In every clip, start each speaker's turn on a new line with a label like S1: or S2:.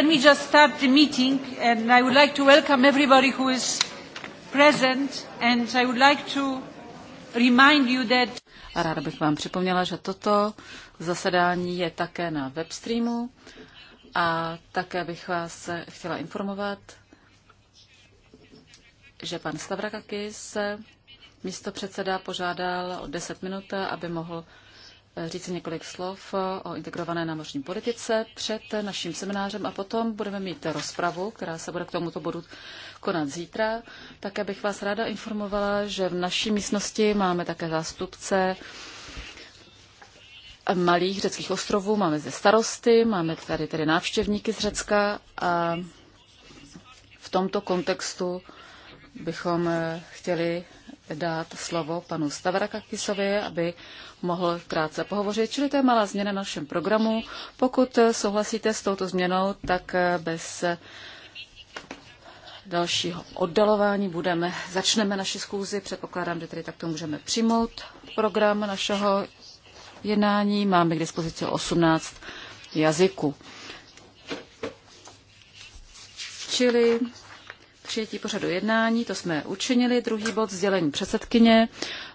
S1: Let me just start the meeting, and I would like to welcome everybody who is present, and I would like to remind you that... A ráda bych vám připomněla, že toto zasedání je také na webstreamu a také bych vás chtěla informovat, že pan Stavrakakis, místo předseda, požádal o 10 minut, aby mohl říci několik slov eh, o integrované námořní politice před naším seminářem a potom budeme mít rozpravu, která se bude k tomuto bodu konat zítra. Také bych vás ráda informovala, že v naší místnosti máme také zástupce malých řeckých ostrovů, máme zde starosty, máme tady tedy návštěvníky z Řecka a v tomto kontextu bychom eh, chtěli dát slovo panu Stavrakakisovi, aby mohl krátce pohovořit. Čili to je malá změna na našem programu. Pokud souhlasíte s touto změnou, tak bez dalšího oddalování budeme, začneme naši schůzi. Předpokládám, že tady takto můžeme přijmout program našeho jednání. Máme k dispozici 18 jazyků. Čili přijetí pořadu jednání, to jsme učinili. Druhý bod sdělení předsedkyně.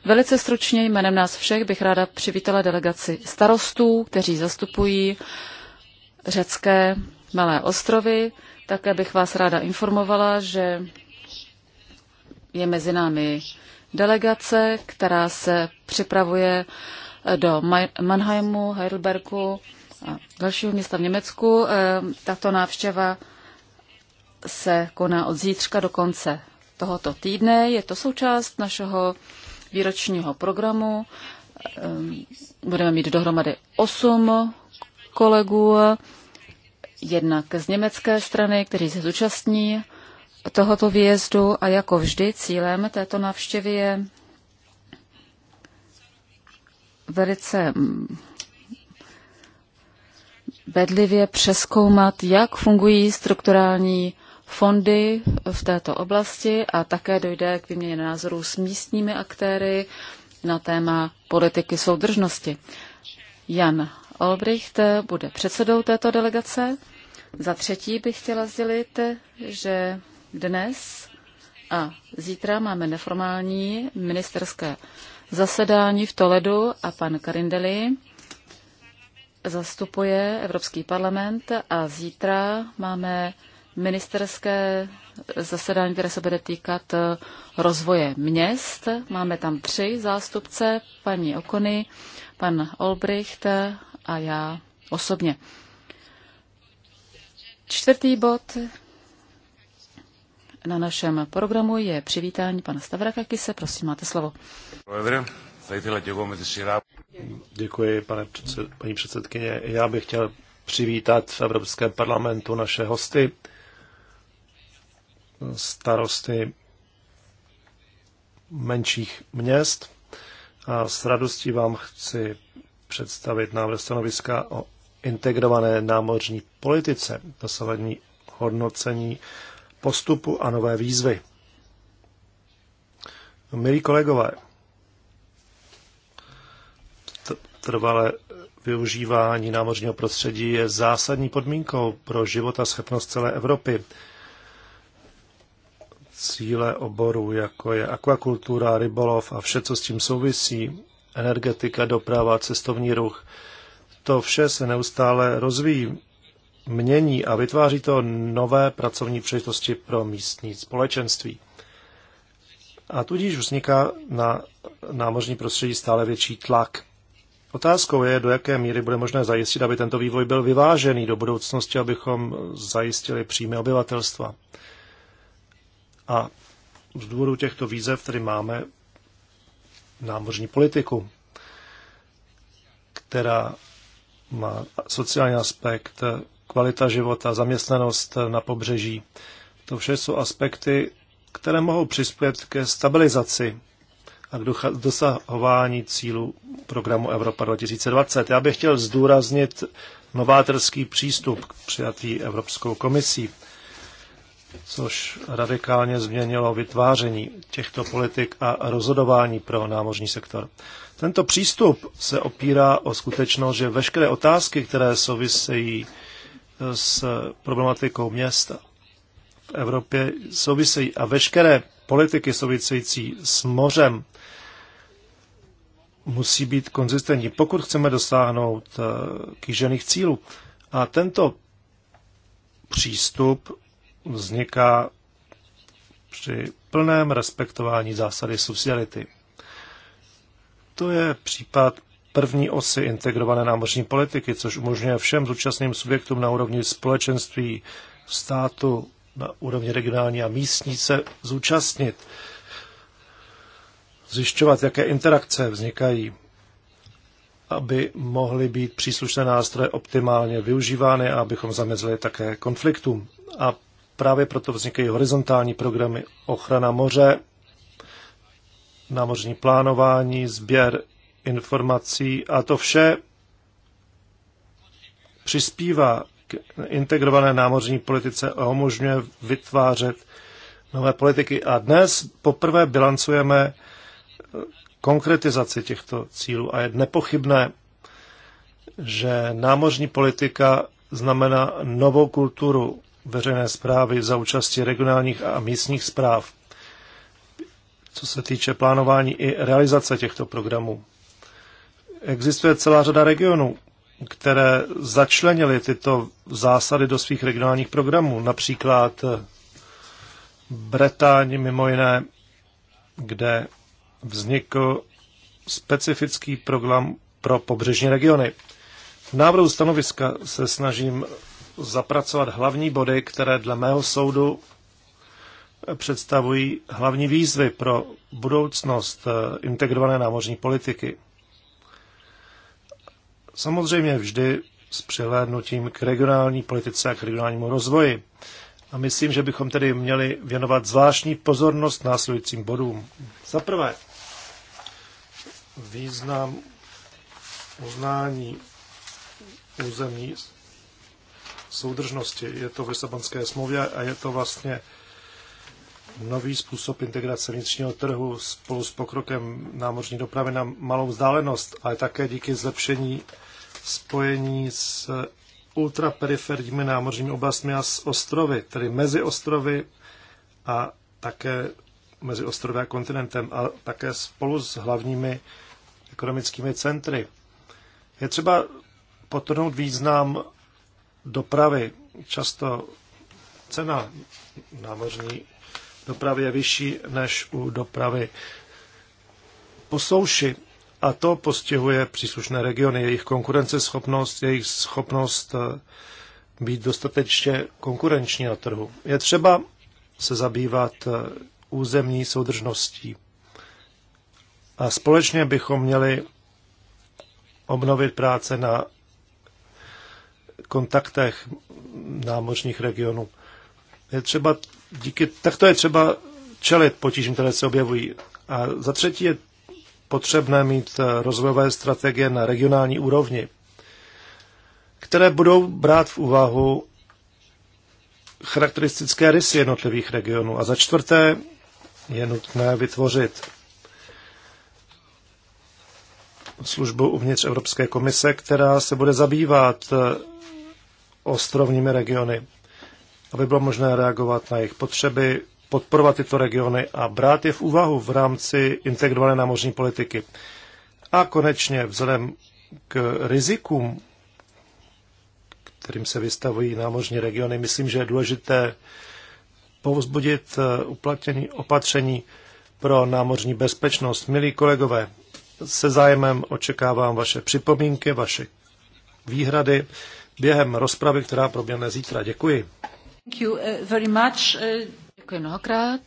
S1: Velice stručně jménem nás všech bych ráda přivítala delegaci starostů, kteří zastupují řecké malé ostrovy. Také bych vás ráda informovala, že je mezi námi delegace, která se připravuje do Mannheimu, Heidelbergu a dalšího města v Německu. Ehm, tato návštěva se koná od zítřka do konce tohoto týdne. Je to součást našeho výročního programu. Ehm, budeme mít dohromady osm kolegů, jednak z německé strany, kteří se zúčastní tohoto výjezdu a jako vždy cílem této návštěvy je velice mm, bedlivě přeskoumat, jak fungují strukturální fondy v této oblasti a také dojde k výměně názorů s místními aktéry na téma politiky soudržnosti. Jan Olbricht bude předsedou této delegace. Za třetí bych chtěla sdělit, že dnes a zítra máme neformální ministerské zasedání v Toledu a pan Karindeli zastupuje Evropský parlament a zítra máme ministerské zasedání, které se bude týkat eh, rozvoje měst. Máme tam tři zástupce, paní Okony, pan Olbricht a já osobně. Čtvrtý bod na našem programu je přivítání pana Kise. Prosím, máte slovo.
S2: Děkuji, pane předsed, paní předsedkyně. Já bych chtěl přivítat v Evropském parlamentu naše hosty starosty menších měst a s radostí vám chci představit návrh stanoviska o integrované námořní politice, dosavadní hodnocení postupu a nové výzvy. Milí kolegové, trvalé využívání námořního prostředí je zásadní podmínkou pro život a schopnost celé Evropy cíle oboru jako je akvakultura, rybolov a vše, co s tím souvisí, energetika, doprava, cestovní ruch. To vše se neustále rozvíjí, mění a vytváří to nové pracovní příležitosti pro místní společenství. A tudíž vzniká na námořní prostředí stále větší tlak. Otázkou je, do jaké míry bude možné zajistit, aby tento vývoj byl vyvážený do budoucnosti, abychom zajistili příjmy obyvatelstva. A z důvodu těchto výzev které máme námořní politiku, která má sociální aspekt, kvalita života, zaměstnanost na pobřeží. To vše jsou aspekty, které mohou přispět ke stabilizaci a k dosahování cílu programu Evropa 2020. Já bych chtěl zdůraznit novátorský přístup přijatý Evropskou komisí což radikálně změnilo vytváření těchto politik a rozhodování pro námořní sektor. Tento přístup se opírá o skutečnost, že veškeré otázky, které souvisejí e, s problematikou města v Evropě, souvisejí a veškeré politiky související s mořem musí být konzistentní, pokud chceme dosáhnout e, kýžených cílů. A tento přístup vzniká při plném respektování zásady subsidiarity. To je případ první osy integrované námořní politiky, což umožňuje všem zúčastným subjektům na úrovni společenství, státu, na úrovni regionální a místní se zúčastnit, zjišťovat, jaké interakce vznikají, aby mohly být příslušné nástroje optimálně využívány a abychom zamezili také konfliktům. A Právě proto vznikají horizontální programy ochrana moře, námořní plánování, sběr informací a to vše přispívá k integrované námořní politice a umožňuje vytvářet nové politiky. A dnes poprvé bilancujeme eh, konkretizaci těchto cílů a je nepochybné, že námořní politika znamená novou kulturu veřejné zprávy za účasti regionálních a místních zpráv, co se týče plánování i realizace těchto programů. Existuje celá řada regionů, které začlenily tyto zásady do svých regionálních programů, například Bretáň mimo jiné, kde vznikl specifický program pro pobřežní regiony. V návrhu stanoviska se snažím zapracovat hlavní body, které dle mého soudu představují hlavní výzvy pro budoucnost eh, integrované námořní politiky. Samozřejmě vždy s přihlédnutím k regionální politice a k regionálnímu rozvoji. A myslím, že bychom tedy měli věnovat zvláštní pozornost následujícím bodům. Za prvé, význam uznání územní soudržnosti. Je to v Lisabonské smlouvě a je to vlastně nový způsob integrace vnitřního trhu spolu s pokrokem námořní dopravy na malou vzdálenost, ale také díky zlepšení spojení s ultraperiferními námořními oblastmi a s ostrovy, tedy mezi ostrovy a také mezi ostrovy a kontinentem, a také spolu s hlavními ekonomickými centry. Je třeba potrhnout význam dopravy. Často cena námořní dopravy je vyšší než u dopravy po souši a to postihuje příslušné regiony, jejich konkurenceschopnost, jejich schopnost eh, být dostatečně konkurenční na trhu. Je třeba se zabývat eh, územní soudržností. A společně bychom měli obnovit práce na kontaktech námořních regionů. Je třeba díky, tak to je třeba čelit potížím, které se objevují. A za třetí je potřebné mít eh, rozvojové strategie na regionální úrovni, které budou brát v úvahu charakteristické rysy jednotlivých regionů. A za čtvrté je nutné vytvořit službu uvnitř Evropské komise, která se bude zabývat eh, ostrovními regiony, aby bylo možné reagovat na jejich potřeby, podporovat tyto regiony a brát je v úvahu v rámci integrované námořní politiky. A konečně vzhledem k rizikům, kterým se vystavují námořní regiony, myslím, že je důležité povzbudit eh, uplatnění opatření pro námořní bezpečnost. Milí kolegové, se zájmem očekávám vaše připomínky, vaše výhrady během rozpravy, která proběhne zítra. Děkuji.
S1: Thank you eh, very much. Eh. Děkuji mnohokrát.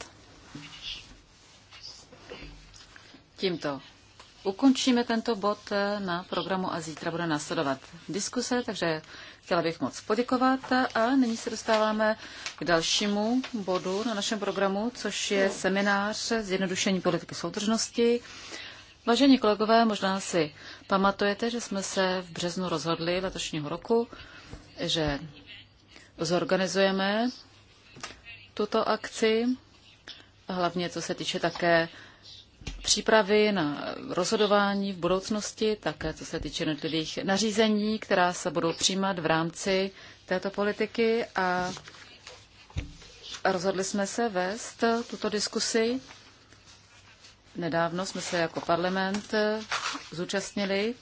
S1: Tímto ukončíme tento bod eh, na programu a zítra bude následovat diskuse, takže chtěla bych moc poděkovat a nyní se dostáváme k dalšímu bodu na našem programu, což je seminář zjednodušení politiky soudržnosti. Vážení kolegové, možná si pamatujete, že jsme se v březnu rozhodli letošního roku, že zorganizujeme tuto akci, hlavně co se týče také přípravy na rozhodování v budoucnosti, také co se týče jednotlivých nařízení, která se budou přijímat v rámci této politiky a rozhodli jsme se vést tuto diskusi Nedávno jsme se jako parlament eh, zúčastnili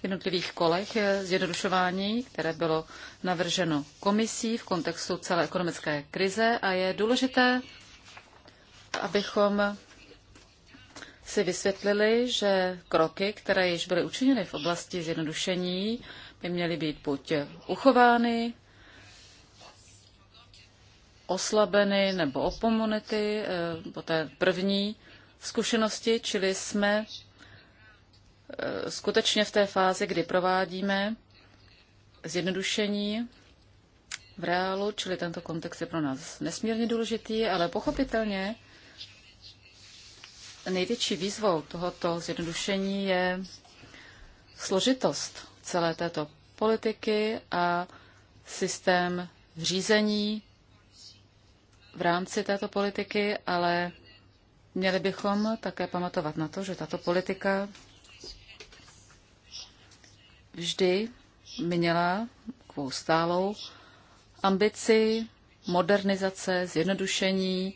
S1: v jednotlivých kolech eh, zjednodušování, které bylo navrženo komisí v kontextu celé ekonomické krize a je důležité, abychom si vysvětlili, že kroky, které již byly učiněny v oblasti zjednodušení, by měly být buď uchovány, oslabeny nebo opomunity, eh, po té první zkušenosti, čili jsme eh, skutečně v té fázi, kdy provádíme zjednodušení v reálu, čili tento kontext je pro nás nesmírně důležitý, ale pochopitelně největší výzvou tohoto zjednodušení je složitost celé této politiky a systém řízení v rámci této politiky, ale Měli bychom také pamatovat na to, že tato politika vždy měla takovou stálou ambici modernizace, zjednodušení.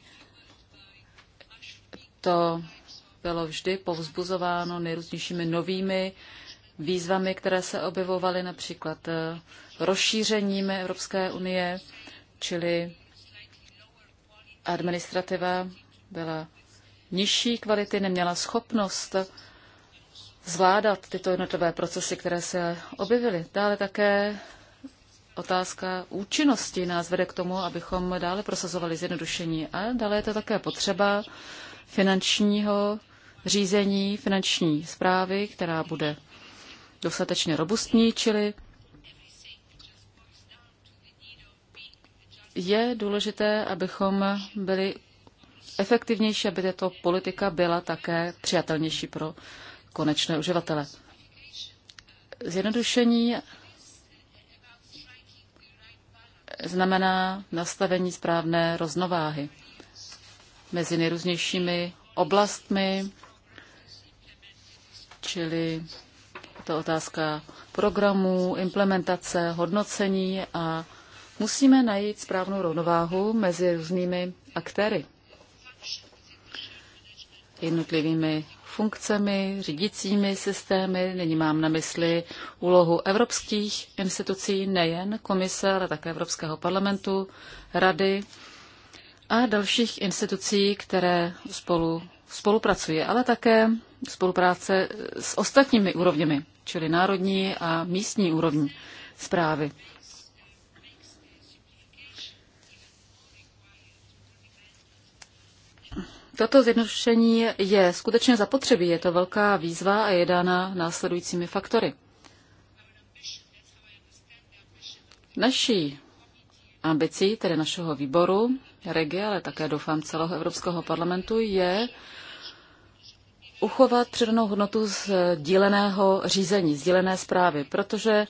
S1: To bylo vždy povzbuzováno nejrůznějšími novými výzvami, které se objevovaly například eh, rozšířením Evropské unie, čili administrativa byla nižší kvality, neměla schopnost zvládat tyto jednotlivé procesy, které se objevily. Dále také otázka účinnosti nás vede k tomu, abychom dále prosazovali zjednodušení. A dále je to také potřeba finančního řízení, finanční zprávy, která bude dostatečně robustní, čili je důležité, abychom byli efektivnější, aby tato politika byla také přijatelnější pro konečné uživatele. Zjednodušení znamená nastavení správné roznováhy mezi nejrůznějšími oblastmi, čili to otázka programů, implementace, hodnocení a musíme najít správnou rovnováhu mezi různými aktéry jednotlivými funkcemi, řídícími systémy. Nyní mám na mysli úlohu evropských institucí, nejen komise, ale také Evropského parlamentu, rady a dalších institucí, které spolu spolupracují, ale také spolupráce s ostatními úrovněmi, čili národní a místní úrovní zprávy. Toto zjednodušení je skutečně zapotřebí, je to velká výzva a je dána následujícími faktory. Naší ambicí, tedy našeho výboru, regie, ale také doufám celého Evropského parlamentu, je uchovat přidanou hodnotu z díleného řízení, sdílené zprávy, protože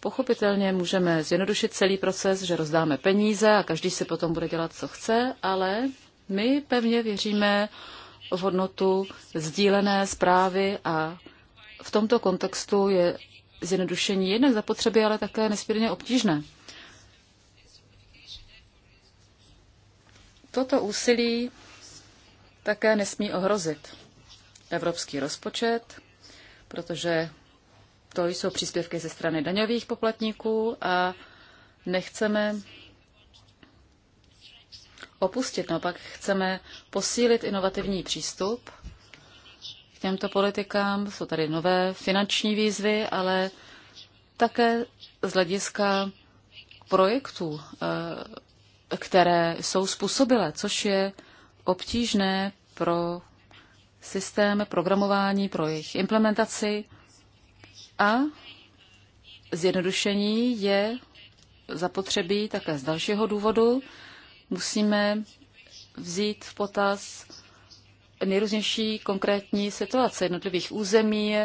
S1: pochopitelně můžeme zjednodušit celý proces, že rozdáme peníze a každý si potom bude dělat, co chce, ale my pevně věříme v hodnotu sdílené zprávy a v tomto kontextu je zjednodušení jednak zapotřebí, ale také nesmírně obtížné. Toto úsilí také nesmí ohrozit evropský rozpočet, protože to jsou příspěvky ze strany daňových poplatníků a nechceme opustit. No, pak chceme posílit inovativní přístup k těmto politikám. Jsou tady nové finanční výzvy, ale také z hlediska projektů, eh, které jsou způsobilé, což je obtížné pro systém programování, pro jejich implementaci a zjednodušení je zapotřebí také z dalšího důvodu musíme vzít v potaz nejrůznější konkrétní situace jednotlivých území,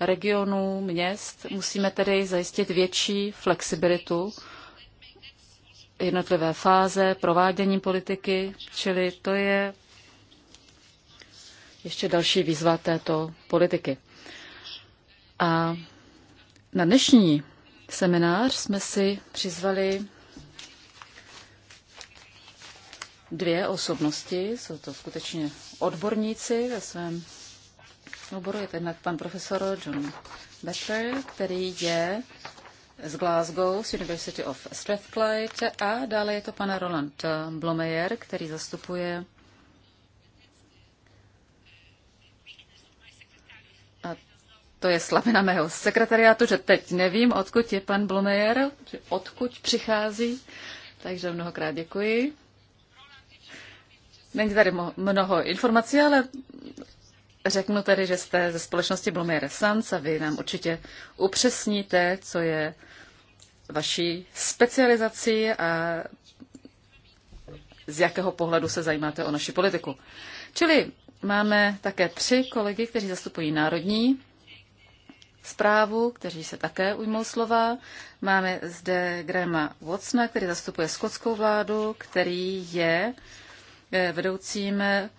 S1: regionů, měst. Musíme tedy zajistit větší flexibilitu jednotlivé fáze provádění politiky, čili to je ještě další výzva této politiky. A na dnešní seminář jsme si přizvali dvě osobnosti, jsou to skutečně odborníci ve svém oboru. Je to jednak pan profesor John Becker, který je z Glasgow, z University of Strathclyde a dále je to pan Roland Blomeyer, který zastupuje to je slabina mého sekretariátu, že teď nevím, odkud je pan Blomeyer, odkud přichází, takže mnohokrát děkuji. Není tady mnoho informací, ale řeknu tady, že jste ze společnosti Blumy Resance a vy nám určitě upřesníte, co je vaší specializací a z jakého pohledu se zajímáte o naši politiku. Čili máme také tři kolegy, kteří zastupují národní zprávu, kteří se také ujmou slova. Máme zde Grema Watsona, který zastupuje skotskou vládu, který je uh, Eh, vedoucím eh,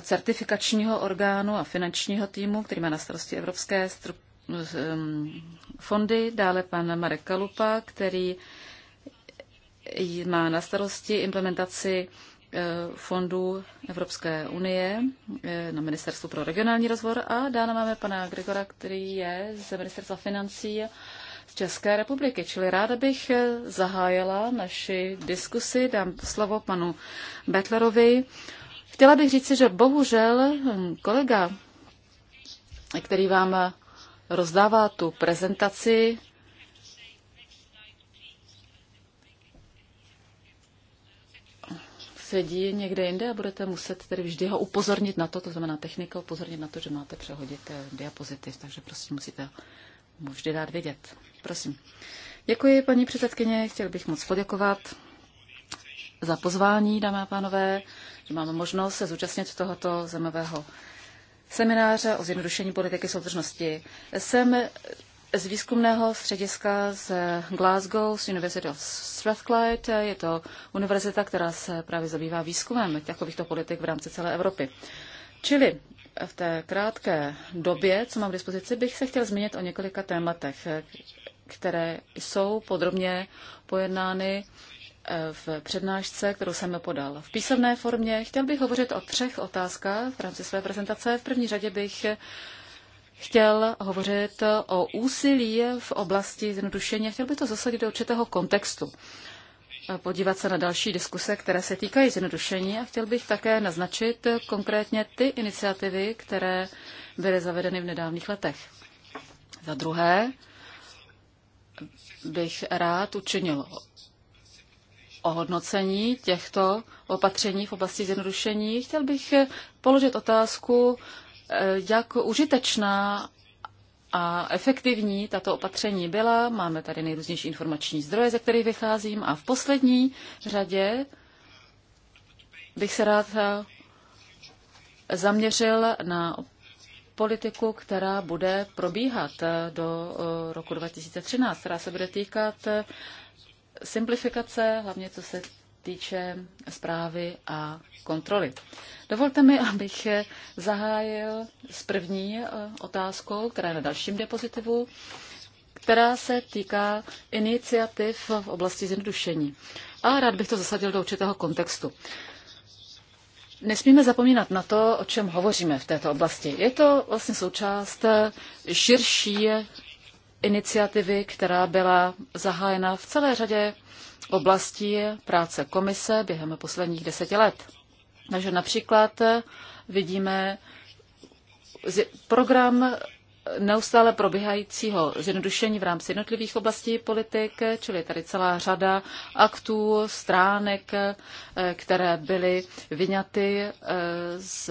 S1: certifikačního orgánu a finančního týmu, který má na starosti evropské fondy, dále pan Marek Kalupa, který má na starosti implementaci eh, fondů Evropské unie na Ministerstvu pro regionální rozvoj a dále máme pana Gregora, který je z Ministerstva financí z České republiky. Čili ráda bych eh, zahájila naši diskusi, dám slovo panu Betlerovi. Chtěla bych říci, že bohužel hm, kolega, který vám eh, rozdává tu prezentaci, sedí někde jinde a budete muset tedy vždy ho upozornit na to, to znamená technika upozornit na to, že máte přehodit eh, diapozitiv, takže prostě musíte mu vždy dát vědět. Prosím. Děkuji, paní předsedkyně. Chtěl bych moc poděkovat za pozvání, dámy a pánové, že máme možnost se zúčastnit tohoto zemového semináře o zjednodušení politiky soudržnosti. Jsem z výzkumného střediska z Glasgow, z University of Strathclyde. Je to univerzita, která se právě zabývá výzkumem takovýchto politik v rámci celé Evropy. Čili v té krátké době, co mám k dispozici, bych se chtěl zmínit o několika tématech, které jsou podrobně pojednány eh, v přednášce, kterou jsem podal v písemné formě. Chtěl bych hovořit o třech otázkách v rámci své prezentace. V první řadě bych chtěl hovořit o úsilí v oblasti zjednodušení a chtěl bych to zasadit do určitého kontextu. Eh, podívat se na další diskuse, které se týkají zjednodušení a chtěl bych také naznačit konkrétně ty iniciativy, které byly zavedeny v nedávných letech. Za druhé, bych rád učinil ohodnocení těchto opatření v oblasti zjednodušení. Chtěl bych položit otázku, eh, jak užitečná a efektivní tato opatření byla. Máme tady nejrůznější informační zdroje, ze kterých vycházím. A v poslední řadě bych se rád eh, zaměřil na politiku, která bude probíhat eh, do eh, roku 2013, která se bude týkat eh, simplifikace, hlavně co se týče zprávy a kontroly. Dovolte mi, abych zahájil s první otázkou, která je na dalším depozitivu, která se týká iniciativ v oblasti zjednodušení. A rád bych to zasadil do určitého kontextu. Nesmíme zapomínat na to, o čem hovoříme v této oblasti. Je to vlastně součást širší iniciativy, která byla zahájena v celé řadě oblastí práce komise během posledních deseti let. Takže například vidíme program neustále probíhajícího zjednodušení v rámci jednotlivých oblastí politik, čili tady celá řada aktů, stránek, eh, které byly vyňaty eh, z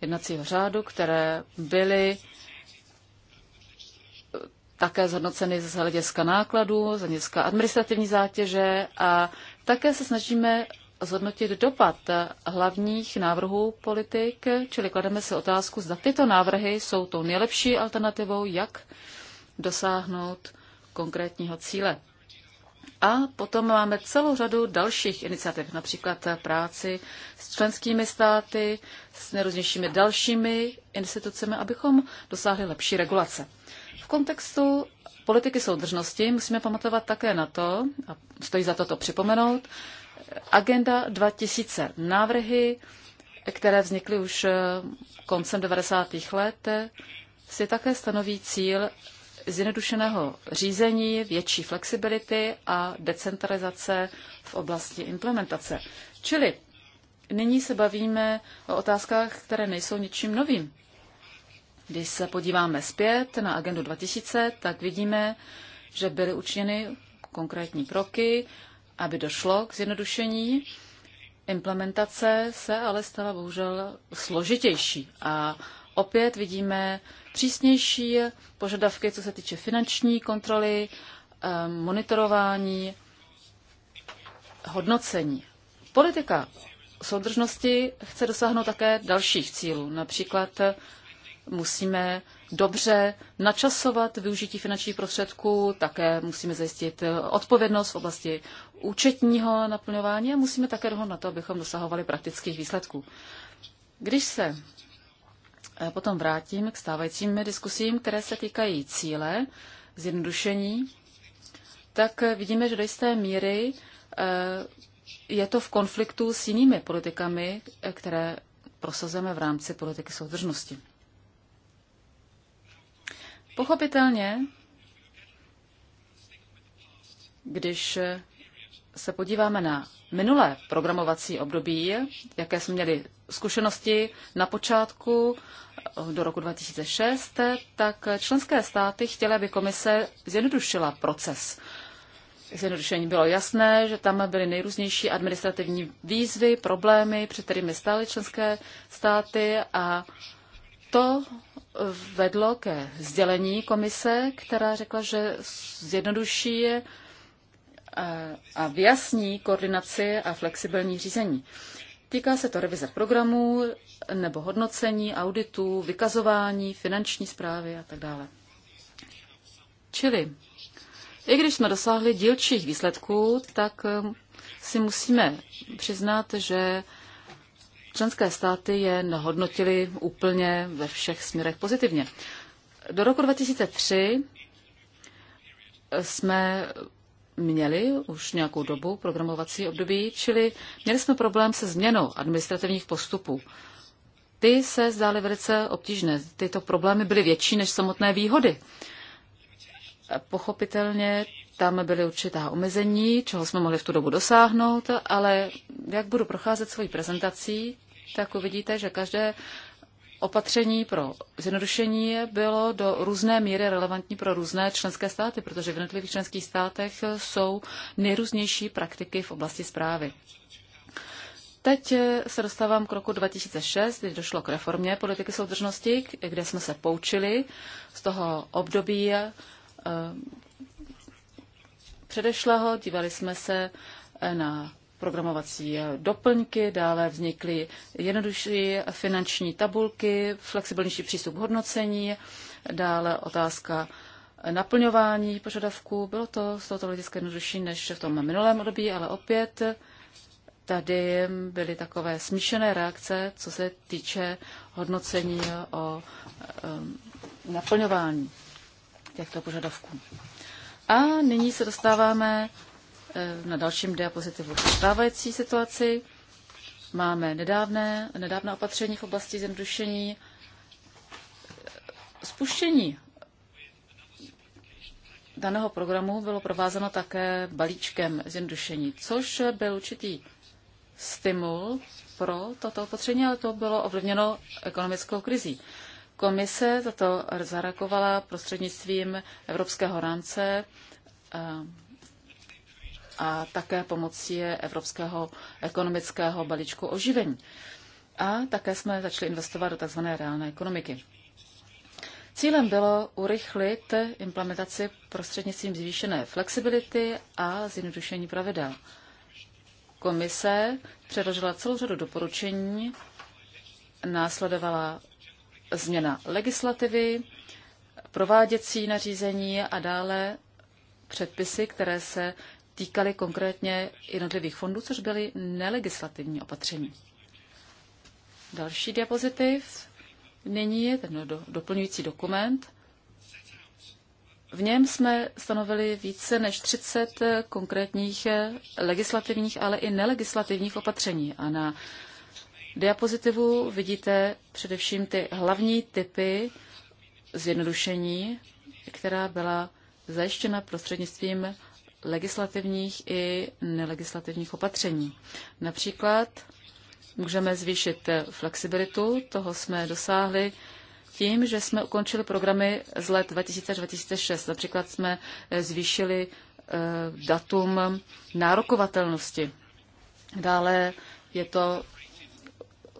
S1: jednacího řádu, které byly eh, také zhodnoceny z hlediska nákladů, z hlediska administrativní zátěže a také se snažíme zhodnotit dopad hlavních návrhů politik, čili klademe si otázku, zda tyto návrhy jsou tou nejlepší alternativou, jak dosáhnout konkrétního cíle. A potom máme celou řadu dalších iniciativ, například práci s členskými státy, s nejrůznějšími dalšími institucemi, abychom dosáhli lepší regulace. V kontextu politiky soudržnosti musíme pamatovat také na to, a stojí za to to připomenout, Agenda 2000 návrhy, které vznikly už eh, koncem 90. let, si také stanoví cíl zjednodušeného řízení, větší flexibility a decentralizace v oblasti implementace. Čili nyní se bavíme o otázkách, které nejsou ničím novým. Když se podíváme zpět na agendu 2000, tak vidíme, že byly učiněny konkrétní kroky aby došlo k zjednodušení. Implementace se ale stala bohužel složitější a opět vidíme přísnější požadavky, co se týče finanční kontroly, eh, monitorování, hodnocení. Politika soudržnosti chce dosáhnout také dalších cílů. Například musíme dobře načasovat využití finančních prostředků, také musíme zajistit odpovědnost v oblasti účetního naplňování a musíme také dohodnout na to, abychom dosahovali praktických výsledků. Když se eh, potom vrátím k stávajícím diskusím, které se týkají cíle, zjednodušení, tak eh, vidíme, že do jisté míry eh, je to v konfliktu s jinými politikami, které prosazujeme v rámci politiky soudržnosti. Pochopitelně, když se podíváme na minulé programovací období, jaké jsme měli zkušenosti na počátku eh, do roku 2006, tak členské státy chtěly, aby komise zjednodušila proces. Zjednodušení bylo jasné, že tam byly nejrůznější administrativní výzvy, problémy, před kterými stály členské státy a to vedlo ke sdělení komise, která řekla, že zjednoduší eh, a vyjasní koordinaci a flexibilní řízení. Týká se to revize programů nebo hodnocení, auditů, vykazování, finanční zprávy a tak dále. Čili, i když jsme dosáhli dílčích výsledků, tak eh, si musíme přiznat, že Členské státy je hodnotily úplně ve všech směrech pozitivně. Do roku 2003 jsme měli už nějakou dobu programovací období, čili měli jsme problém se změnou administrativních postupů. Ty se zdály velice obtížné. Tyto problémy byly větší než samotné výhody. Pochopitelně tam byly určitá omezení, čeho jsme mohli v tu dobu dosáhnout, ale jak budu procházet svoji prezentací, tak uvidíte, že každé opatření pro zjednodušení bylo do různé míry relevantní pro různé členské státy, protože v jednotlivých členských státech jsou nejrůznější praktiky v oblasti zprávy. Teď se dostávám k roku 2006, kdy došlo k reformě politiky soudržnosti, kde jsme se poučili z toho období eh, předešlého. Dívali jsme se na programovací doplňky, dále vznikly jednodušší finanční tabulky, flexibilnější přístup k hodnocení, dále otázka naplňování požadavků. Bylo to z tohoto hlediska jednodušší než v tom minulém období, ale opět tady byly takové smíšené reakce, co se týče hodnocení o naplňování těchto požadavků. A nyní se dostáváme na dalším diapozitivu stávající situaci. Máme nedávné, nedávné opatření v oblasti zjednodušení spuštění daného programu bylo provázeno také balíčkem zjednodušení, což byl určitý stimul pro toto opatření, ale to bylo ovlivněno ekonomickou krizí. Komise za to zareagovala prostřednictvím Evropského rámce eh, a také pomocí Evropského ekonomického balíčku oživení. A také jsme začali investovat do tzv. reálné ekonomiky. Cílem bylo urychlit implementaci prostřednictvím zvýšené flexibility a zjednodušení pravidel. Komise předložila celou řadu doporučení, následovala změna legislativy, prováděcí nařízení a dále předpisy, které se týkaly konkrétně jednotlivých fondů, což byly nelegislativní opatření. Další diapozitiv. Nyní je ten do, doplňující dokument. V něm jsme stanovili více než 30 konkrétních legislativních, ale i nelegislativních opatření. A na diapozitivu vidíte především ty hlavní typy zjednodušení, která byla zajištěna prostřednictvím legislativních i nelegislativních opatření. Například můžeme zvýšit flexibilitu, toho jsme dosáhli tím, že jsme ukončili programy z let 2000 2006. Například jsme eh, zvýšili eh, datum nárokovatelnosti. Dále je to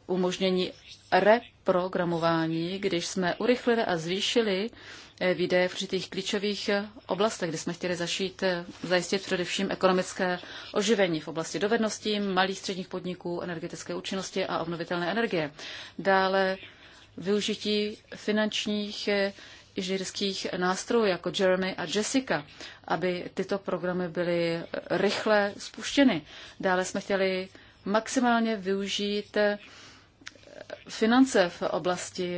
S1: umožnění reprogramování, když jsme urychlili a zvýšili Eh, výdaje v určitých klíčových eh, oblastech, kde jsme chtěli zašít, eh, zajistit především ekonomické oživení v oblasti dovedností, malých středních podniků, energetické účinnosti a obnovitelné energie. Dále využití finančních inženýrských nástrojů jako Jeremy a Jessica, aby tyto programy byly rychle spuštěny. Dále jsme chtěli maximálně využít finance v oblasti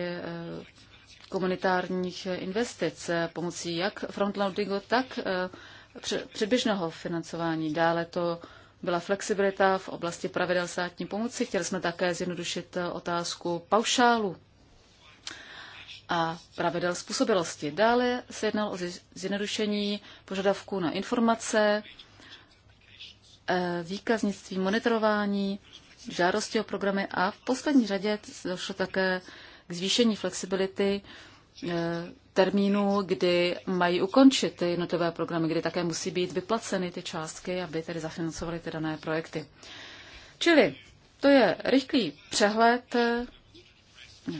S1: komunitárních investic pomocí jak frontloadingu, tak eh, předběžného financování. Dále to byla flexibilita v oblasti pravidel státní pomoci. Chtěli jsme také zjednodušit eh, otázku paušálu a pravidel způsobilosti. Dále se jednal o zjednodušení požadavků na informace, eh, výkaznictví, monitorování, žádosti o programy a v poslední řadě došlo také k zvýšení flexibility eh, termínu, kdy mají ukončit ty jednotlivé programy, kdy také musí být vyplaceny ty částky, aby tedy zafinancovaly ty dané projekty. Čili to je rychlý přehled eh,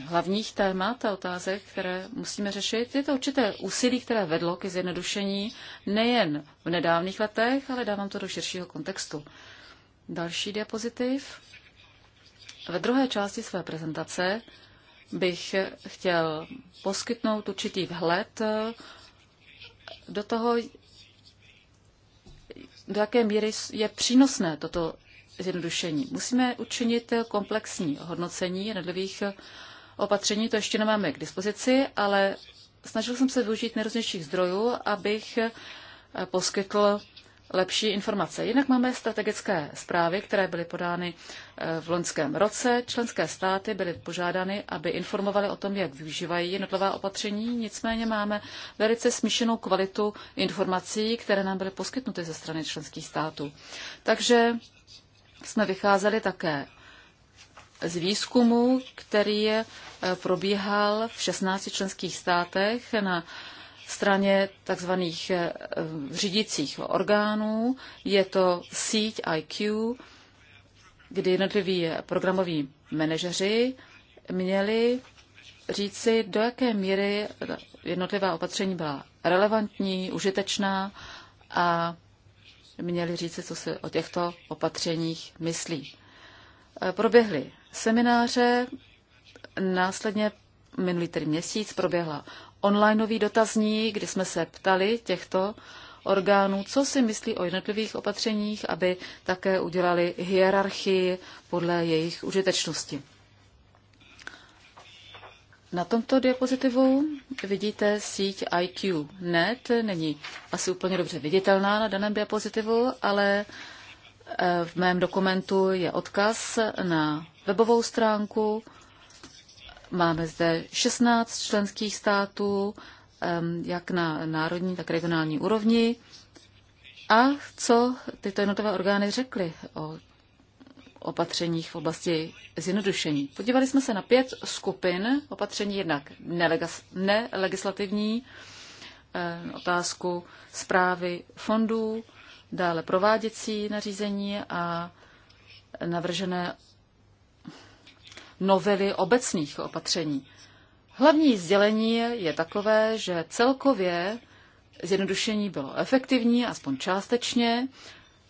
S1: hlavních témat a otázek, které musíme řešit. Je to určité úsilí, které vedlo k zjednodušení nejen v nedávných letech, ale dávám to do širšího kontextu. Další diapozitiv. Ve druhé části své prezentace bych chtěl poskytnout určitý vhled eh, do toho, do jaké míry je přínosné toto zjednodušení. Musíme učinit komplexní hodnocení jednotlivých eh, opatření, to ještě nemáme k dispozici, ale snažil jsem se využít nejrůznějších zdrojů, abych eh, poskytl lepší informace. Jinak máme strategické zprávy, které byly podány eh, v loňském roce. Členské státy byly požádány, aby informovali o tom, jak využívají jednotlivá opatření. Nicméně máme velice smíšenou kvalitu informací, které nám byly poskytnuty ze strany členských států. Takže jsme vycházeli také z výzkumu, který eh, probíhal v 16 členských státech na straně tzv. Eh, řídících orgánů. Je to síť IQ, kdy jednotliví eh, programoví manažeři měli říci, do jaké míry jednotlivá opatření byla relevantní, užitečná a měli říci, co se o těchto opatřeních myslí. Eh, proběhly semináře, následně minulý tedy měsíc proběhla onlineový dotazník, kdy jsme se ptali těchto orgánů, co si myslí o jednotlivých opatřeních, aby také udělali hierarchii podle jejich užitečnosti. Na tomto diapozitivu vidíte síť IQ.net. Není asi úplně dobře viditelná na daném diapozitivu, ale eh, v mém dokumentu je odkaz na webovou stránku Máme zde 16 členských států, jak na národní, tak regionální úrovni. A co tyto jednotlivé orgány řekly o opatřeních v oblasti zjednodušení? Podívali jsme se na pět skupin opatření, jednak nelegislativní, otázku zprávy fondů, dále prováděcí nařízení a navržené novely obecných opatření. Hlavní sdělení je takové, že celkově zjednodušení bylo efektivní, aspoň částečně,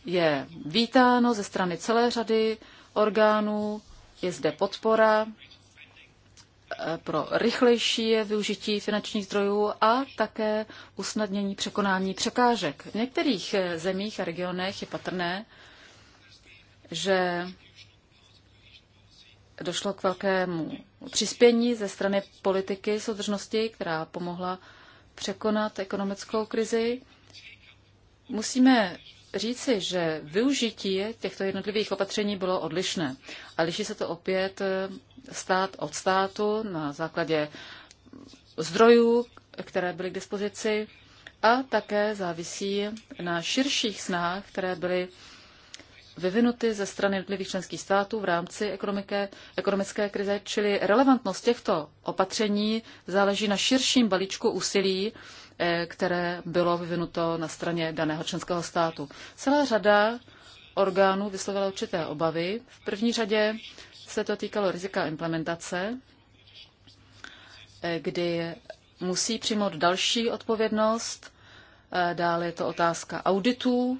S1: je vítáno ze strany celé řady orgánů, je zde podpora eh, pro rychlejší využití finančních zdrojů a také usnadnění překonání překážek. V některých eh, zemích a regionech je patrné, že došlo k velkému přispění ze strany politiky soudržnosti, která pomohla překonat ekonomickou krizi. Musíme říci, že využití těchto jednotlivých opatření bylo odlišné. A liší se to opět eh, stát od státu na základě zdrojů, které byly k dispozici, a také závisí na širších snách, které byly vyvinuty ze strany jednotlivých členských států v rámci ekonomické krize, čili relevantnost těchto opatření záleží na širším balíčku úsilí, eh, které bylo vyvinuto na straně daného členského státu. Celá řada orgánů vyslovila určité obavy. V první řadě se to týkalo rizika implementace, eh, kdy musí přijmout další odpovědnost. Eh, dále je to otázka auditů,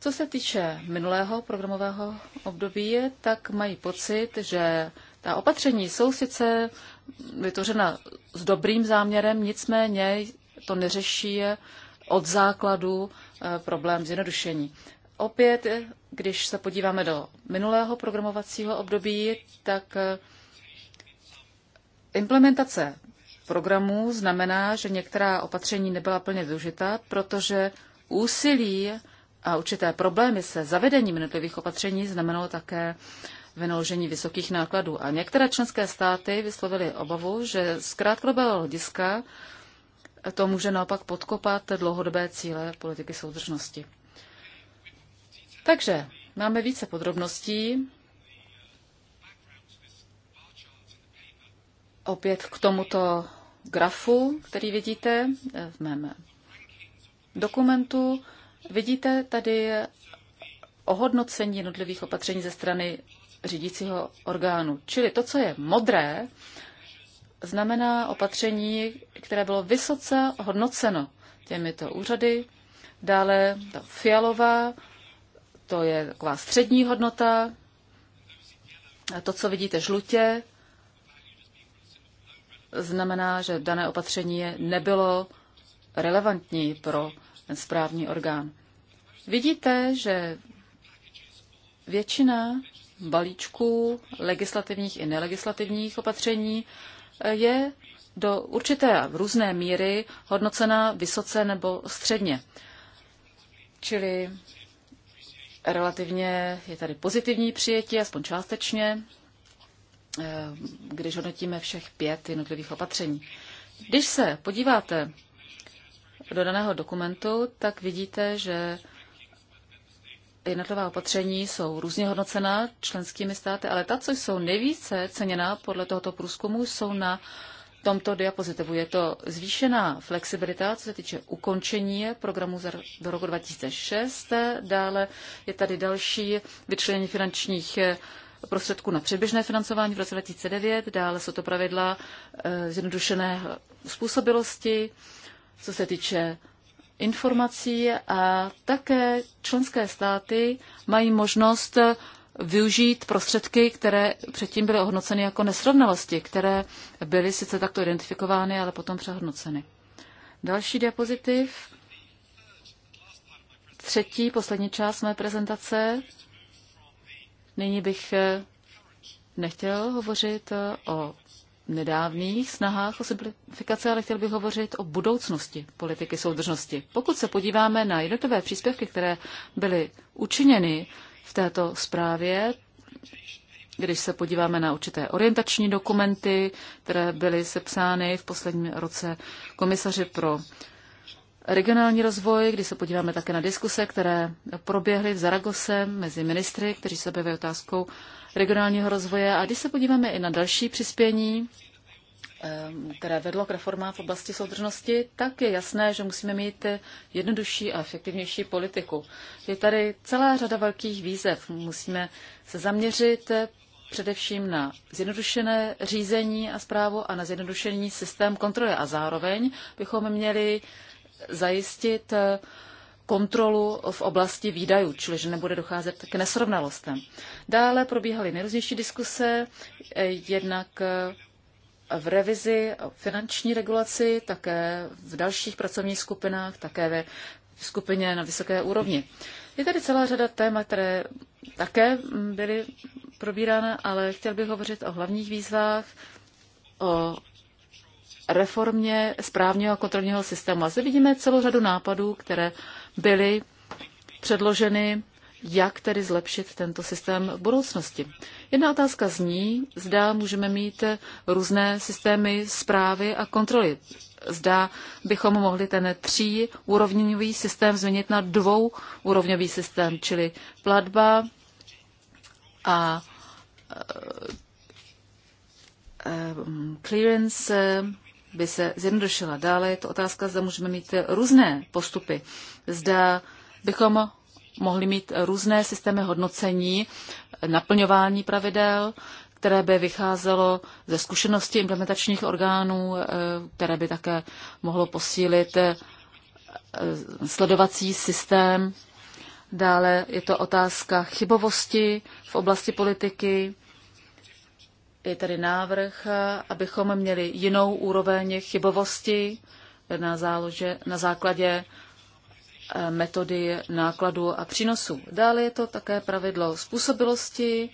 S1: co se týče minulého programového období, tak mají pocit, že ta opatření jsou sice vytvořena s dobrým záměrem, nicméně to neřeší od základu eh, problém zjednodušení. Opět, když se podíváme do minulého programovacího období, tak eh, implementace programů znamená, že některá opatření nebyla plně využita, protože úsilí a určité problémy se zavedením jednotlivých opatření znamenalo také vynaložení vysokých nákladů. A některé členské státy vyslovily obavu, že z krátkodobého hlediska to může naopak podkopat dlouhodobé cíle politiky soudržnosti. Takže máme více podrobností. Opět k tomuto grafu, který vidíte v mém dokumentu. Vidíte tady ohodnocení jednotlivých opatření ze strany řídícího orgánu. Čili to, co je modré, znamená opatření, které bylo vysoce hodnoceno těmito úřady. Dále ta fialová, to je taková střední hodnota. A to, co vidíte žlutě, znamená, že dané opatření nebylo relevantní pro ten správní orgán. Vidíte, že většina balíčků legislativních i nelegislativních opatření eh, je do určité různé míry hodnocena vysoce nebo středně. Čili relativně je tady pozitivní přijetí, aspoň částečně, eh, když hodnotíme všech pět jednotlivých opatření. Když se podíváte do daného dokumentu, tak vidíte, že jednotlivá opatření jsou různě hodnocena členskými státy, ale ta, co jsou nejvíce ceněná podle tohoto průzkumu, jsou na tomto diapozitivu. Je to zvýšená flexibilita, co se týče ukončení programu do roku 2006. Dále je tady další vyčlenění finančních eh, prostředků na předběžné financování v roce 2009. Dále jsou to pravidla eh, zjednodušené způsobilosti, co se týče informací a také členské státy mají možnost využít prostředky, které předtím byly ohodnoceny jako nesrovnalosti, které byly sice takto identifikovány, ale potom přehodnoceny. Další diapozitiv. Třetí, poslední část mé prezentace. Nyní bych nechtěl hovořit o nedávných snahách o simplifikaci, ale chtěl bych hovořit o budoucnosti politiky soudržnosti. Pokud se podíváme na jednotlivé příspěvky, které byly učiněny v této zprávě, když se podíváme na určité orientační dokumenty, které byly sepsány v posledním roce komisaři pro regionální rozvoj, když se podíváme také na diskuse, které proběhly v Zaragose mezi ministry, kteří se byli otázkou regionálního rozvoje. A když se podíváme i na další přispění, ehm, které vedlo k reformám v oblasti soudržnosti, tak je jasné, že musíme mít jednodušší a efektivnější politiku. Je tady celá řada velkých výzev. Musíme se zaměřit především na zjednodušené řízení a zprávu a na zjednodušení systém kontroly. A zároveň bychom měli zajistit uh, kontrolu v oblasti výdajů, čili že nebude docházet k nesrovnalostem. Dále probíhaly nejrůznější diskuse, eh, jednak eh, v revizi finanční regulaci, také v dalších pracovních skupinách, také ve skupině na vysoké úrovni. Je tady celá řada témat, které také byly probírána, ale chtěl bych hovořit o hlavních výzvách, o reformě správního a kontrolního systému. A zde vidíme celou řadu nápadů, které byly předloženy, jak tedy zlepšit tento systém v budoucnosti. Jedna otázka zní, zda můžeme mít různé systémy zprávy a kontroly. Zda bychom mohli ten tříúrovňový systém změnit na dvouúrovňový systém, čili platba a eh, eh, clearance by se zjednodušila. Dále je to otázka, zda můžeme mít různé postupy zda bychom mohli mít různé systémy hodnocení, naplňování pravidel, které by vycházelo ze zkušenosti implementačních orgánů, eh, které by také mohlo posílit eh, sledovací systém. Dále je to otázka chybovosti v oblasti politiky. Je tady návrh, abychom měli jinou úroveň chybovosti na, zálože, na základě Eh, metody nákladu a přínosu. Dále je to také pravidlo způsobilosti,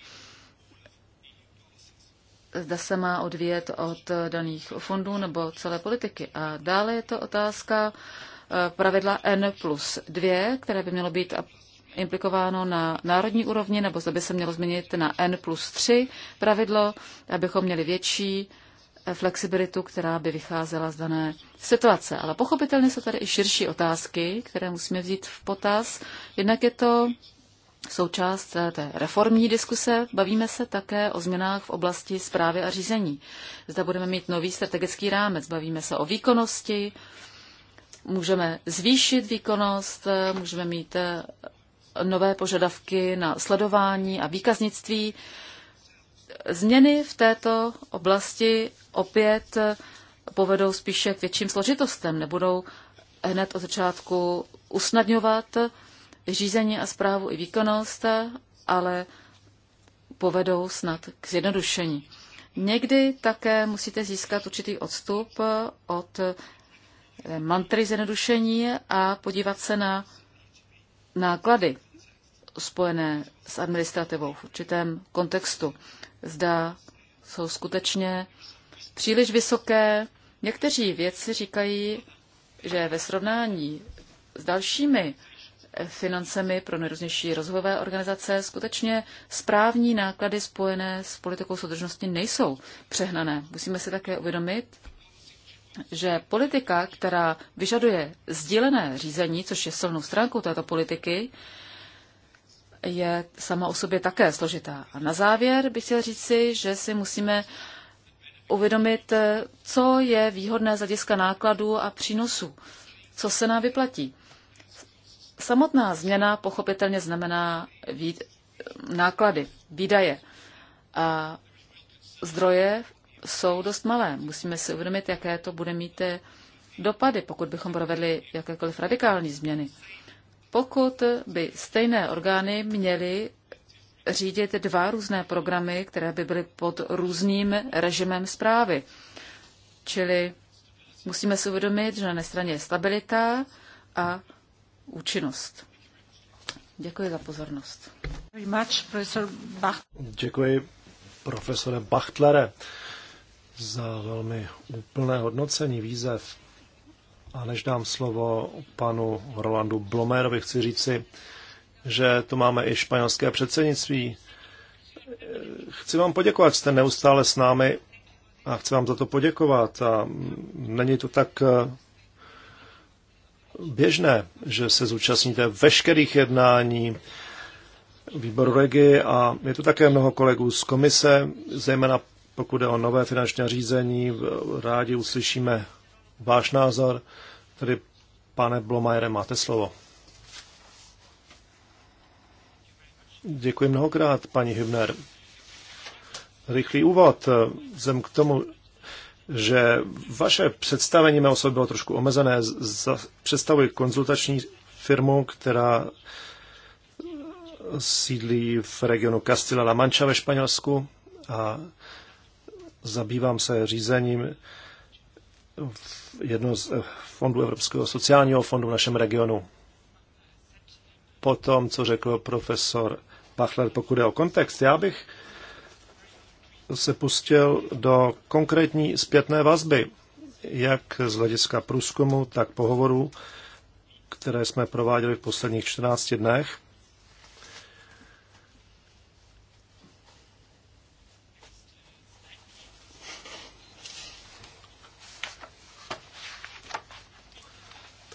S1: zda se má odvíjet od daných fondů nebo celé politiky. A dále je to otázka eh, pravidla N plus 2, které by mělo být implikováno na národní úrovni, nebo zda by se mělo změnit na N plus 3 pravidlo, abychom měli větší flexibilitu, která by vycházela z dané situace. Ale pochopitelně jsou tady i širší otázky, které musíme vzít v potaz. Jednak je to součást té reformní diskuse. Bavíme se také o změnách v oblasti zprávy a řízení. Zda budeme mít nový strategický rámec. Bavíme se o výkonnosti, můžeme zvýšit výkonnost, můžeme mít nové požadavky na sledování a výkaznictví. Změny v této oblasti opět povedou spíše k větším složitostem, nebudou hned od začátku usnadňovat řízení a zprávu i výkonnost, ale povedou snad k zjednodušení. Někdy také musíte získat určitý odstup od eh, mantry zjednodušení a podívat se na náklady spojené s administrativou v určitém kontextu zda jsou skutečně příliš vysoké. Někteří vědci říkají, že ve srovnání s dalšími financemi pro nejrůznější rozvojové organizace skutečně správní náklady spojené s politikou soudržnosti nejsou přehnané. Musíme si také uvědomit, že politika, která vyžaduje sdílené řízení, což je silnou stránkou této politiky, je sama o sobě také složitá. A na závěr bych chtěl říci, že si musíme uvědomit, co je výhodné z hlediska nákladů a přínosů, co se nám vyplatí. Samotná změna pochopitelně znamená vý... náklady, výdaje a zdroje jsou dost malé. Musíme si uvědomit, jaké to bude mít dopady, pokud bychom provedli jakékoliv radikální změny pokud by stejné orgány měly řídit dva různé programy, které by byly pod různým režimem zprávy. Čili musíme si uvědomit, že na straně je stabilita a účinnost. Děkuji za pozornost.
S2: Děkuji profesore Bachtlere za velmi úplné hodnocení výzev a než dám slovo panu Rolandu Blomérovi, chci říci, že tu máme i španělské předsednictví. Chci vám poděkovat, jste neustále s námi a chci vám za to poděkovat. A není to tak eh, běžné, že se zúčastníte veškerých jednání výboru Regi a je tu také mnoho kolegů z komise, zejména pokud je o nové finanční řízení, rádi uslyšíme váš názor. Tedy, pane Blomajere, máte slovo. Děkuji mnohokrát, paní Hübner. Rychlý úvod. Eh, Zem k tomu, že vaše představení mé osoby bylo trošku omezené. Představuji konzultační firmu, která sídlí v regionu Castilla-La Mancha ve Španělsku a zabývám se řízením jedno z eh, fondů Evropského sociálního fondu v našem regionu. Po tom, co řekl profesor Bachler, pokud je o kontext, já bych se pustil do konkrétní zpětné vazby, jak z hlediska průzkumu, tak pohovorů, které jsme prováděli v posledních 14 dnech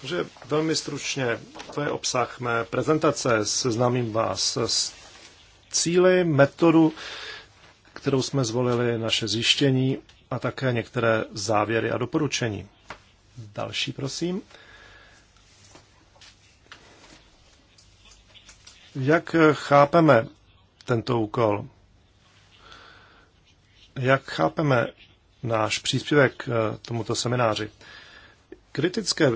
S2: Takže velmi stručně, to je obsah mé prezentace. Seznámím vás s cíly, metodu, kterou jsme zvolili, naše zjištění a také některé závěry a doporučení. Další, prosím. Jak chápeme tento úkol? Jak chápeme náš příspěvek eh, tomuto semináři? Kritické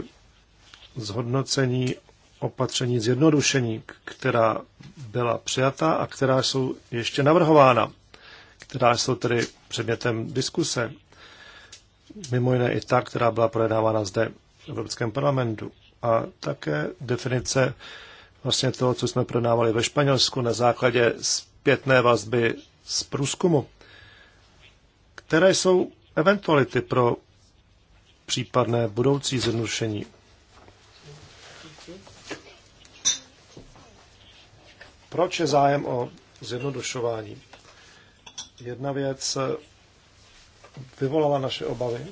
S2: zhodnocení opatření zjednodušení, která byla přijata a která jsou ještě navrhována, která jsou tedy předmětem diskuse, mimo jiné i ta, která byla projednávána zde v Evropském parlamentu. A také definice vlastně toho, co jsme projednávali ve Španělsku na základě zpětné vazby z průzkumu, které jsou eventuality pro případné budoucí zjednodušení Proč je zájem o zjednodušování? Jedna věc eh, vyvolala naše obavy.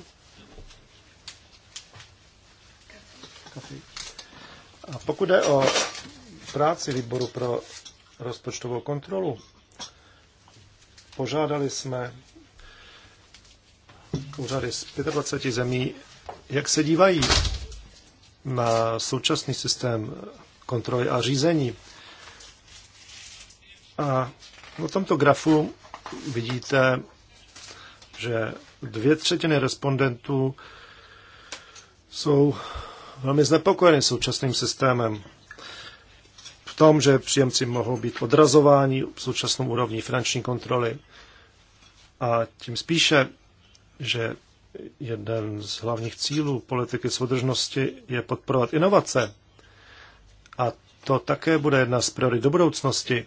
S2: A pokud jde o práci výboru pro rozpočtovou kontrolu, požádali jsme úřady z 25 zemí, jak se dívají na současný systém kontroly a řízení a na tomto grafu vidíte, že dvě třetiny respondentů jsou velmi znepokojeny současným systémem. V tom, že příjemci mohou být odrazováni současnou úrovní finanční kontroly. A tím spíše, že jeden z hlavních cílů politiky soudržnosti je podporovat inovace. A to také bude jedna z priorit do budoucnosti.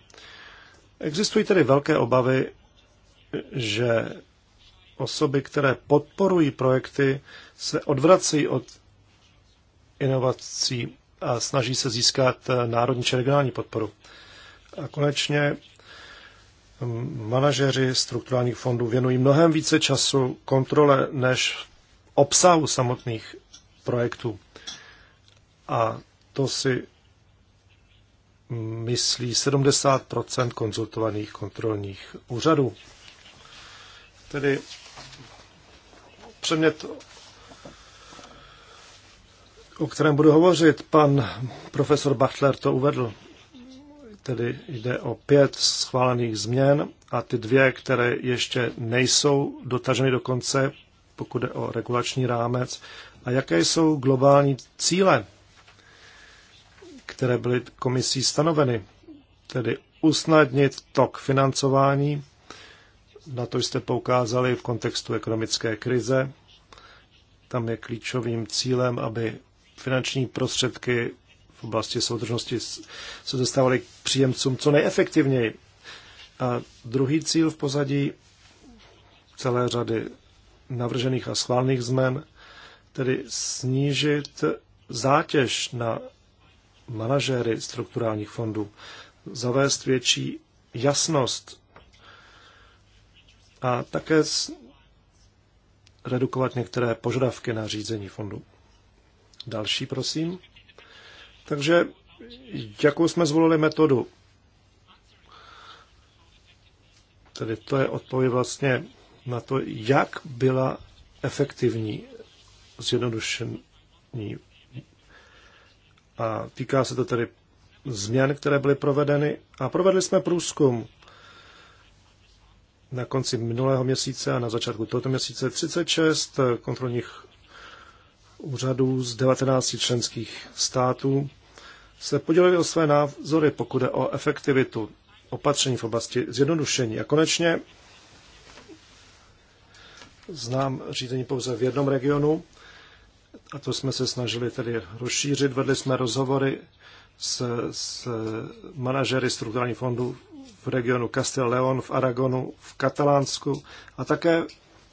S2: Existují tedy velké obavy, že osoby, které podporují projekty, se odvrací od inovací a snaží se získat národní či regionální podporu. A konečně manažeři strukturálních fondů věnují mnohem více času kontrole než obsahu samotných projektů. A to si myslí 70 konzultovaných kontrolních úřadů. Tedy předmět, o kterém budu hovořit, pan profesor Butler to uvedl. Tedy jde o pět schválených změn a ty dvě, které ještě nejsou dotaženy do konce, pokud jde o regulační rámec. A jaké jsou globální cíle které byly komisí stanoveny, tedy usnadnit tok financování, na to jste poukázali v kontextu ekonomické krize. Tam je klíčovým cílem, aby finanční prostředky v oblasti soudržnosti se dostávaly k příjemcům co nejefektivněji. A druhý cíl v pozadí celé řady navržených a schválných zmen, tedy snížit zátěž na manažéry strukturálních fondů, zavést větší jasnost a také redukovat některé požadavky na řízení fondu. Další, prosím. Takže jakou jsme zvolili metodu? Tedy to je odpověď vlastně na to, jak byla efektivní zjednodušení a týká se to tedy změn, které byly provedeny. A provedli jsme průzkum na konci minulého měsíce a na začátku tohoto měsíce 36 kontrolních úřadů z 19 členských států se podělili o své názory, pokud je o efektivitu opatření v oblasti zjednodušení. A konečně znám řízení pouze v jednom regionu a to jsme se snažili tedy rozšířit. Vedli jsme rozhovory s, s manažery strukturálních fondů v regionu Castel León, v Aragonu, v Katalánsku a také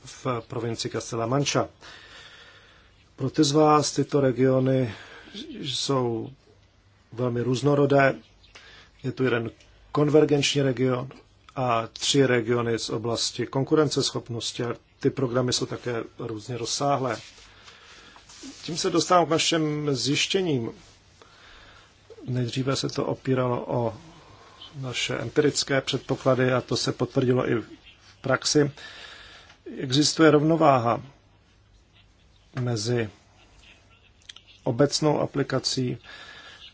S2: v provincii Castela Mancha. Pro ty z vás tyto regiony jsou velmi různorodé. Je tu jeden konvergenční region a tři regiony z oblasti konkurenceschopnosti. Ty programy jsou také různě rozsáhlé tím se dostávám k našem zjištěním. Nejdříve se to opíralo o naše empirické předpoklady a to se potvrdilo i v praxi. Existuje rovnováha mezi obecnou aplikací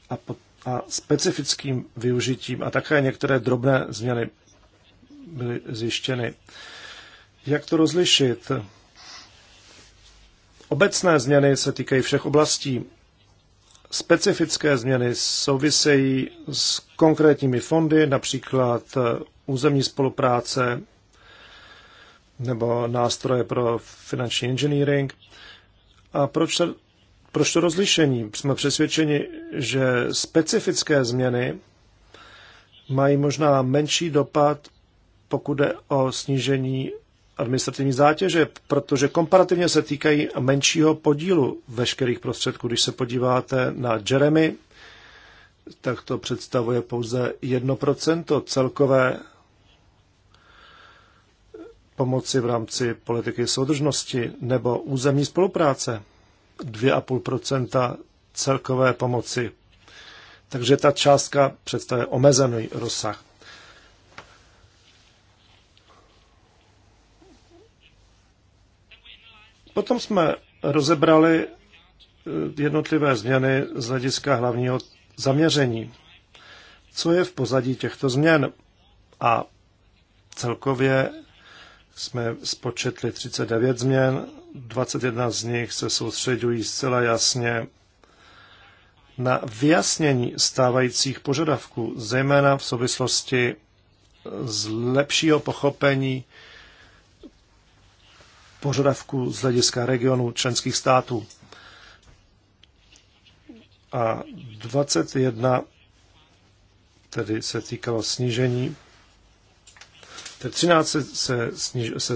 S2: a, po, a specifickým využitím a také některé drobné změny byly zjištěny. Jak to rozlišit? Obecné změny se týkají všech oblastí. Specifické změny souvisejí s konkrétními fondy, například eh, územní spolupráce nebo nástroje pro finanční engineering. A proč, proč to rozlišení? Jsme přesvědčeni, že specifické změny mají možná menší dopad, pokud jde o snížení administrativní zátěže, protože komparativně se týkají menšího podílu veškerých prostředků. Když se podíváte na Jeremy, tak to představuje pouze 1% celkové pomoci v rámci politiky soudržnosti nebo územní spolupráce 2,5% celkové pomoci. Takže ta částka představuje omezený rozsah. Potom jsme rozebrali eh, jednotlivé změny z hlediska hlavního zaměření. Co je v pozadí těchto změn? A celkově jsme spočetli 39 změn, 21 z nich se soustředují zcela jasně na vyjasnění stávajících požadavků, zejména v souvislosti s lepšího pochopení požadavku z hlediska regionu členských států. A 21 tedy se týkalo snížení, tedy 13 se, sniž, se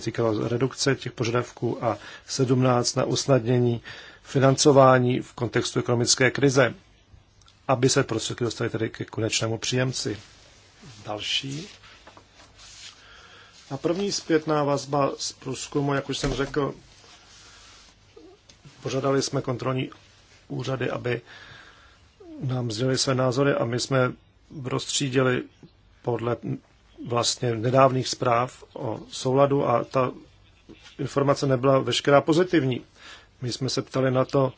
S2: týkalo redukce těch požadavků a 17 na usnadnění financování v kontextu ekonomické krize, aby se prostředky dostaly tedy ke konečnému příjemci. Další a první zpětná vazba z průzkumu, jak už jsem řekl, požadali jsme kontrolní úřady, aby nám sdělili své názory a my jsme rozstřídili podle vlastně nedávných zpráv o souladu a ta informace nebyla veškerá pozitivní. My jsme se ptali na to,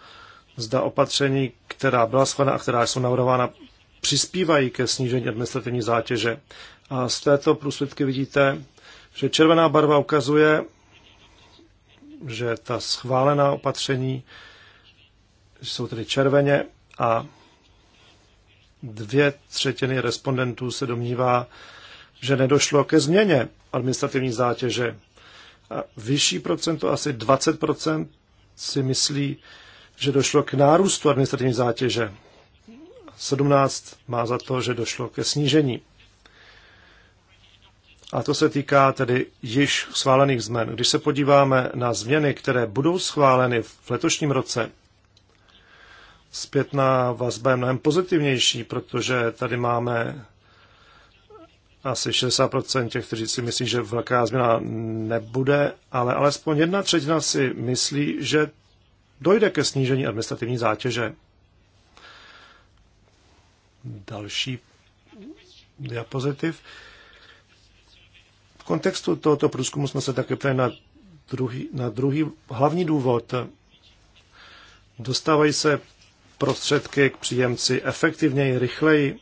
S2: zda opatření, která byla schvána a která jsou navrhována, přispívají ke snížení administrativní zátěže. A z této průsvědky vidíte, že červená barva ukazuje, že ta schválená opatření jsou tedy červeně a dvě třetiny respondentů se domnívá, že nedošlo ke změně administrativní zátěže. A vyšší procento, asi 20%, si myslí, že došlo k nárůstu administrativní zátěže. 17 má za to, že došlo ke snížení. A to se týká tedy již schválených změn. Když se podíváme na změny, které budou schváleny v letošním roce, zpětná vazba je mnohem pozitivnější, protože tady máme asi 60% těch, kteří si myslí, že velká změna nebude, ale alespoň jedna třetina si myslí, že dojde ke snížení administrativní zátěže. Další diapozitiv kontextu tohoto průzkumu jsme se také ptali na druhý, na druhý hlavní důvod. Dostávají se prostředky k příjemci efektivněji, rychleji,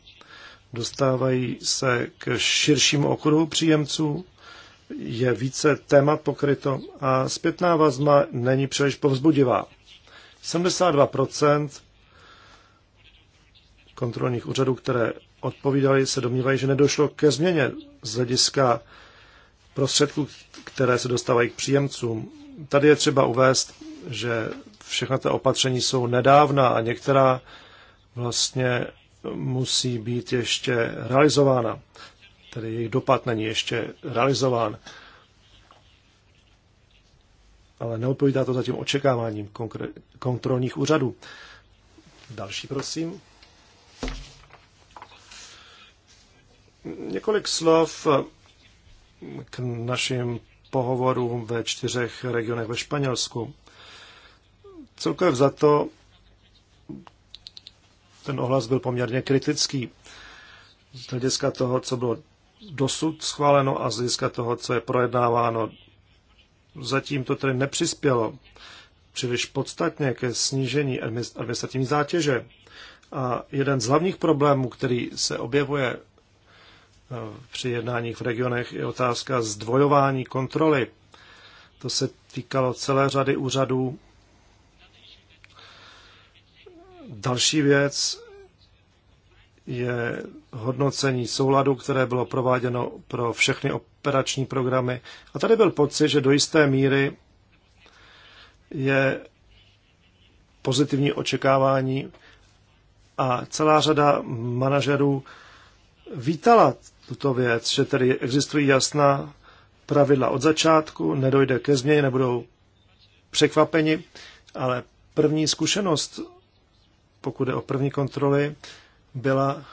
S2: dostávají se k širšímu okruhu příjemců, je více témat pokryto a zpětná vazba není příliš povzbudivá. 72% kontrolních úřadů, které odpovídali, se domnívají, že nedošlo ke změně z hlediska prostředků, které se dostávají k příjemcům. Tady je třeba uvést, že všechna ta opatření jsou nedávna a některá vlastně musí být ještě realizována. Tedy jejich dopad není ještě realizován. Ale neodpovídá to zatím očekáváním kontrolních úřadů. Další, prosím. Několik slov k našim pohovorům ve čtyřech regionech ve Španělsku. Celkově za to ten ohlas byl poměrně kritický z hlediska toho, co bylo dosud schváleno a z hlediska toho, co je projednáváno. Zatím to tedy nepřispělo příliš podstatně ke snížení administrativní zátěže. A jeden z hlavních problémů, který se objevuje Eh, při jednáních v regionech i otázka zdvojování kontroly. To se týkalo celé řady úřadů. Další věc je hodnocení souladu, které bylo prováděno pro všechny operační programy. A tady byl pocit, že do jisté míry je pozitivní očekávání a celá řada manažerů vítala tuto věc, že tedy existují jasná pravidla od začátku, nedojde ke změně, nebudou překvapeni, ale první zkušenost, pokud je o první kontroly, byla,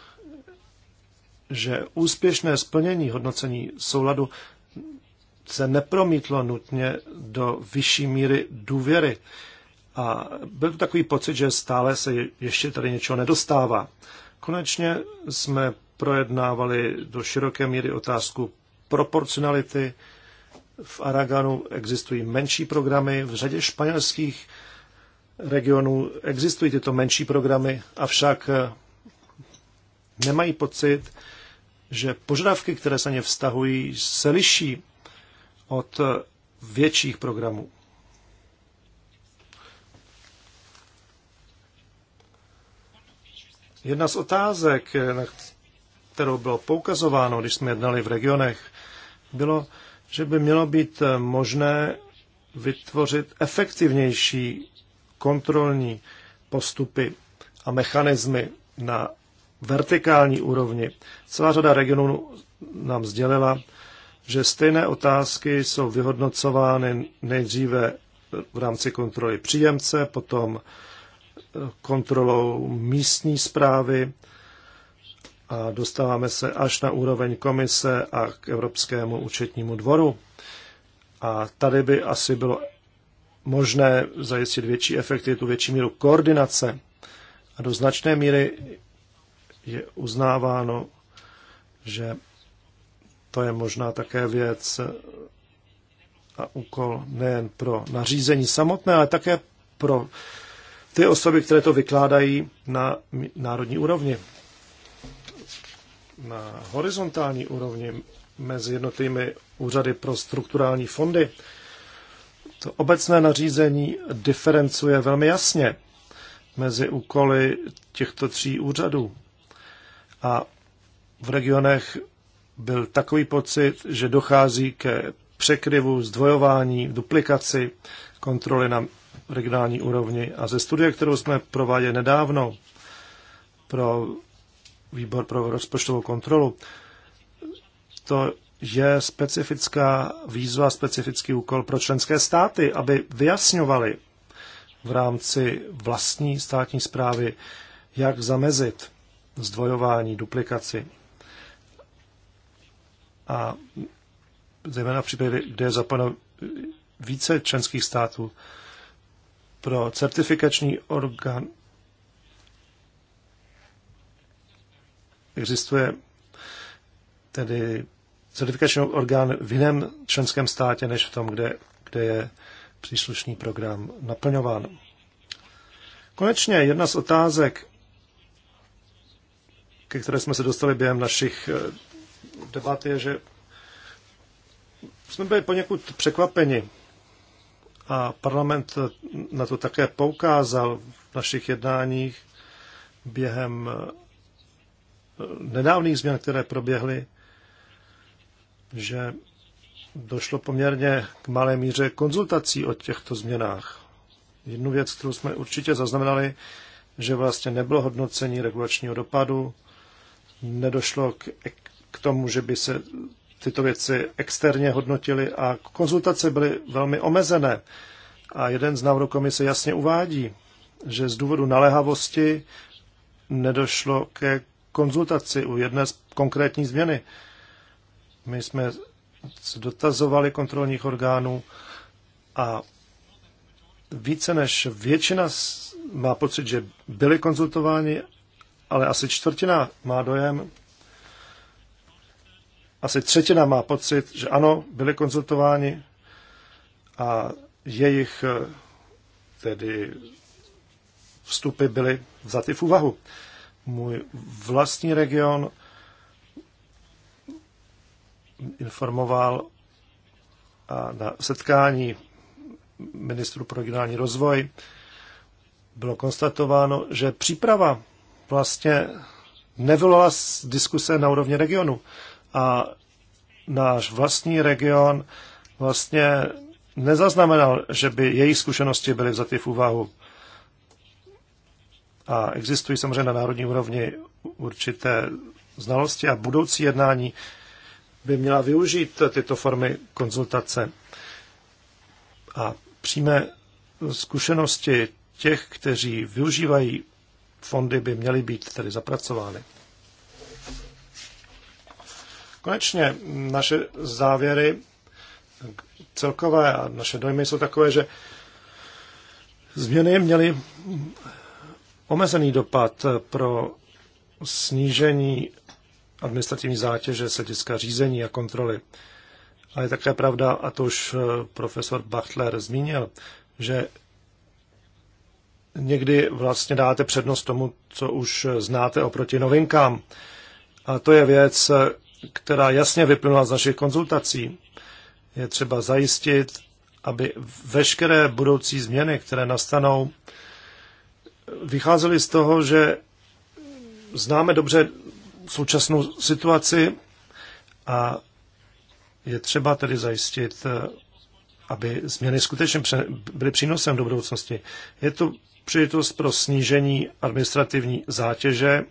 S2: že úspěšné splnění hodnocení souladu se nepromítlo nutně do vyšší míry důvěry. A byl to takový pocit, že stále se ještě tady něčeho nedostává. Konečně jsme projednávali do široké míry otázku proporcionality. V Aragonu existují menší programy, v řadě španělských regionů existují tyto menší programy, avšak eh, nemají pocit, že požadavky, které se ně vztahují, se liší od eh, větších programů. Jedna z otázek, na kterou bylo poukazováno, když jsme jednali v regionech, bylo, že by mělo být možné vytvořit efektivnější kontrolní postupy a mechanismy na vertikální úrovni. Celá řada regionů nám sdělila, že stejné otázky jsou vyhodnocovány nejdříve v rámci kontroly příjemce, potom kontrolou místní zprávy a dostáváme se až na úroveň komise a k Evropskému účetnímu dvoru. A tady by asi bylo možné zajistit větší efektivitu, větší míru koordinace. A do značné míry je uznáváno, že to je možná také věc a úkol nejen pro nařízení samotné, ale také pro ty osoby, které to vykládají na národní úrovni. Na horizontální úrovni mezi jednotlivými úřady pro strukturální fondy. To obecné nařízení diferencuje velmi jasně mezi úkoly těchto tří úřadů. A v regionech byl takový pocit, že dochází ke překryvu, zdvojování, duplikaci kontroly na regionální úrovni. A ze studie, kterou jsme prováděli nedávno pro výbor pro rozpočtovou kontrolu, to je specifická výzva, specifický úkol pro členské státy, aby vyjasňovali v rámci vlastní státní zprávy, jak zamezit zdvojování, duplikaci. A zejména v případě, kde je zapojeno více členských států, pro certifikační orgán existuje tedy certifikační orgán v jiném členském státě, než v tom, kde, kde je příslušný program naplňován. Konečně jedna z otázek, ke které jsme se dostali během našich eh, debat, je, že jsme byli poněkud překvapeni a parlament na to také poukázal v našich jednáních během eh, nedávných změn, které proběhly, že došlo poměrně k malé míře konzultací o těchto změnách. Jednu věc, kterou jsme určitě zaznamenali, že vlastně nebylo hodnocení regulačního dopadu, nedošlo k, k tomu, že by se tyto věci externě hodnotili a konzultace byly velmi omezené. A jeden z návrhů komise jasně uvádí, že z důvodu naléhavosti nedošlo ke konzultaci u jedné z konkrétní změny. My jsme se dotazovali kontrolních orgánů a více než většina má pocit, že byli konzultováni, ale asi čtvrtina má dojem, asi třetina má pocit, že ano, byli konzultováni a jejich eh, tedy vstupy byly vzaty v úvahu. Můj vlastní region informoval a na setkání ministru pro regionální rozvoj bylo konstatováno, že příprava vlastně nevolala diskuse na úrovni regionu a náš vlastní region vlastně nezaznamenal, že by její zkušenosti byly vzaty v úvahu. A existují samozřejmě na národní úrovni určité znalosti a budoucí jednání by měla využít tyto formy konzultace a přímé zkušenosti těch, kteří využívají fondy, by měly být tedy zapracovány. Konečně naše závěry celkové a naše dojmy jsou takové, že změny měly omezený dopad pro snížení administrativní zátěže z hlediska řízení a kontroly. A je také pravda, a to už eh, profesor Bachtler zmínil, že někdy vlastně dáte přednost tomu, co už eh, znáte oproti novinkám. A to je věc, eh, která jasně vyplnula z našich konzultací. Je třeba zajistit, aby veškeré budoucí změny, které nastanou, vycházely z toho, že známe dobře současnou situaci a je třeba tedy zajistit, aby změny skutečně byly přínosem do budoucnosti. Je to příležitost pro snížení administrativní zátěže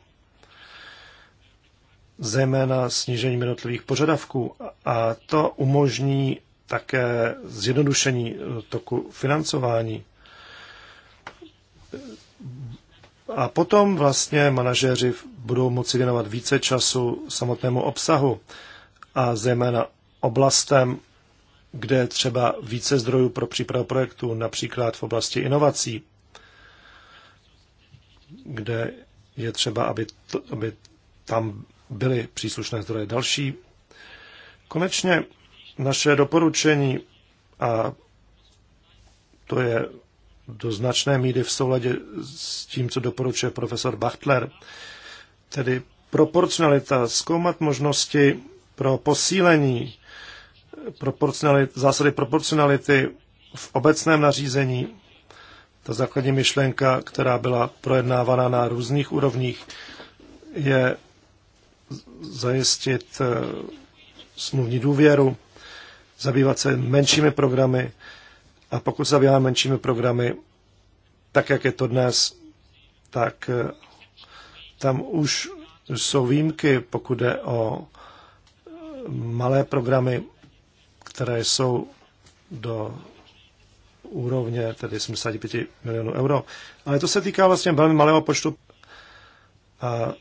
S2: zejména snížením jednotlivých požadavků a to umožní také zjednodušení toku financování. A potom vlastně manažéři budou moci věnovat více času samotnému obsahu a zejména oblastem, kde je třeba více zdrojů pro přípravu projektů, například v oblasti inovací, kde je třeba, aby, to, aby tam byly příslušné zdroje další. Konečně naše doporučení, a to je do značné míry v souladě s tím, co doporučuje profesor Bachtler, tedy proporcionalita, zkoumat možnosti pro posílení proporcionalit, zásady proporcionality v obecném nařízení, ta základní myšlenka, která byla projednávána na různých úrovních, je zajistit eh, smluvní důvěru, zabývat se menšími programy a pokud se zabýváme menšími programy, tak jak je to dnes, tak eh, tam už jsou výjimky, pokud jde o eh, malé programy, které jsou do úrovně tedy 75 milionů euro. Ale to se týká vlastně velmi malého počtu a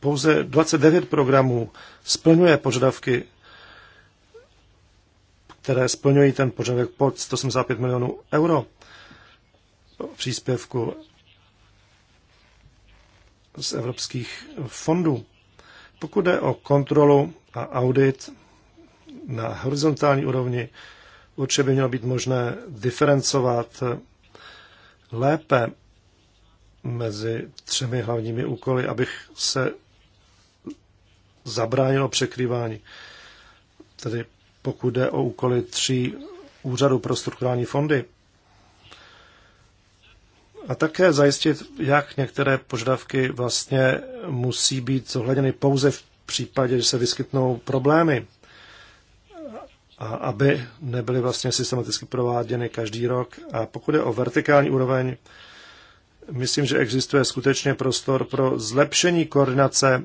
S2: pouze 29 programů splňuje požadavky, které splňují ten požadavek pod 185 milionů euro příspěvku z evropských fondů. Pokud jde o kontrolu a audit na horizontální úrovni, určitě by mělo být možné diferencovat lépe mezi třemi hlavními úkoly, abych se zabránilo překrývání. Tedy pokud jde o úkoly tří úřadů pro strukturální fondy, a také zajistit, jak některé požadavky vlastně musí být zohledněny pouze v případě, že se vyskytnou problémy. A aby nebyly vlastně systematicky prováděny každý rok. A pokud je o vertikální úroveň, myslím, že existuje skutečně prostor pro zlepšení koordinace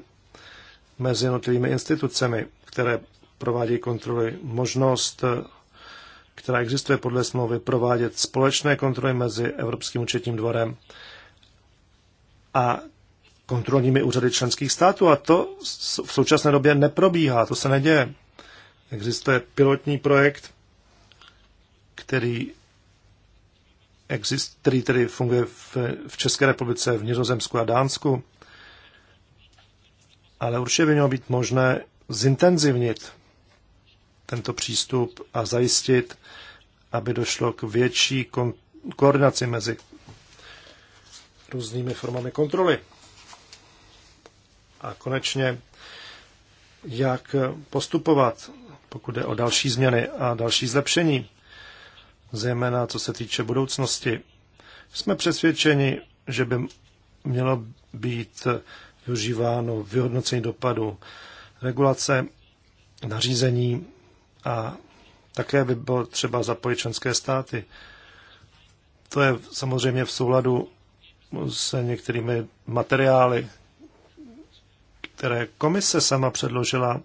S2: mezi jednotlivými institucemi, které provádějí kontroly. Možnost, která existuje podle smlouvy, provádět společné kontroly mezi Evropským účetním dvorem a kontrolními úřady členských států. A to v současné době neprobíhá, to se neděje. Existuje pilotní projekt, který exist, který tedy funguje v, v České republice, v Nizozemsku a Dánsku. Ale určitě by mělo být možné zintenzivnit tento přístup a zajistit, aby došlo k větší kon- koordinaci mezi různými formami kontroly. A konečně, jak postupovat, pokud jde o další změny a další zlepšení zejména co se týče budoucnosti. Jsme přesvědčeni, že by mělo být využíváno vyhodnocení dopadu regulace, nařízení a také by bylo třeba zapojit členské státy. To je samozřejmě v souladu se některými materiály, které komise sama předložila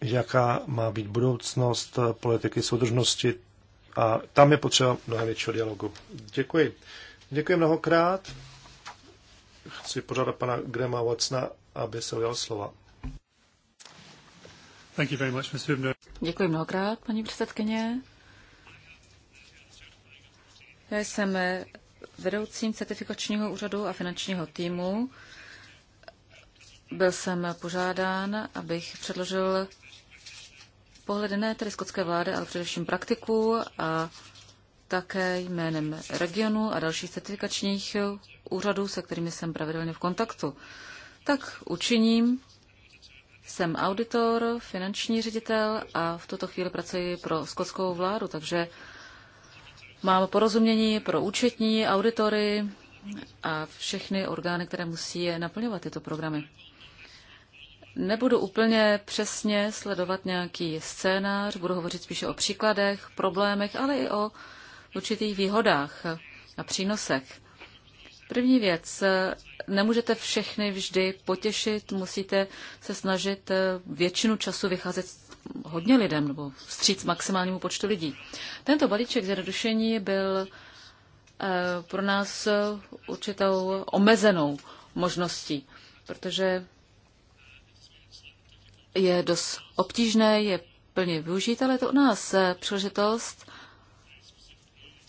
S2: jaká má být budoucnost politiky soudržnosti a tam je potřeba mnohem většího dialogu. Děkuji. Děkuji mnohokrát. Chci požádat pana Grema Watsona, aby se ujal slova.
S1: Děkuji mnohokrát, paní předsedkyně. Já jsem vedoucím certifikačního úřadu a finančního týmu. Byl jsem požádán, abych předložil pohledy ne tedy skotské vlády, ale především praktiků a také jménem regionu a dalších certifikačních úřadů, se kterými jsem pravidelně v kontaktu. Tak učiním. Jsem auditor, finanční ředitel a v tuto chvíli pracuji pro skotskou vládu, takže mám porozumění pro účetní, auditory a všechny orgány, které musí naplňovat tyto programy. Nebudu úplně přesně sledovat nějaký scénář, budu hovořit spíše o příkladech, problémech, ale i o určitých výhodách a přínosech. První věc, nemůžete všechny vždy potěšit, musíte se snažit eh, většinu času vycházet hodně lidem nebo vstříc maximálnímu počtu lidí. Tento balíček zjednodušení byl eh, pro nás eh, určitou omezenou možností, protože je dost obtížné, je plně využít, ale je to u nás eh, příležitost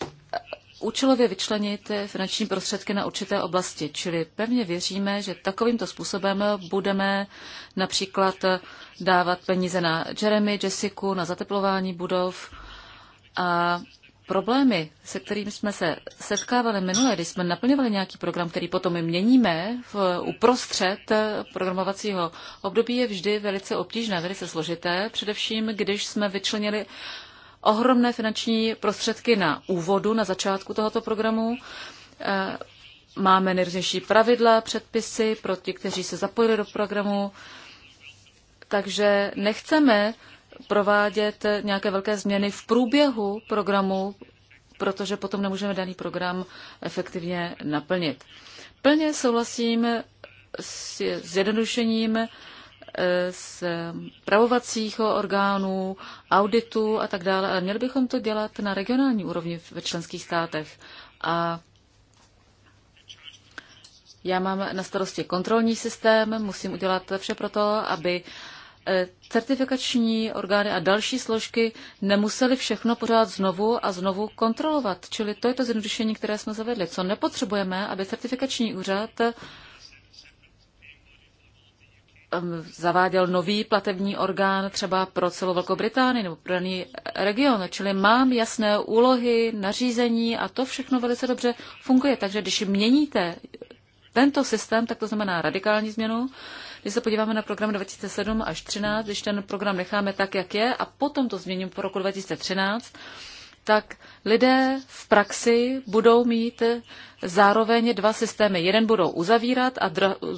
S1: eh, účelově vyčlenit eh, finanční prostředky na určité oblasti. Čili pevně věříme, že takovýmto způsobem budeme například dávat peníze na Jeremy, Jessica, na zateplování budov a problémy, se kterými jsme se setkávali minule, když jsme naplňovali nějaký program, který potom my měníme v, uprostřed eh, programovacího období, je vždy velice obtížné, velice složité, především když jsme vyčlenili ohromné finanční prostředky na úvodu, na začátku tohoto programu. Eh, máme nejrůznější pravidla, předpisy pro ti, kteří se zapojili do programu, takže nechceme provádět nějaké velké změny v průběhu programu, protože potom nemůžeme daný program efektivně naplnit. Plně souhlasím s zjednodušením z eh, pravovacích orgánů, auditu a tak dále, ale měli bychom to dělat na regionální úrovni ve členských státech. A já mám na starosti kontrolní systém, musím udělat vše pro to, aby Eh, certifikační orgány a další složky nemuseli všechno pořád znovu a znovu kontrolovat. Čili to je to zjednodušení, které jsme zavedli. Co nepotřebujeme, aby certifikační úřad zaváděl nový platební orgán třeba pro celou Velkou Británii nebo pro daný region. Čili mám jasné úlohy, nařízení a to všechno velice dobře funguje. Takže když měníte tento systém, tak to znamená radikální změnu. Když se podíváme na program 2007 až 2013, když ten program necháme tak, jak je, a potom to změním po roku 2013, tak lidé v praxi budou mít zároveň dva systémy. Jeden budou uzavírat a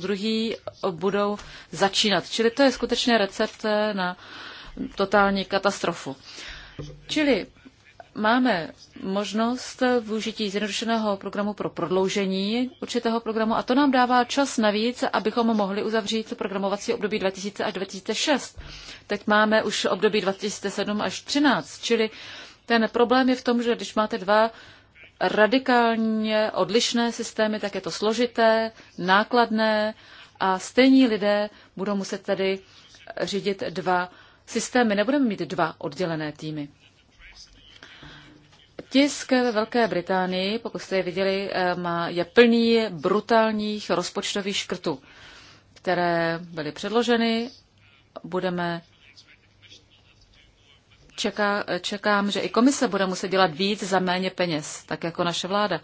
S1: druhý budou začínat. Čili to je skutečně recept eh, na totální katastrofu. Čili máme možnost využití zjednodušeného programu pro prodloužení určitého programu a to nám dává čas navíc, abychom mohli uzavřít programovací období 2000 až 2006. Teď máme už období 2007 až 2013, čili ten problém je v tom, že když máte dva radikálně odlišné systémy, tak je to složité, nákladné a stejní lidé budou muset tedy řídit dva systémy. Nebudeme mít dva oddělené týmy. Tisk ve Velké Británii, pokud jste je viděli, eh, má, je plný brutálních rozpočtových škrtů, které byly předloženy. Budeme čeká, čekám, že i komise bude muset dělat víc za méně peněz, tak jako naše vláda.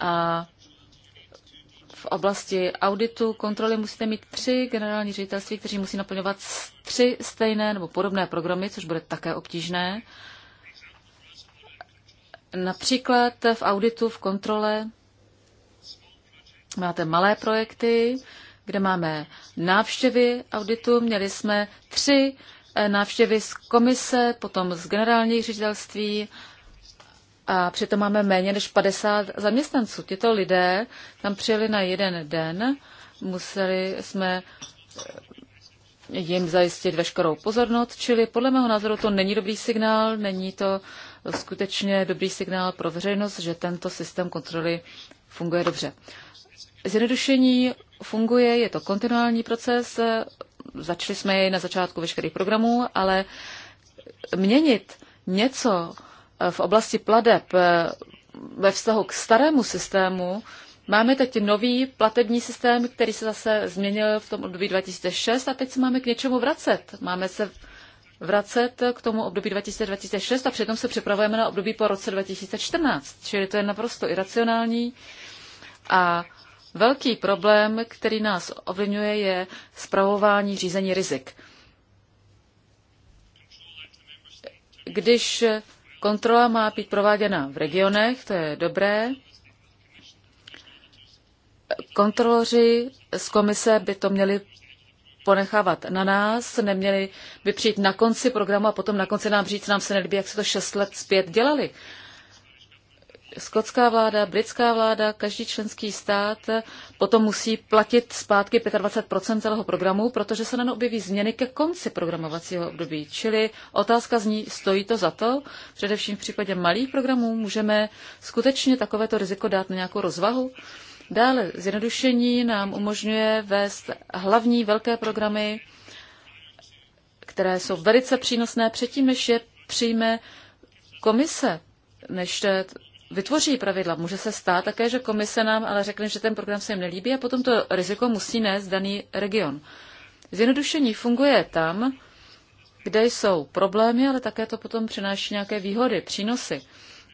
S1: A v oblasti auditu kontroly musíte mít tři generální ředitelství, kteří musí naplňovat tři stejné nebo podobné programy, což bude také obtížné. Uh, Například v auditu, v kontrole máte malé projekty, kde máme návštěvy auditu. Měli jsme tři eh, návštěvy z komise, potom z generálních ředitelství a přitom máme méně než 50 zaměstnanců. Tito lidé tam přijeli na jeden den, museli jsme eh, jim zajistit veškerou pozornost, čili podle mého názoru to není dobrý signál, není to skutečně dobrý signál pro veřejnost, že tento systém kontroly funguje dobře. Zjednodušení funguje, je to kontinuální proces, začali jsme jej na začátku veškerých programů, ale měnit něco eh, v oblasti pladeb eh, ve vztahu k starému systému, Máme teď nový platební systém, který se zase změnil v tom období 2006 a teď se máme k něčemu vracet. Máme se vracet k tomu období 2026 a přitom se připravujeme na období po roce 2014. Čili to je naprosto iracionální a velký problém, který nás ovlivňuje, je zpravování řízení rizik. Když kontrola má být prováděna v regionech, to je dobré, kontroloři z komise by to měli ponechávat na nás, neměli by přijít na konci programu a potom na konci nám říct, nám se nelíbí, jak se to šest let zpět dělali. Skotská vláda, britská vláda, každý členský stát potom musí platit zpátky 25 celého programu, protože se na objeví změny ke konci programovacího období. Čili otázka zní, stojí to za to? Především v případě malých programů můžeme skutečně takovéto riziko dát na nějakou rozvahu? Dále zjednodušení nám umožňuje vést hlavní velké programy, které jsou velice přínosné předtím, než je přijme komise, než vytvoří pravidla. Může se stát také, že komise nám ale řekne, že ten program se jim nelíbí a potom to riziko musí nést daný region. Zjednodušení funguje tam, kde jsou problémy, ale také to potom přináší nějaké výhody, přínosy.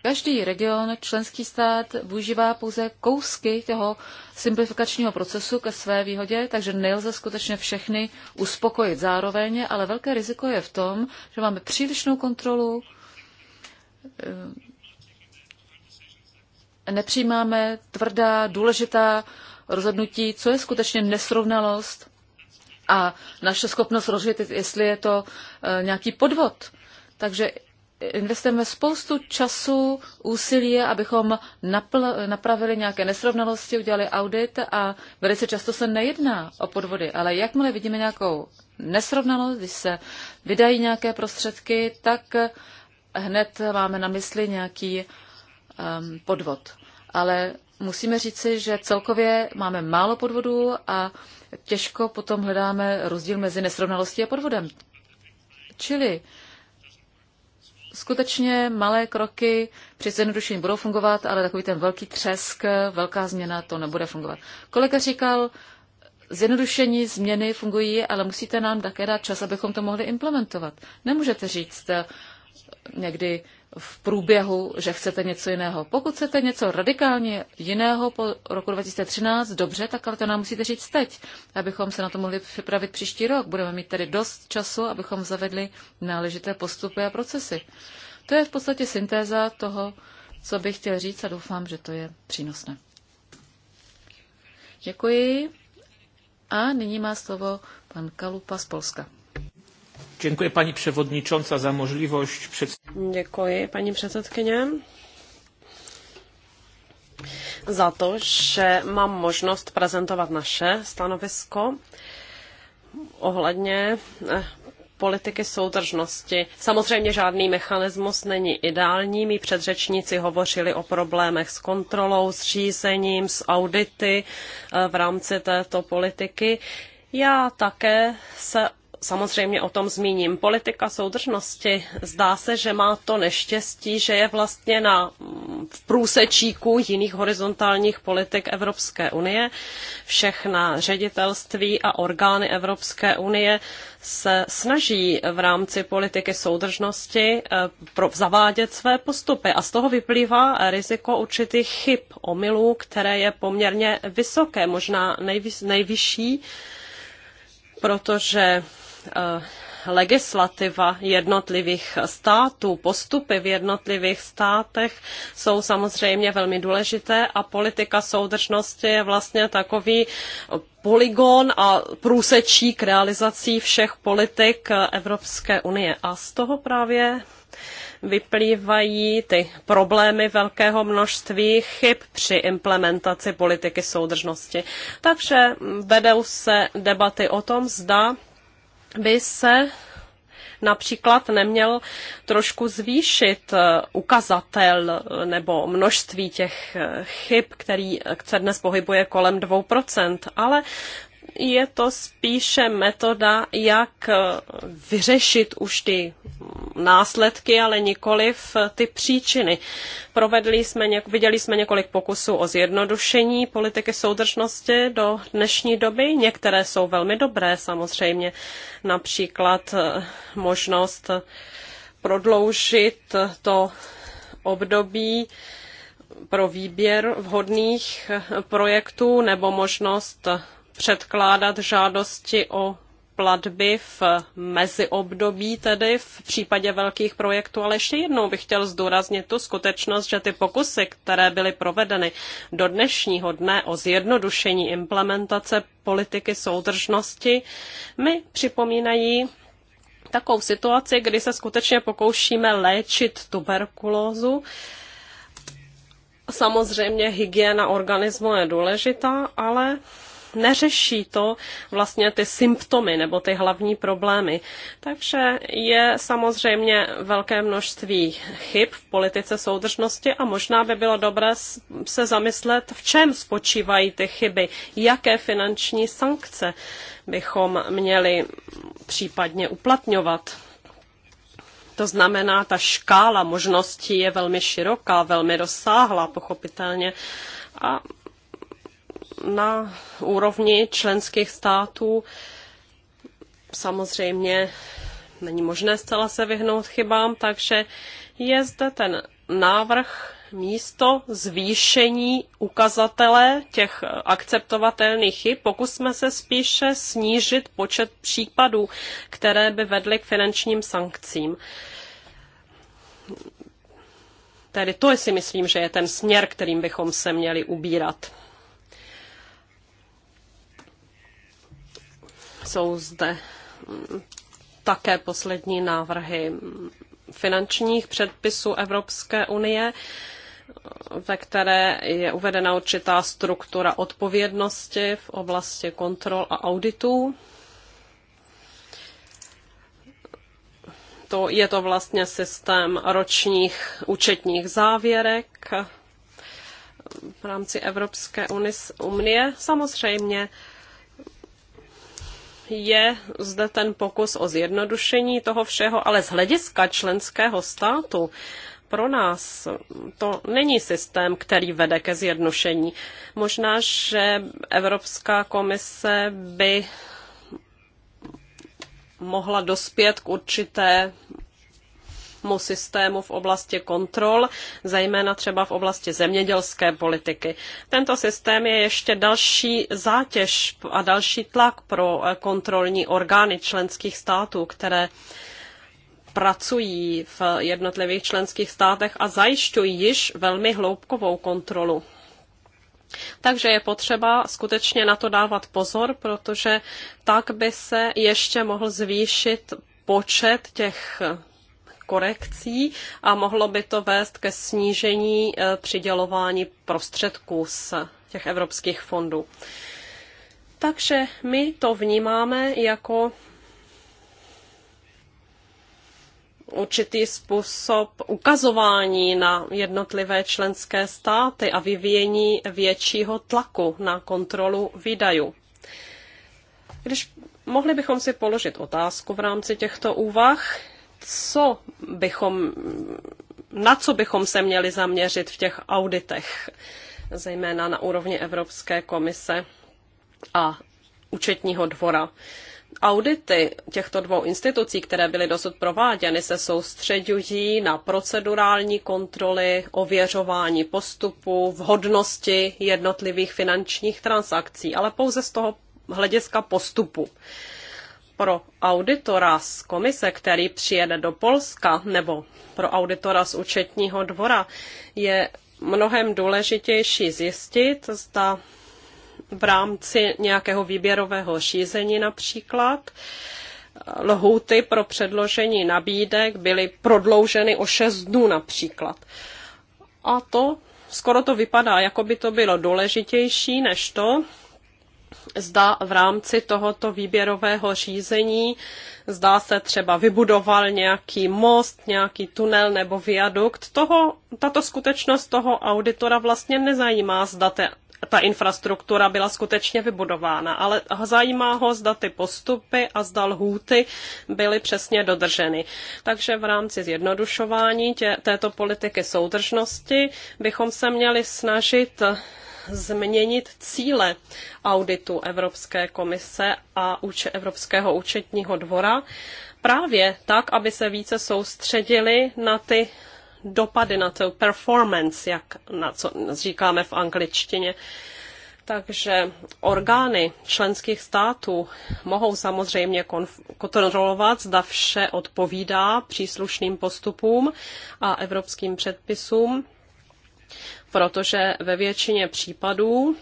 S1: Každý region, členský stát využívá pouze kousky toho simplifikačního procesu ke své výhodě, takže nelze skutečně všechny uspokojit zároveň, ale velké riziko je v tom, že máme přílišnou kontrolu, eh, nepřijímáme tvrdá, důležitá rozhodnutí, co je skutečně nesrovnalost a naše schopnost rozhodnout, jestli je to eh, nějaký podvod. Takže investujeme spoustu času, úsilí, abychom napl- napravili nějaké nesrovnalosti, udělali audit a velice často se nejedná o podvody, ale jakmile vidíme nějakou nesrovnalost, když se vydají nějaké prostředky, tak hned máme na mysli nějaký um, podvod. Ale musíme říci, že celkově máme málo podvodů a těžko potom hledáme rozdíl mezi nesrovnalostí a podvodem. Čili uh, skutečně malé kroky při zjednodušení budou fungovat, ale takový ten velký třesk, velká změna, to nebude fungovat. Kolega říkal, zjednodušení změny fungují, ale musíte nám také dát čas, abychom to mohli implementovat. Nemůžete říct eh, někdy v průběhu, že chcete něco jiného. Pokud chcete něco radikálně jiného po roku 2013, dobře, tak ale to nám musíte říct teď, abychom se na to mohli připravit příští rok. Budeme mít tedy dost času, abychom zavedli náležité postupy a procesy. To je v podstatě syntéza toho, co bych chtěl říct a doufám, že to je přínosné. Děkuji. A nyní má slovo pan Kalupa z Polska. Dziękuję pani przewodnicząca za możliwość przedstawienia. Děkuji paní předsedkyně
S3: za to, že mám možnost prezentovat naše stanovisko ohledně eh, politiky soudržnosti. Samozřejmě žádný mechanismus není ideální. Mí předřečníci hovořili o problémech s kontrolou, s řízením, s audity eh, v rámci této politiky. Já také se samozřejmě o tom zmíním. Politika soudržnosti zdá se, že má to neštěstí, že je vlastně na, v průsečíku jiných horizontálních politik Evropské unie. Všechna ředitelství a orgány Evropské unie se snaží v rámci politiky soudržnosti eh, pro, zavádět své postupy a z toho vyplývá riziko určitých chyb, omylů, které je poměrně vysoké, možná nejvyšší protože Eh, legislativa jednotlivých států, postupy v jednotlivých státech jsou samozřejmě velmi důležité a politika soudržnosti je vlastně takový poligon a průsečí k realizací všech politik Evropské unie. A z toho právě vyplývají ty problémy velkého množství chyb při implementaci politiky soudržnosti. Takže vedou se debaty o tom, zda by se například neměl trošku zvýšit eh, ukazatel eh, nebo množství těch eh, chyb, který se dnes pohybuje kolem 2%, ale je to spíše metoda, jak eh, vyřešit už ty následky, ale nikoliv eh, ty příčiny. Provedli jsme, viděli jsme několik pokusů o zjednodušení politiky soudržnosti do dnešní doby. Některé jsou velmi dobré samozřejmě, například eh, možnost prodloužit to období pro výběr vhodných projektů nebo možnost předkládat žádosti o platby v meziobdobí, tedy v případě velkých projektů, ale ještě jednou bych chtěl zdůraznit tu skutečnost, že ty pokusy, které byly provedeny do dnešního dne o zjednodušení implementace politiky soudržnosti, mi připomínají takovou situaci, kdy se skutečně pokoušíme léčit tuberkulózu. Samozřejmě hygiena organismu je důležitá, ale neřeší to vlastně ty symptomy nebo ty hlavní problémy. Takže je samozřejmě velké množství chyb v politice soudržnosti a možná by bylo dobré se zamyslet, v čem spočívají ty chyby, jaké finanční sankce bychom měli případně uplatňovat. To znamená, ta škála možností je velmi široká, velmi rozsáhlá, pochopitelně. A na úrovni členských států samozřejmě není možné zcela se vyhnout chybám, takže je zde ten návrh místo zvýšení ukazatele těch akceptovatelných chyb, pokusme se spíše snížit počet případů, které by vedly k finančním sankcím. Tedy to si myslím, že je ten směr, kterým bychom se měli ubírat. Jsou zde mm, také poslední návrhy finančních předpisů Evropské unie, ve které je uvedena určitá struktura odpovědnosti v oblasti kontrol a auditů. To je to vlastně systém ročních účetních závěrek v rámci Evropské unie. Samozřejmě je zde ten pokus o zjednodušení toho všeho, ale z hlediska členského státu pro nás to není systém, který vede ke zjednodušení. Možná, že Evropská komise by mohla dospět k určité mu systému v oblasti kontrol, zejména třeba v oblasti zemědělské politiky. Tento systém je ještě další zátěž a další tlak pro kontrolní orgány členských států, které pracují v jednotlivých členských státech a zajišťují již velmi hloubkovou kontrolu. Takže je potřeba skutečně na to dávat pozor, protože tak by se ještě mohl zvýšit počet těch korekcí a mohlo by to vést ke snížení eh, přidělování prostředků z těch evropských fondů. Takže my to vnímáme jako určitý způsob ukazování na jednotlivé členské státy a vyvíjení většího tlaku na kontrolu výdajů. Když mohli bychom si položit otázku v rámci těchto úvah, co bychom, na co bychom se měli zaměřit v těch auditech, zejména na úrovni Evropské komise a účetního dvora. Audity těchto dvou institucí, které byly dosud prováděny, se soustředují na procedurální kontroly, ověřování postupu, vhodnosti jednotlivých finančních transakcí, ale pouze z toho hlediska postupu pro auditora z komise, který přijede do Polska, nebo pro auditora z účetního dvora, je mnohem důležitější zjistit, zda v rámci nějakého výběrového řízení například, lhůty pro předložení nabídek byly prodlouženy o 6 dnů například. A to skoro to vypadá, jako by to bylo důležitější než to, zda v rámci tohoto výběrového řízení zdá se třeba vybudoval nějaký most, nějaký tunel nebo viadukt. Toho, tato skutečnost toho auditora vlastně nezajímá, zda te, ta infrastruktura byla skutečně vybudována, ale zajímá ho, zda ty postupy a zda lhůty byly přesně dodrženy. Takže v rámci zjednodušování tě, této politiky soudržnosti bychom se měli snažit změnit cíle auditu Evropské komise a Evropského účetního dvora právě tak, aby se více soustředili na ty dopady, na to performance, jak na co říkáme v angličtině. Takže orgány členských států mohou samozřejmě kontrolovat, zda vše odpovídá příslušným postupům a evropským předpisům protože ve většině případů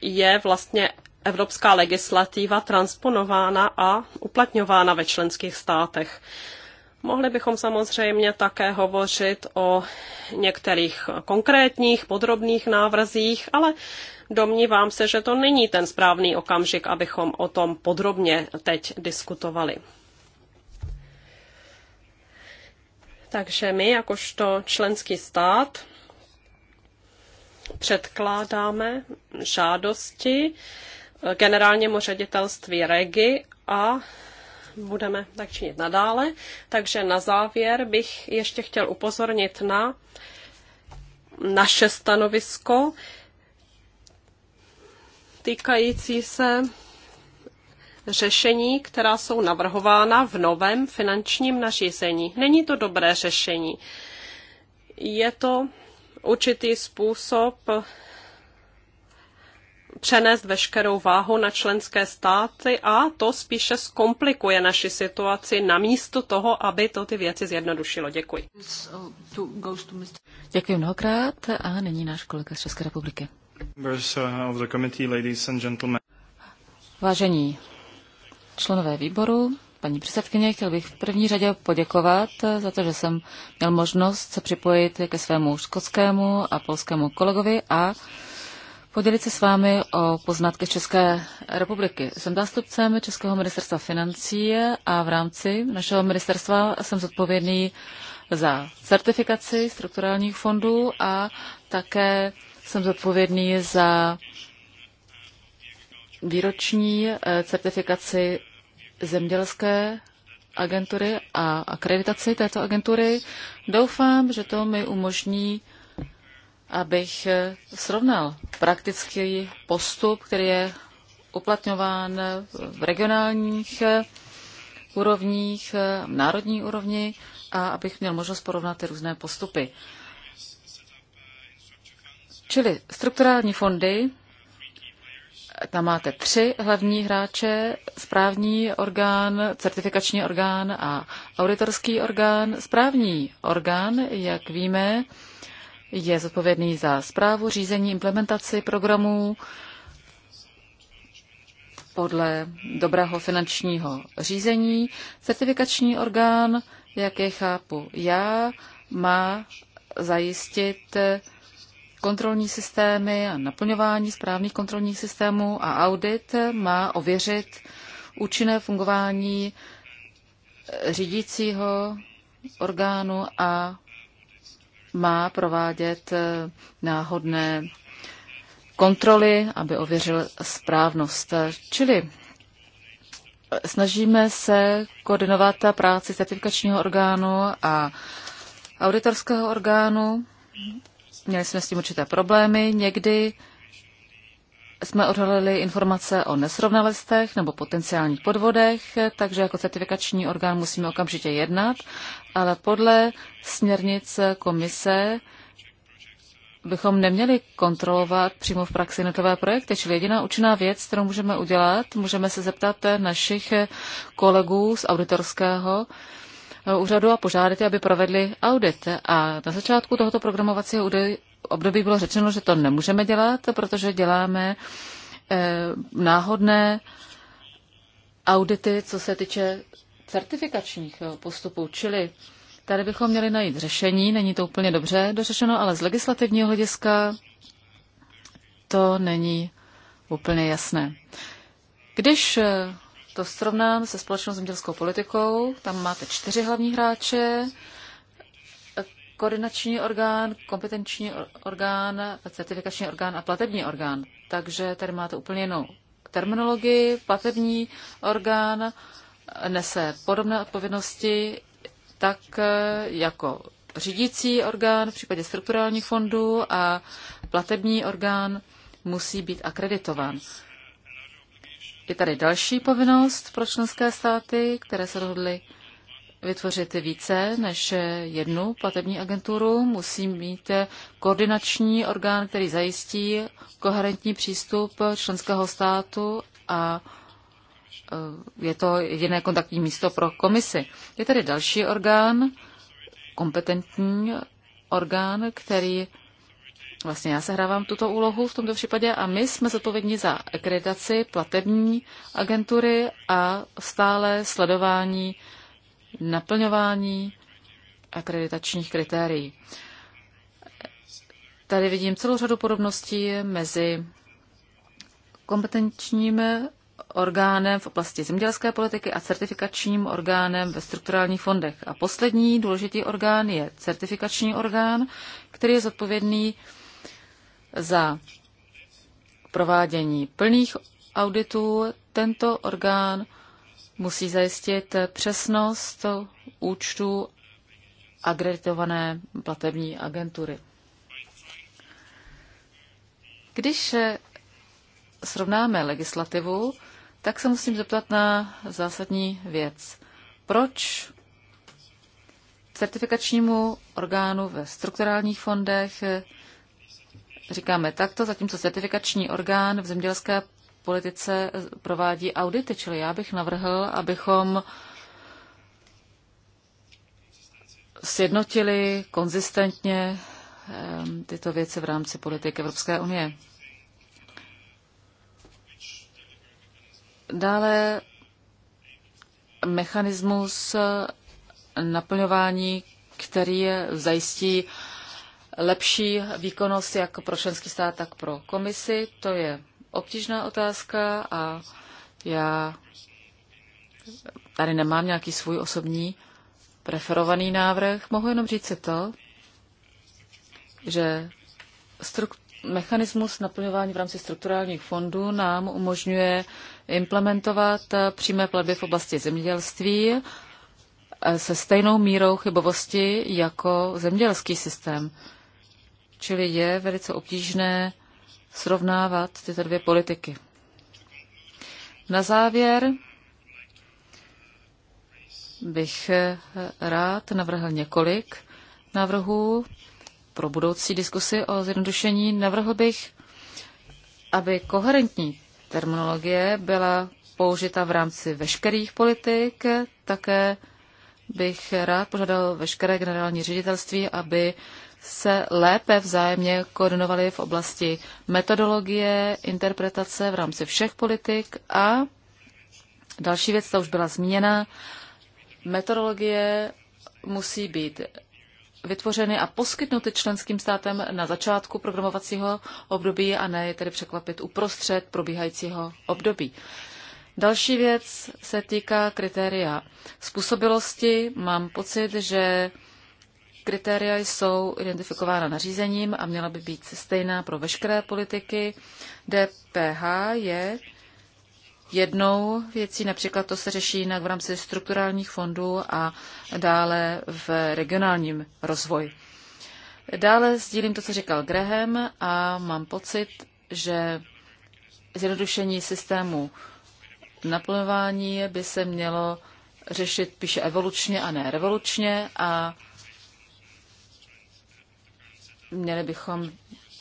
S3: je vlastně evropská legislativa transponována a uplatňována ve členských státech. Mohli bychom samozřejmě také hovořit o některých konkrétních, podrobných návrzích, ale domnívám se, že to není ten správný okamžik, abychom o tom podrobně teď diskutovali. Takže my, jakožto členský stát, předkládáme žádosti generálnímu ředitelství REGI a budeme tak činit nadále. Takže na závěr bych ještě chtěl upozornit na naše stanovisko týkající se řešení, která jsou navrhována v novém finančním nařízení. Není to dobré řešení. Je to určitý způsob přenést veškerou váhu na členské státy a to spíše zkomplikuje naši situaci namísto toho, aby to ty věci zjednodušilo. Děkuji.
S1: Děkuji mnohokrát a nyní náš kolega z České republiky. Uh, Vážení členové výboru, paní předsedkyně, chtěl bych v první řadě poděkovat za to, že jsem měl možnost se připojit ke svému škotskému a polskému kolegovi a podělit se s vámi o poznatky České republiky. Jsem zástupcem Českého ministerstva financí a v rámci našeho ministerstva jsem zodpovědný za certifikaci strukturálních fondů a také jsem zodpovědný za výroční eh, certifikaci zemědělské agentury a akreditaci této agentury. Doufám, že to mi umožní, abych eh, srovnal praktický postup, který je uplatňován v regionálních eh, úrovních, národní úrovni a abych měl možnost porovnat ty různé postupy. Čili strukturální fondy tam máte tři hlavní hráče, správní orgán, certifikační orgán a auditorský orgán. Správní orgán, jak víme, je zodpovědný za zprávu, řízení, implementaci programů podle dobrého finančního řízení. Certifikační orgán, jak je chápu já, má zajistit kontrolní systémy a naplňování správných kontrolních systémů a audit má ověřit účinné fungování eh, řídícího orgánu a má provádět eh, náhodné kontroly, aby ověřil správnost. Čili eh, snažíme se koordinovat práci certifikačního orgánu a auditorského orgánu Měli jsme s tím určité problémy. Někdy jsme odhalili informace o nesrovnalostech nebo potenciálních podvodech, takže jako certifikační orgán musíme okamžitě jednat, ale podle směrnic komise bychom neměli kontrolovat přímo v praxi netové projekty. Čili jediná účinná věc, kterou můžeme udělat, můžeme se zeptat našich kolegů z auditorského Eh, úřadu a požádat aby provedli audit. A na začátku tohoto programovacího období bylo řečeno, že to nemůžeme dělat, protože děláme eh, náhodné audity, co se týče certifikačních eh, postupů, čili tady bychom měli najít řešení, není to úplně dobře dořešeno, ale z legislativního hlediska to není úplně jasné. Když to srovnám se společnou zemědělskou politikou, tam máte čtyři hlavní hráče, koordinační orgán, kompetenční orgán, certifikační orgán a platební orgán. Takže tady máte úplně jinou terminologii. Platební orgán nese podobné odpovědnosti tak eh, jako řídící orgán v případě strukturálních fondů a platební orgán musí být akreditován. Je tady další povinnost pro členské státy, které se rozhodly vytvořit více než jednu platební agenturu. Musí mít koordinační orgán, který zajistí koherentní přístup členského státu a eh, je to jediné kontaktní místo pro komisi. Je tady další orgán, kompetentní orgán, který Vlastně já sehrávám tuto úlohu v tomto případě a my jsme zodpovědní za akreditaci platební agentury a stále sledování naplňování akreditačních kritérií. Tady vidím celou řadu podobností mezi kompetenčním orgánem v oblasti zemědělské politiky a certifikačním orgánem ve strukturálních fondech. A poslední důležitý orgán je certifikační orgán, který je zodpovědný za provádění plných auditů tento orgán musí zajistit přesnost účtu agreditované platební agentury. Když srovnáme legislativu, tak se musím zeptat na zásadní věc. Proč certifikačnímu orgánu ve strukturálních fondech říkáme takto, zatímco certifikační orgán v zemědělské politice provádí audity, čili já bych navrhl, abychom sjednotili konzistentně tyto věci v rámci politiky Evropské unie. Dále mechanismus naplňování, který zajistí lepší výkonnost jak pro členský stát, tak pro komisi. To je obtížná otázka a já tady nemám nějaký svůj osobní preferovaný návrh. Mohu jenom říct si to, že mechanismus naplňování v rámci strukturálních fondů nám umožňuje implementovat přímé platby v oblasti zemědělství se stejnou mírou chybovosti jako zemědělský systém. Čili je velice obtížné srovnávat tyto dvě politiky. Na závěr bych rád navrhl několik návrhů pro budoucí diskusy o zjednodušení. Navrhl bych, aby koherentní terminologie byla použita v rámci veškerých politik. Také bych rád požádal veškeré generální ředitelství, aby se lépe vzájemně koordinovali v oblasti metodologie, interpretace v rámci všech politik a další věc, ta už byla zmíněna, metodologie musí být vytvořeny a poskytnuty členským státem na začátku programovacího období a ne je tedy překvapit uprostřed probíhajícího období. Další věc se týká kritéria způsobilosti. Mám pocit, že Kritéria jsou identifikována nařízením a měla by být stejná pro veškeré politiky. DPH je jednou věcí, například to se řeší jinak v rámci strukturálních fondů a dále v regionálním rozvoji. Dále sdílím to, co říkal Graham a mám pocit, že zjednodušení systému naplňování by se mělo řešit píše evolučně a ne revolučně a Měli bychom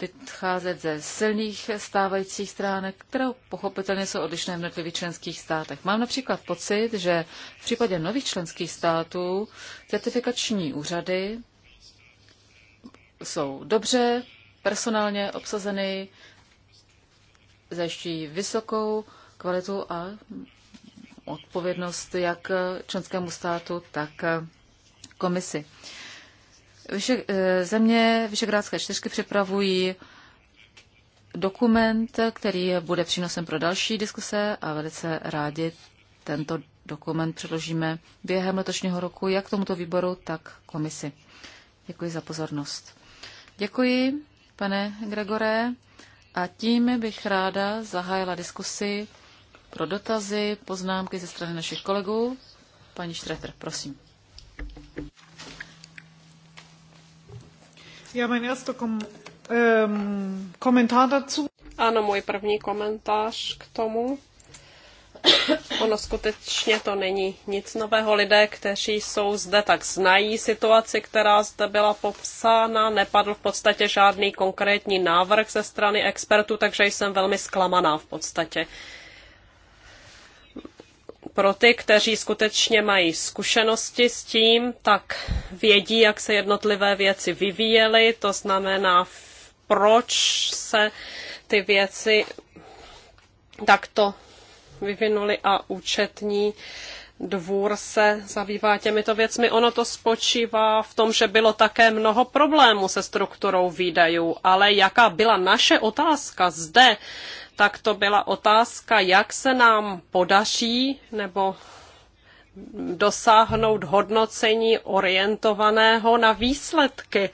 S1: vycházet ze silných stávajících stránek, které pochopitelně jsou odlišné v jednotlivých členských státech. Mám například pocit, že v případě nových členských států certifikační úřady jsou dobře personálně obsazeny, zajišťují vysokou kvalitu a odpovědnost jak členskému státu, tak komisi. Vyše, eh, země Vyšegrádské čtyřky připravují dokument, který bude přínosem pro další diskuse a velice rádi tento dokument předložíme během letošního roku jak tomuto výboru, tak komisi. Děkuji za pozornost. Děkuji, pane Gregore, a tím bych ráda zahájila diskusi pro dotazy, poznámky ze strany našich kolegů. Paní Štretr, prosím. Já kom, um, dazu. Ano,
S3: můj první komentář k tomu. Ono skutečně to není nic nového. Lidé, kteří jsou zde, tak znají situaci, která zde byla popsána. Nepadl v podstatě žádný konkrétní návrh ze strany expertů, takže jsem velmi zklamaná v podstatě. Uh, pro ty, kteří skutečně mají zkušenosti s tím, tak vědí, jak se jednotlivé věci vyvíjely, to znamená, proč se ty věci takto vyvinuly a účetní dvůr se zabývá těmito věcmi. Ono to spočívá v tom, že bylo také mnoho problémů se strukturou výdajů, ale jaká byla naše otázka zde, tak to byla otázka, jak se nám podaří nebo dosáhnout hodnocení orientovaného na výsledky.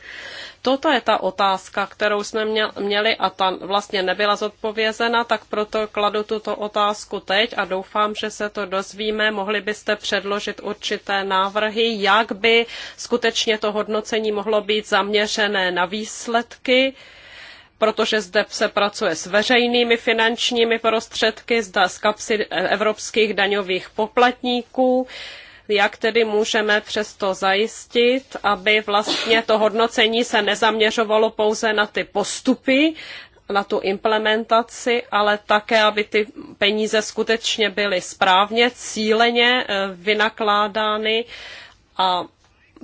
S3: Toto je ta otázka, kterou jsme měli a ta vlastně nebyla zodpovězena, tak proto kladu tuto otázku teď a doufám, že se to dozvíme. Mohli byste předložit určité návrhy, jak by skutečně to hodnocení mohlo být zaměřené na výsledky protože zde se pracuje s veřejnými finančními prostředky, zda z kapsy evropských daňových poplatníků jak tedy můžeme přesto zajistit, aby vlastně to hodnocení se nezaměřovalo pouze na ty postupy, na tu implementaci, ale také, aby ty peníze skutečně byly správně, cíleně eh, vynakládány a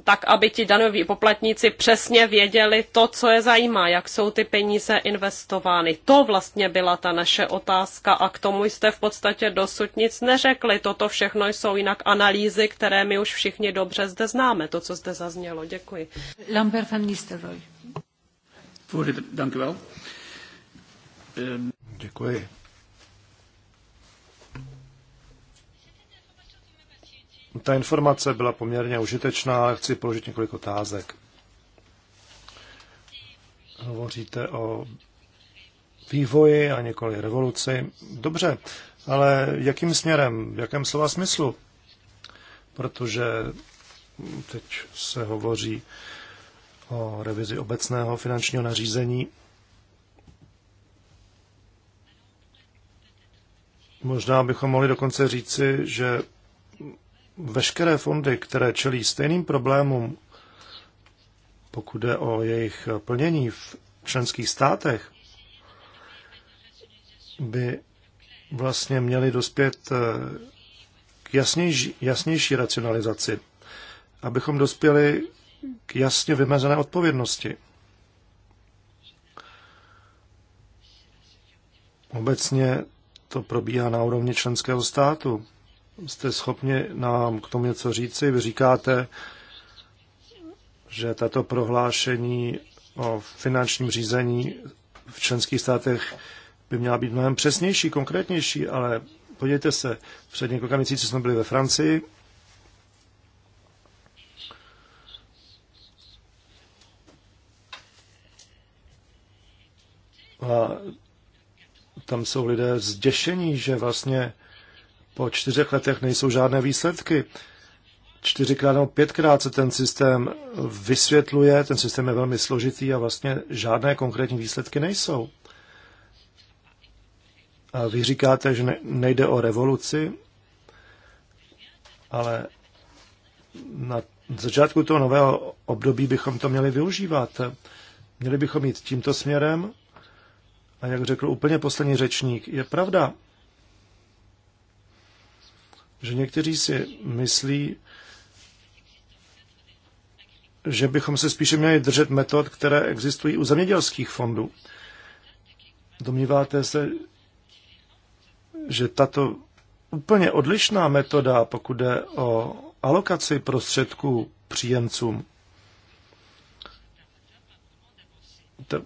S3: tak aby ti danoví poplatníci přesně věděli to, co je zajímá, jak jsou ty peníze investovány. To vlastně byla ta naše otázka a k tomu jste v podstatě dosud nic neřekli. Toto všechno jsou jinak analýzy, které my už všichni dobře zde známe, to, co zde zaznělo. Děkuji. Lambert van Nistelrooy.
S2: Ehm, Děkuji. Ta informace byla poměrně užitečná, ale chci položit několik otázek. Hovoříte o vývoji a několik revoluci. Dobře, ale jakým směrem, v jakém slova smyslu? Protože teď se hovoří o revizi obecného finančního nařízení. Možná bychom mohli dokonce říci, že veškeré fondy, které čelí stejným problémům, pokud jde o jejich plnění v členských státech, by vlastně měly dospět eh, k jasnější, jasnější racionalizaci, abychom dospěli k jasně vymezené odpovědnosti. Obecně to probíhá na úrovni členského státu jste schopni nám k tomu něco říci. Vy říkáte, že tato prohlášení o finančním řízení v členských státech by měla být mnohem přesnější, konkrétnější, ale podívejte se, před několika měsíci jsme byli ve Francii, A tam jsou lidé zděšení, že vlastně po čtyřech letech nejsou žádné výsledky. Čtyřikrát nebo pětkrát se ten systém vysvětluje, ten systém je velmi složitý a vlastně žádné konkrétní výsledky nejsou. A vy říkáte, že nejde o revoluci, ale na začátku toho nového období bychom to měli využívat. Měli bychom jít tímto směrem a jak řekl úplně poslední řečník, je pravda, že někteří si myslí, že bychom se spíše měli držet metod, které existují u zemědělských fondů. Domníváte se, že tato úplně odlišná metoda, pokud jde o alokaci prostředků příjemcům, to,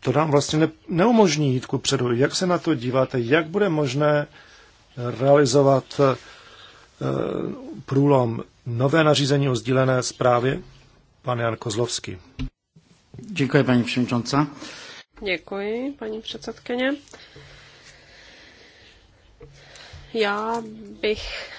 S2: to nám vlastně ne, neumožní jít ku předu. Jak se na to díváte? Jak bude možné realizovat uh, Eh, průlom nové nařízení o sdílené zprávě. Pan Jan Kozlovský. Děkuji, paní předsedkyně.
S3: Děkuji, paní předsedkyně. Já bych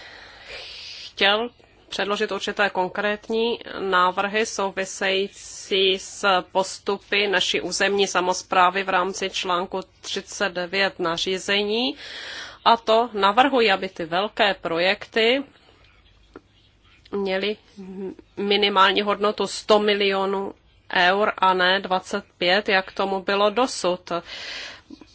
S3: chtěl předložit určité konkrétní návrhy související s postupy naší územní samozprávy v rámci článku 39 nařízení a to navrhuji, aby ty velké projekty měly minimální hodnotu 100 milionů eur a ne 25, jak tomu bylo dosud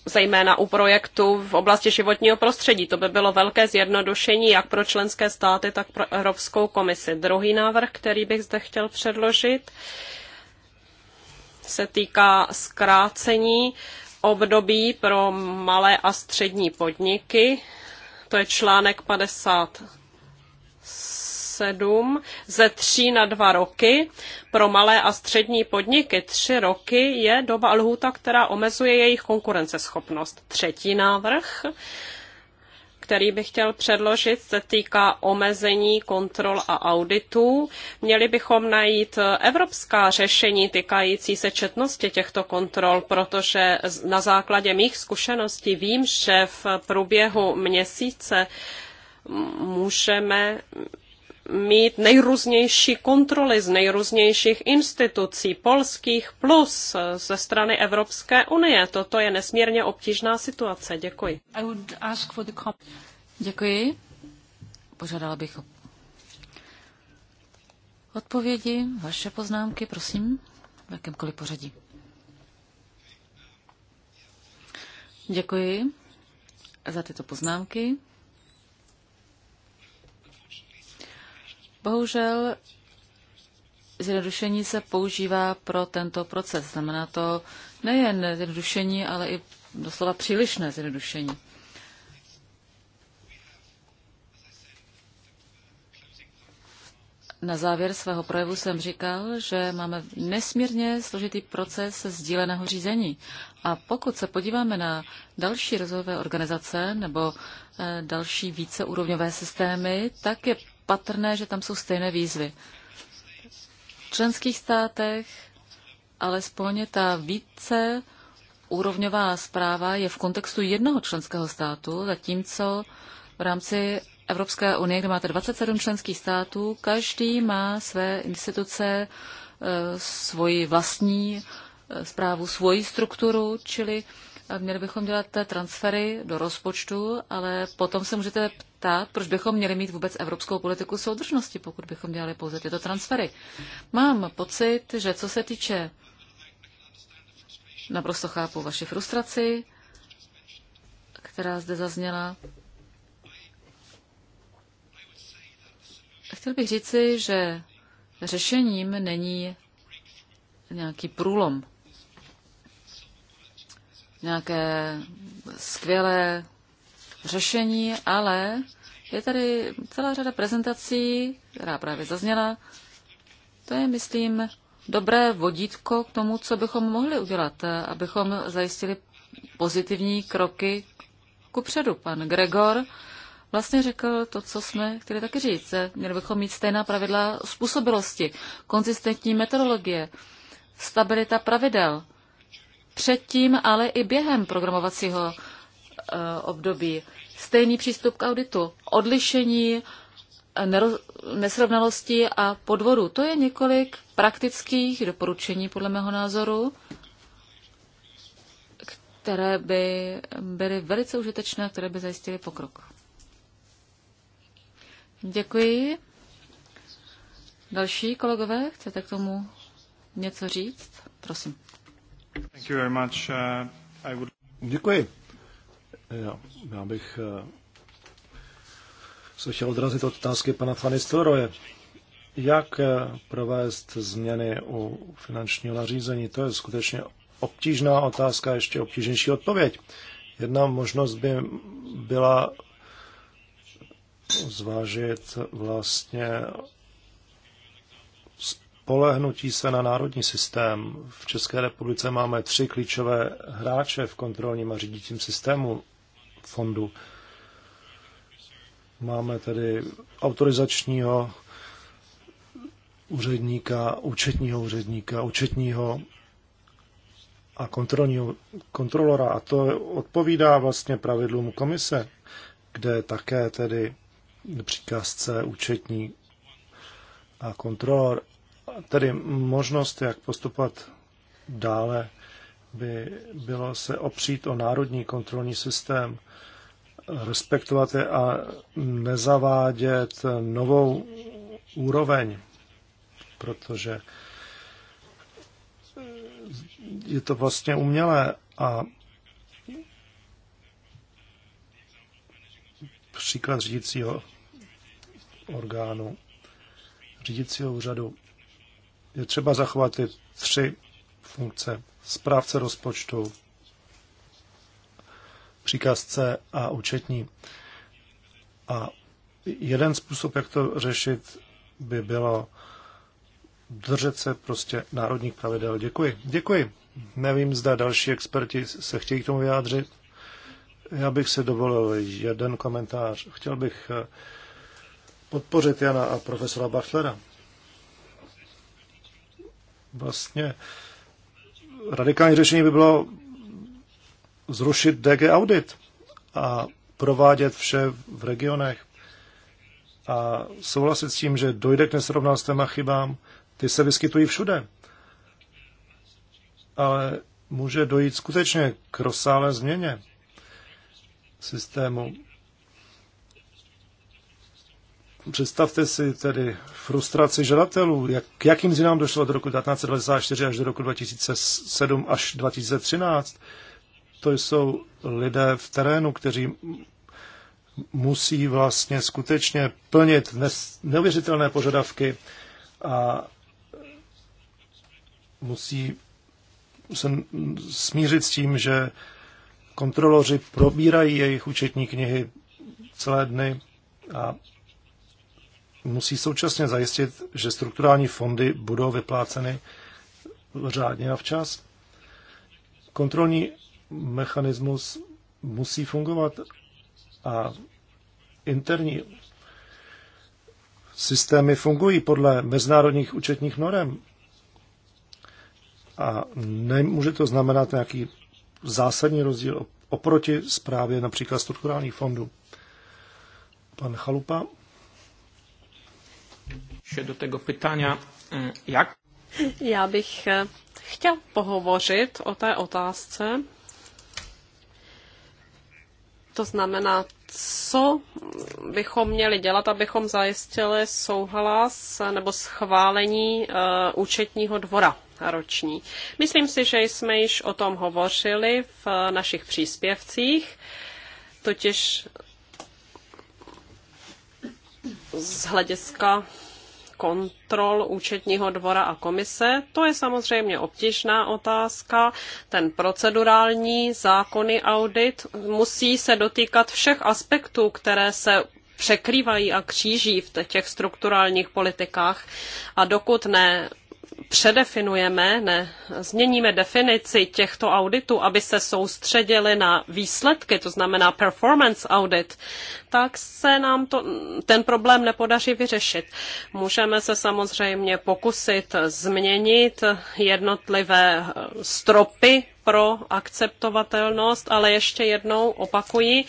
S3: zejména u projektu v oblasti životního prostředí. To by bylo velké zjednodušení jak pro členské státy, tak pro Evropskou komisi. Druhý návrh, který bych zde chtěl předložit, se týká zkrácení období pro malé a střední podniky, to je článek 57, ze tří na dva roky. Pro malé a střední podniky tři roky je doba lhůta, která omezuje jejich konkurenceschopnost. Třetí návrh který bych chtěl předložit, se týká omezení kontrol a auditů. Měli bychom najít evropská řešení týkající se četnosti těchto kontrol, protože na základě mých zkušeností vím, že v průběhu měsíce můžeme mít nejrůznější kontroly z nejrůznějších institucí, polských plus eh, ze strany Evropské unie. Toto je nesmírně obtížná situace. Děkuji.
S1: Děkuji. Požádala bych o odpovědi, vaše poznámky, prosím, v jakémkoliv pořadí. Děkuji za tyto poznámky. Bohužel zjednodušení se používá pro tento proces. Znamená to nejen zjednodušení, ale i doslova přílišné zjednodušení. Na závěr svého projevu jsem říkal, že máme nesmírně složitý proces sdíleného řízení. A pokud se podíváme na další rozvojové organizace nebo eh, další víceúrovňové systémy, tak je patrné, že tam jsou stejné výzvy. V členských státech alespoň ta více úrovňová zpráva je v kontextu jednoho členského státu, zatímco v rámci Evropské unie, kde máte 27 členských států, každý má své instituce, e, svoji vlastní e, zprávu, svoji strukturu, čili Měli bychom dělat transfery do rozpočtu, ale potom se můžete ptát, proč bychom měli mít vůbec evropskou politiku soudržnosti, pokud bychom dělali pouze tyto transfery. Mám pocit, že co se týče, naprosto chápu vaši frustraci, která zde zazněla. Chtěl bych říci, že řešením není nějaký průlom nějaké skvělé řešení, ale je tady celá řada prezentací, která právě zazněla. To je, myslím, dobré vodítko k tomu, co bychom mohli udělat, abychom zajistili pozitivní kroky předu. Pan Gregor vlastně řekl to, co jsme chtěli taky říct. Měli bychom mít stejná pravidla způsobilosti, konzistentní metodologie, stabilita pravidel předtím, ale i během programovacího eh, období. Stejný přístup k auditu, odlišení, eh, nesrovnalosti a podvodu, To je několik praktických doporučení, podle mého názoru, které by byly velice užitečné a které by zajistily pokrok. Děkuji. Další kolegové, chcete k tomu něco
S2: říct? Prosím. Uh, Děkuji. Já, já bych uh, se chtěl odrazit od otázky pana Fanistelroje. Jak uh, provést změny u finančního nařízení? To je skutečně obtížná otázka, ještě obtížnější odpověď. Jedna možnost by byla zvážit vlastně spolehnutí se na národní systém. V České republice máme tři klíčové hráče v kontrolním a řídícím systému fondu. Máme tedy autorizačního úředníka, účetního úředníka, účetního a kontrolního kontrolora. A to odpovídá vlastně pravidlům komise, kde také tedy příkazce, účetní a kontrolor tedy možnost, jak postupovat dále, by bylo se opřít o národní kontrolní systém, respektovat je a nezavádět novou úroveň, protože je to vlastně umělé a příklad řídícího orgánu, řídícího úřadu je třeba zachovat ty tři funkce. Správce rozpočtu, příkazce a účetní. A jeden způsob, jak to řešit, by bylo držet se prostě národních pravidel. Děkuji. Děkuji. Nevím, zda další experti se chtějí k tomu vyjádřit. Já bych si dovolil jeden komentář. Chtěl bych eh, podpořit Jana a profesora Bachlera. Vlastně radikální řešení by bylo zrušit DG Audit a provádět vše v regionech a souhlasit s tím, že dojde k nesrovnalostem a chybám, ty se vyskytují všude. Ale může dojít skutečně k rozsáhlé změně systému Představte si tedy frustraci žadatelů, jak, k jakým zinám došlo od roku 1994 až do roku 2007 až 2013. To jsou lidé v terénu, kteří musí vlastně skutečně plnit neuvěřitelné požadavky a musí se smířit s tím, že kontroloři probírají jejich účetní knihy celé dny a musí současně zajistit, že strukturální fondy budou vypláceny řádně a včas. Kontrolní mechanismus musí fungovat a interní systémy fungují podle mezinárodních účetních norem. A nemůže to znamenat nějaký zásadní rozdíl oproti zprávě například strukturálních fondů. Pan Chalupa
S3: się do tego pytania, e, jak. Já bych e, chtěl pohovořit o té otázce. To znamená, co bychom měli dělat, abychom zajistili souhlas nebo schválení e, účetního dvora roční. Myslím si, že jsme již o tom hovořili v našich příspěvcích, totiž z hlediska kontrol účetního dvora a komise. To je samozřejmě obtížná otázka. Ten procedurální zákony audit musí se dotýkat všech aspektů, které se překrývají a kříží v těch strukturálních politikách. A dokud ne předefinujeme, ne, změníme definici těchto auditů, aby se soustředili na výsledky, to znamená performance audit, tak se nám to, ten problém nepodaří vyřešit. Můžeme se samozřejmě pokusit změnit jednotlivé stropy pro akceptovatelnost, ale ještě jednou opakuji,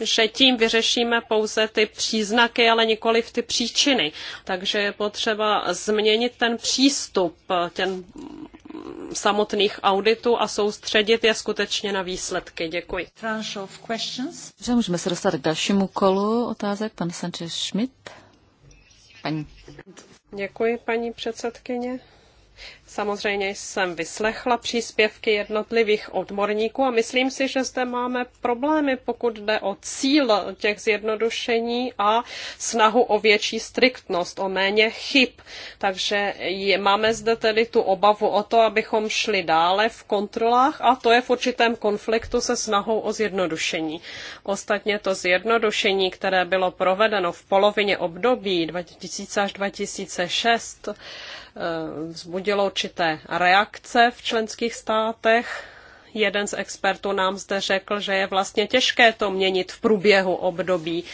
S3: že tím vyřešíme pouze ty příznaky, ale nikoli v ty příčiny. Takže je potřeba změnit ten přístup těm samotných auditů a soustředit je skutečně na výsledky. Děkuji.
S1: Dobře, můžeme se dostat k dalšímu kolu otázek. Pan Sanchez Schmidt. Paní.
S3: Děkuji, paní předsedkyně. Samozřejmě jsem vyslechla příspěvky jednotlivých odborníků a myslím si, že zde máme problémy, pokud jde o cíl těch zjednodušení a snahu o větší striktnost, o méně chyb. Takže je, máme zde tedy tu obavu o to, abychom šli dále v kontrolách a to je v určitém konfliktu se snahou o zjednodušení. Ostatně to zjednodušení, které bylo provedeno v polovině období 2000 až 2006, eh, vzbudilo určité reakce v členských státech. Jeden z expertů nám zde řekl, že je vlastně těžké to měnit v průběhu období.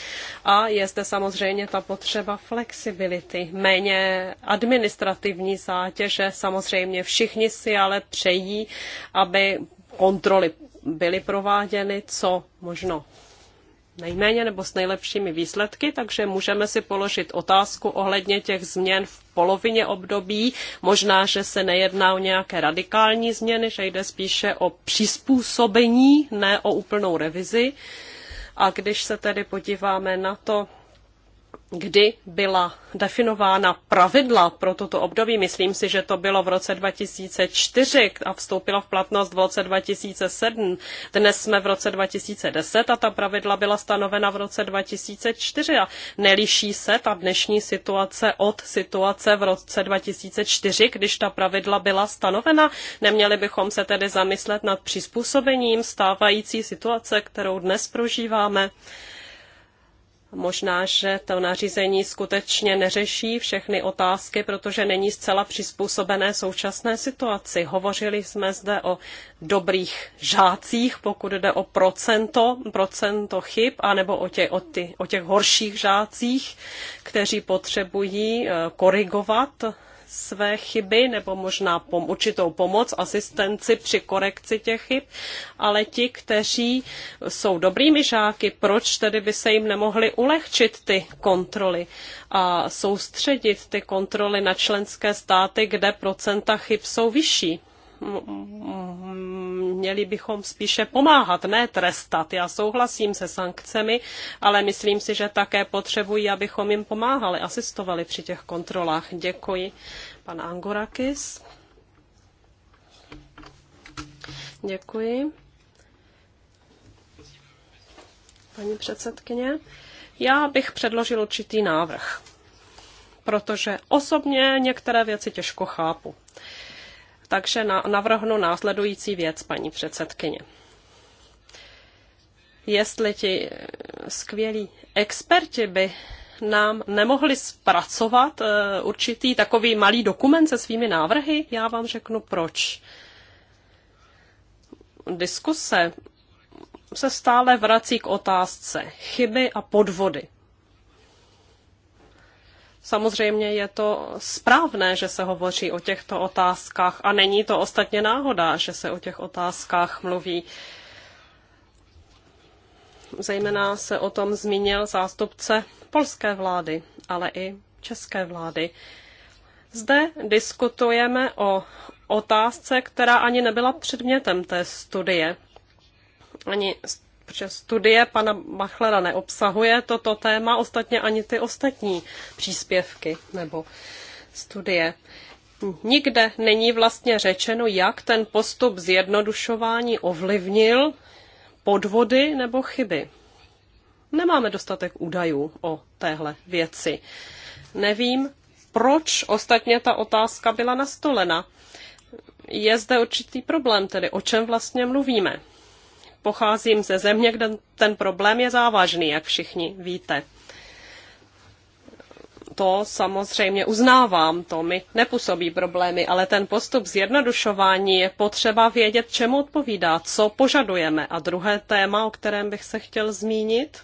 S3: A je zde samozřejmě ta potřeba flexibility, méně administrativní zátěže. Samozřejmě všichni si ale přejí, aby kontroly byly prováděny co možno nejméně nebo s nejlepšími výsledky, takže můžeme si položit otázku ohledně těch změn v polovině období. Možná, že se nejedná o nějaké radikální změny, že jde spíše o přizpůsobení, ne o úplnou revizi. A když se tedy podíváme na to, kdy byla definována pravidla pro toto období, myslím si, že to bylo v roce 2004 a vstoupila v platnost v roce 2007. Dnes jsme v roce 2010 a ta pravidla byla stanovena v roce 2004 a neliší se ta dnešní situace od situace v roce 2004, když ta pravidla byla stanovena. Neměli bychom se tedy zamyslet nad přizpůsobením stávající situace, kterou dnes prožíváme. Možná, že to nařízení skutečně neřeší všechny otázky, protože není zcela přizpůsobené současné situaci. Hovořili jsme zde o dobrých žácích, pokud jde o procento, procento chyb, anebo o, tě, o, ty, o těch horších žácích, kteří potřebují eh, korigovat své chyby nebo možná pom, určitou pomoc, asistenci při korekci těch chyb, ale ti, kteří jsou dobrými žáky, proč tedy by se jim nemohly ulehčit ty kontroly a soustředit ty kontroly na členské státy, kde procenta chyb jsou vyšší? měli bychom spíše pomáhat, ne trestat. Já souhlasím se sankcemi, ale myslím si, že také potřebují, abychom jim pomáhali, asistovali při těch kontrolách. Děkuji, pan Angorakis. Děkuji. Paní předsedkyně, já bych předložil určitý návrh, protože osobně některé věci těžko chápu. Uh, takže navrhnu následující věc, paní předsedkyně. Jestli ti skvělí experti by nám nemohli zpracovat eh, určitý takový malý dokument se svými návrhy, já vám řeknu proč. Diskuse se stále vrací k otázce chyby a podvody. Samozřejmě je to správné, že se hovoří o těchto otázkách a není to ostatně náhoda, že se o těch otázkách mluví. Zejména se o tom zmínil zástupce polské vlády, ale i české vlády. Zde diskutujeme o otázce, která ani nebyla předmětem té studie. Ani protože studie pana Machlera neobsahuje toto téma, ostatně ani ty ostatní příspěvky nebo studie. Nikde není vlastně řečeno, jak ten postup zjednodušování ovlivnil podvody nebo chyby. Nemáme dostatek údajů o téhle věci. Nevím, proč ostatně ta otázka byla nastolena. Je zde určitý problém, tedy o čem vlastně mluvíme pocházím ze země, kde ten problém je závažný, jak všichni víte. To samozřejmě uznávám, to mi nepůsobí problémy, ale ten postup zjednodušování je potřeba vědět, čemu odpovídá, co požadujeme. A druhé téma, o kterém bych se chtěl zmínit,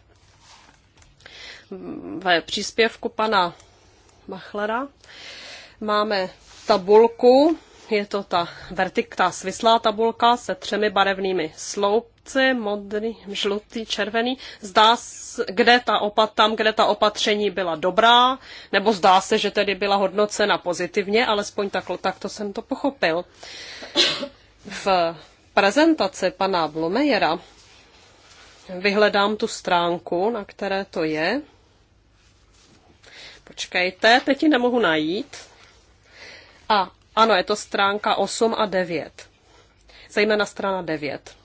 S3: ve příspěvku pana Machlera máme tabulku, je to ta vertiktá, svislá tabulka se třemi barevnými sloup, akce, modrý, žlutý, červený, zdá se, kde ta opat, tam, kde ta opatření byla dobrá, nebo zdá se, že tedy byla hodnocena pozitivně, alespoň takhle, tak to jsem to pochopil. V prezentaci pana Blumejera vyhledám tu stránku, na které to je. Počkejte, teď ji nemohu najít. A ano, je to stránka 8 a 9. Zejména strana 9.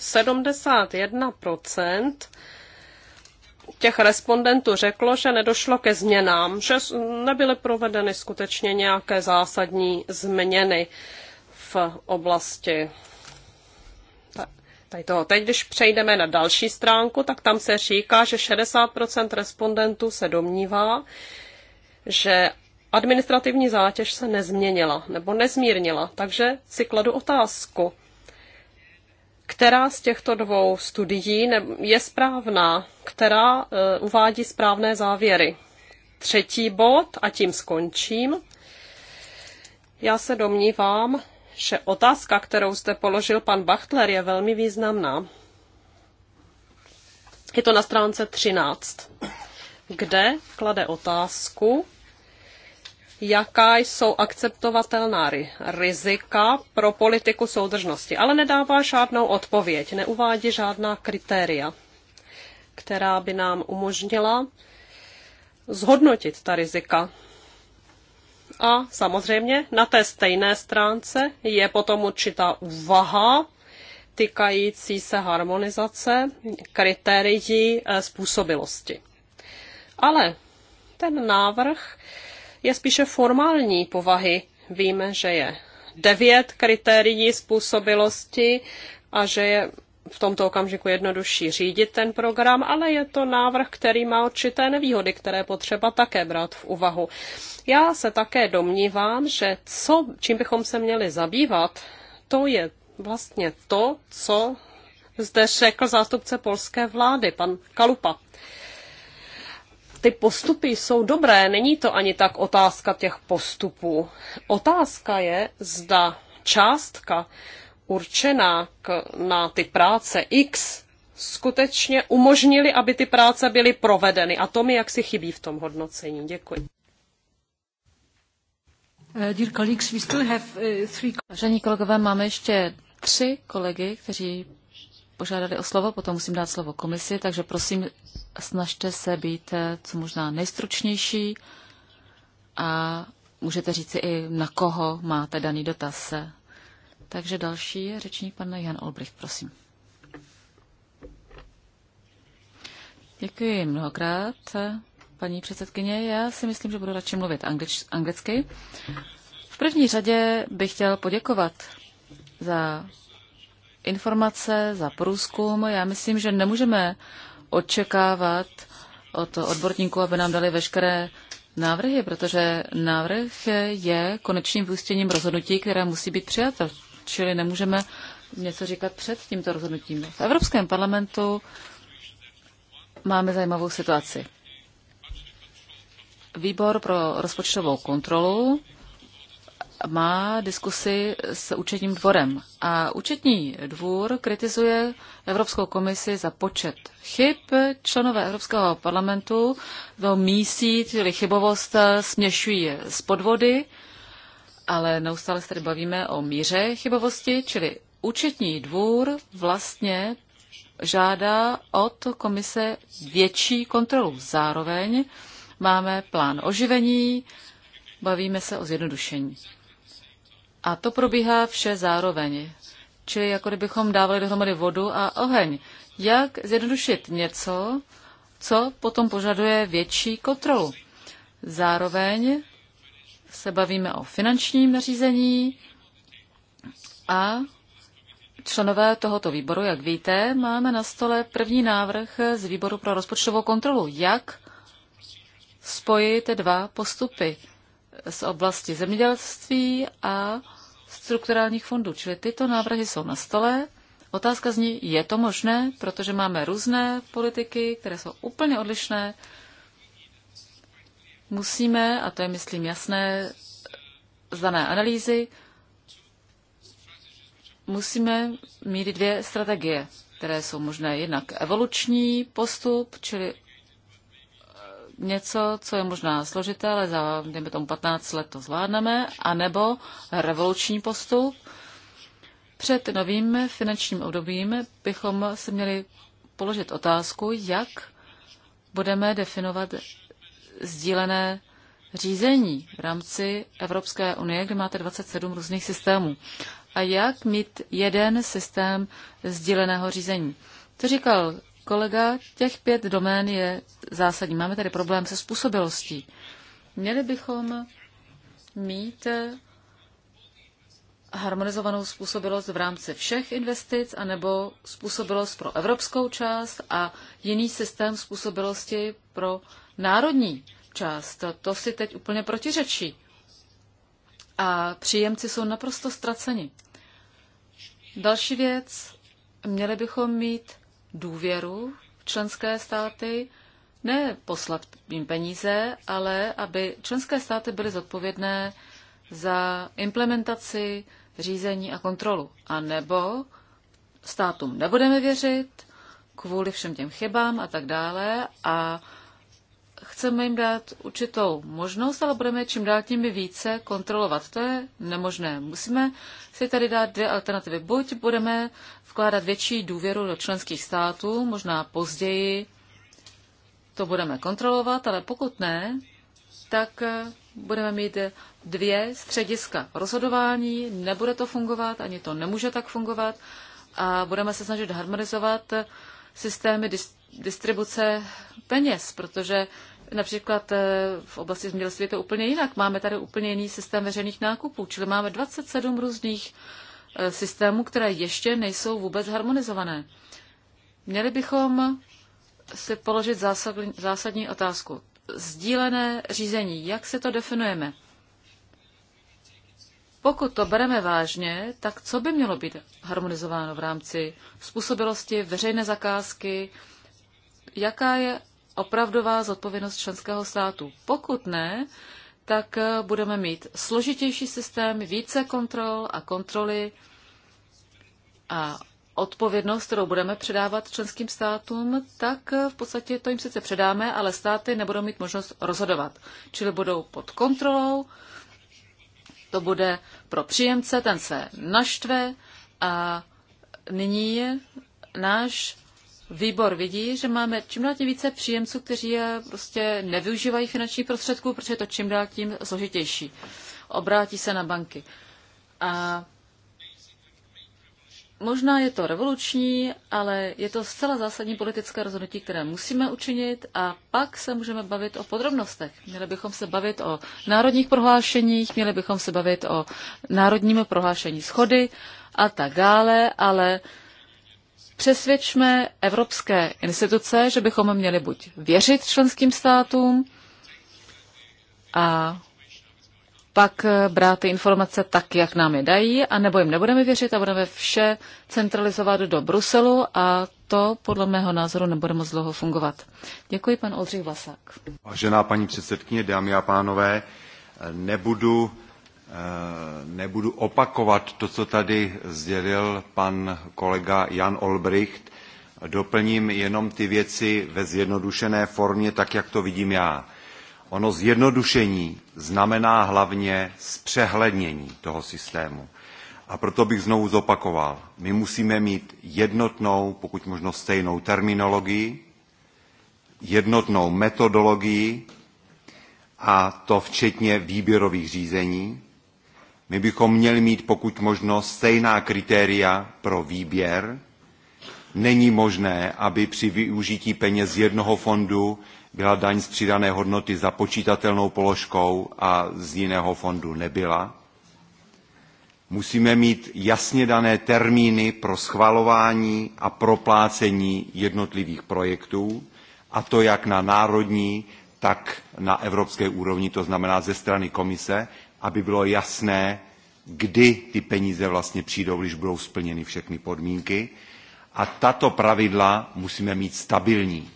S3: 71% těch respondentů řeklo, že nedošlo ke změnám, že nebyly provedeny skutečně nějaké zásadní změny v oblasti tady toho. Teď, když přejdeme na další stránku, tak tam se říká, že 60% respondentů se domnívá, že administrativní zátěž se nezměnila nebo nezmírnila. Takže si kladu otázku, která z těchto dvou studií je správná, která eh, uvádí správné závěry. Třetí bod, a tím skončím. Já se domnívám, že otázka, kterou zde položil pan Bachtler, je velmi významná. Je to na stránce 13, kde klade otázku, jaká jsou akceptovatelná rizika pro politiku soudržnosti, ale nedává žádnou odpověď, neuvádí žádná kritéria, která by nám umožnila zhodnotit ta rizika. A samozřejmě na té stejné stránce je potom určitá úvaha týkající se harmonizace kritérií eh, způsobilosti. Ale ten návrh je spíše formální povahy. Víme, že je devět kritérií způsobilosti a že je v tomto okamžiku jednodušší řídit ten program, ale je to návrh, který má určité nevýhody, které potřeba také brát v úvahu. Já se také domnívám, že co, čím bychom se měli zabývat, to je vlastně to, co zde řekl zástupce polské vlády, pan Kalupa ty postupy jsou dobré, není to ani tak otázka těch postupů. Otázka je, zda částka určená k, na ty práce X skutečně umožnili, aby ty práce byly provedeny. A to mi jaksi chybí v tom
S1: hodnocení. Děkuji. Uh, uh, Vážení kolegové, máme ještě tři kolegy, kteří požádali o slovo, potom musím dát slovo komisi, takže prosím, snažte se být eh, co možná nejstručnější a můžete říci i na koho máte daný dotaz. Takže další je řečník pan Jan Olbrich, prosím. Děkuji mnohokrát, paní předsedkyně. Já si myslím, že budu radši mluvit anglič, anglicky. V první řadě bych chtěl poděkovat za informace, za průzkum. Já myslím, že nemůžeme očekávat od odborníků, aby nám dali veškeré návrhy, protože návrh je konečným vyústěním rozhodnutí, které musí být přijato. Čili nemůžeme něco říkat před tímto rozhodnutím. V Evropském parlamentu máme zajímavou situaci. Výbor pro rozpočtovou kontrolu má diskusi s účetním dvorem. A účetní dvůr kritizuje Evropskou komisi za počet chyb. Členové Evropského parlamentu do mísí, tedy chybovost směšují s podvody, ale neustále se tady bavíme o míře chybovosti, čili účetní dvůr vlastně žádá od komise větší kontrolu. Zároveň máme plán oživení, bavíme se o zjednodušení. A to probíhá vše zároveň. Čili jako kdybychom dávali dohromady vodu a oheň. Jak zjednodušit něco, co potom požaduje větší kontrolu. Zároveň se bavíme o finančním nařízení a členové tohoto výboru, jak víte, máme na stole první návrh z výboru pro rozpočtovou kontrolu, jak spojit dva postupy z oblasti zemědělství a strukturálních fondů. Čili tyto návrhy jsou na stole. Otázka zní, je to možné, protože máme různé politiky, které jsou úplně odlišné. Musíme, a to je myslím jasné z dané analýzy, musíme mít dvě strategie, které jsou možné. Jednak evoluční postup, čili něco, co je možná složité, ale za, dejme tomu, 15 let to zvládneme, anebo revoluční postup. Před novým finančním obdobím bychom se měli položit otázku, jak budeme definovat sdílené řízení v rámci Evropské unie, kde máte 27 různých systémů. A jak mít jeden systém sdíleného řízení. To říkal kolega, těch pět domén je zásadní. Máme tady problém se způsobilostí. Měli bychom mít harmonizovanou způsobilost v rámci všech investic, anebo způsobilost pro evropskou část a jiný systém způsobilosti pro národní část. To si teď úplně protiřečí. A příjemci jsou naprosto ztraceni. Další věc, měli bychom mít důvěru v členské státy, ne poslat jim peníze, ale aby členské státy byly zodpovědné za implementaci, řízení a kontrolu. A nebo státům nebudeme věřit kvůli všem těm chybám a tak dále a chceme jim dát určitou možnost, ale budeme čím dál tím více kontrolovat. To je nemožné. Musíme si tady dát dvě alternativy. Buď budeme vkládat větší důvěru do členských států, možná později to budeme kontrolovat, ale pokud ne, tak budeme mít dvě střediska rozhodování, nebude to fungovat, ani to nemůže tak fungovat a budeme se snažit harmonizovat systémy dis- distribuce peněz, protože například eh, v oblasti zemědělství je to úplně jinak. Máme tady úplně jiný systém veřejných nákupů, čili máme 27 různých eh, systémů, které ještě nejsou vůbec harmonizované. Měli bychom si položit zásadní, otázku. Sdílené řízení, jak se to definujeme? Pokud to bereme vážně, tak co by mělo být harmonizováno v rámci způsobilosti, veřejné zakázky, jaká je opravdová zodpovědnost členského státu. Pokud ne, tak eh, budeme mít složitější systém, více kontrol a kontroly a odpovědnost, kterou budeme předávat členským státům, tak eh, v podstatě to jim sice předáme, ale státy nebudou mít možnost rozhodovat. Čili budou pod kontrolou, to bude pro příjemce, ten se naštve a nyní náš výbor vidí, že máme čím dál tím více příjemců, kteří je prostě nevyužívají finanční prostředků, protože je to čím dál tím složitější. Obrátí se na banky. A možná je to revoluční, ale je to zcela zásadní politické rozhodnutí, které musíme učinit a pak se můžeme bavit o podrobnostech. Měli bychom se bavit o národních prohlášeních, měli bychom se bavit o národním prohlášení schody a tak dále, ale Přesvědčme evropské instituce, že bychom měli buď věřit členským státům a pak brát ty informace tak, jak nám je dají, nebo jim nebudeme věřit a budeme vše centralizovat do Bruselu a to podle mého názoru nebude moc dlouho fungovat. Děkuji, pan Oldřich Vlasák.
S4: Vážená paní předsedkyně, dámy a pánové, nebudu Eh, nebudu opakovat to, co tady sdělil pan kolega Jan Olbricht. Doplním jenom ty věci ve zjednodušené formě, tak jak to vidím já. Ono zjednodušení znamená hlavně zpřehlednění toho systému. A proto bych znovu zopakoval. My musíme mít jednotnou, pokud možno stejnou terminologii, jednotnou metodologii, a to včetně výběrových řízení, my bychom měli mít pokud možno stejná kritéria pro výběr. Není možné, aby při využití peněz jednoho fondu byla daň z přidané hodnoty započítatelnou položkou a z jiného fondu nebyla. Musíme mít jasně dané termíny pro schvalování a proplácení jednotlivých projektů, a to jak na národní, tak na evropské úrovni, to znamená ze strany komise, aby bylo jasné, kdy ty peníze vlastně přijdou, když budou splněny všechny podmínky. A tato pravidla musíme mít stabilní.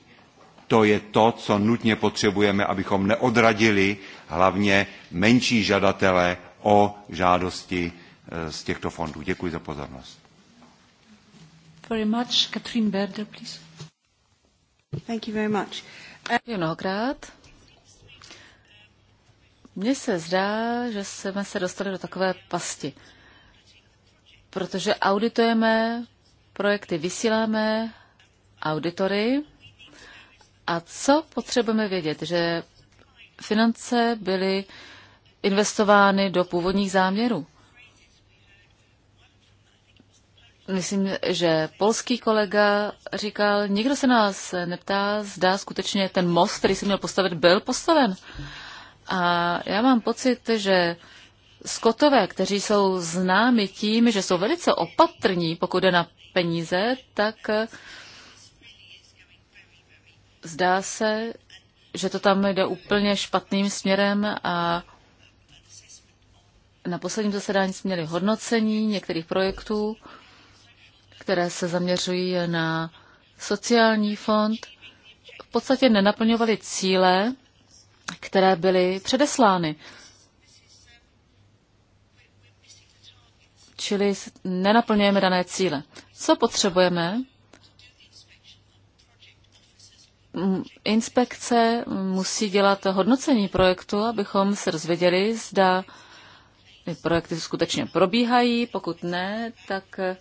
S4: To je to, co nutně potřebujeme, abychom neodradili hlavně menší žadatele o žádosti eh, z těchto fondů. Děkuji za pozornost.
S1: Very much. Katrin Berder, please. Thank you very much. Mnohokrát. Mně se zdá, že jsme se dostali do takové pasti, protože auditujeme projekty, vysíláme auditory a co potřebujeme vědět, že finance byly investovány do původních záměrů. Myslím, že polský kolega říkal, nikdo se nás neptá, zdá skutečně ten most, který se měl postavit, byl postaven. A já mám pocit, že Skotové, kteří jsou známi tím, že jsou velice opatrní, pokud jde na peníze, tak eh, zdá se, že to tam jde úplně špatným směrem a na posledním zasedání jsme měli hodnocení některých projektů, které se zaměřují na sociální fond. V podstatě nenaplňovali cíle, které byly předeslány. Čili nenaplňujeme dané cíle. Co potřebujeme? Inspekce musí dělat hodnocení projektu, abychom se dozvěděli, zda projekty skutečně probíhají, pokud ne, tak eh,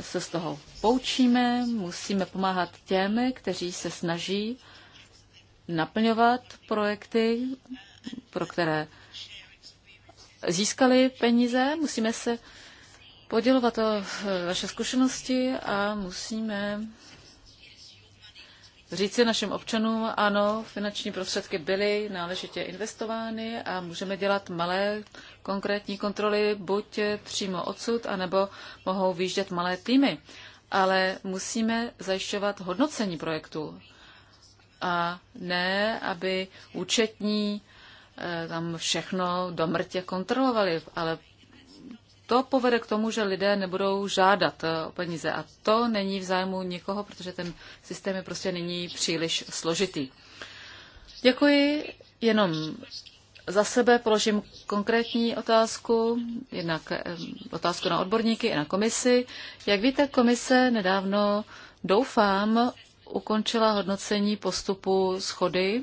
S1: se z toho poučíme, musíme pomáhat těm, kteří se snaží naplňovat projekty, pro které získali peníze, musíme se podělovat o eh, vaše zkušenosti a musíme říci našim občanům, ano, finanční prostředky byly náležitě investovány a můžeme dělat malé konkrétní kontroly buď přímo odsud, anebo mohou výjíždět malé týmy. Ale musíme zajišťovat hodnocení projektu a ne, aby účetní eh, tam všechno do mrtě kontrolovali, ale to povede k tomu, že lidé nebudou žádat eh, o peníze a to není v zájmu nikoho, protože ten systém je prostě není příliš složitý. Děkuji, jenom za sebe položím konkrétní otázku, jednak eh, otázku na odborníky i na komisi. Jak víte, komise nedávno, doufám, ukončila hodnocení postupu schody,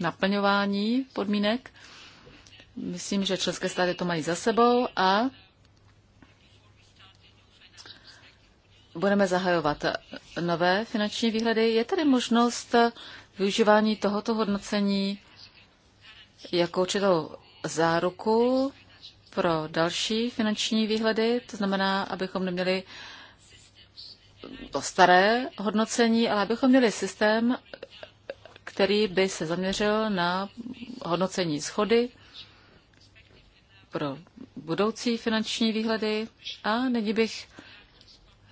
S1: naplňování podmínek. Myslím, že členské státy to mají za sebou a budeme zahajovat nové finanční výhledy. Je tady možnost využívání tohoto hodnocení jako určitou záruku pro další finanční výhledy, to znamená, abychom neměli to staré hodnocení, ale abychom měli systém, který by se zaměřil na hodnocení schody pro budoucí finanční výhledy. A nyní bych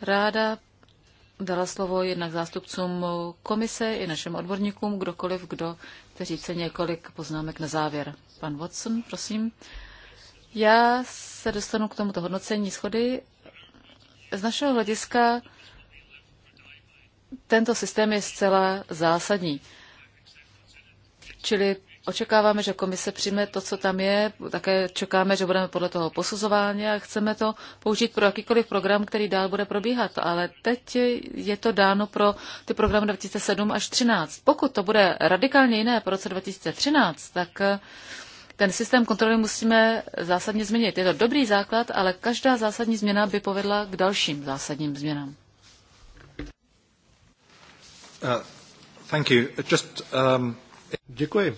S1: ráda dala slovo jednak zástupcům komise i našim odborníkům, kdokoliv, kdo, kteří chce několik poznámek na závěr. Pan Watson, prosím. Já se dostanu k tomuto hodnocení schody. Z našeho hlediska tento systém je zcela zásadní. Čili očekáváme, že komise přijme to, co tam je, také čekáme, že budeme podle toho posuzování a chceme to použít pro jakýkoliv program, který dál bude probíhat. Ale teď je to dáno pro ty programy 2007 až 2013. Pokud to bude radikálně jiné po roce 2013, tak eh, ten systém kontroly musíme zásadně změnit. Je to dobrý základ, ale každá zásadní změna by povedla k dalším zásadním změnám.
S2: Um, Děkuji.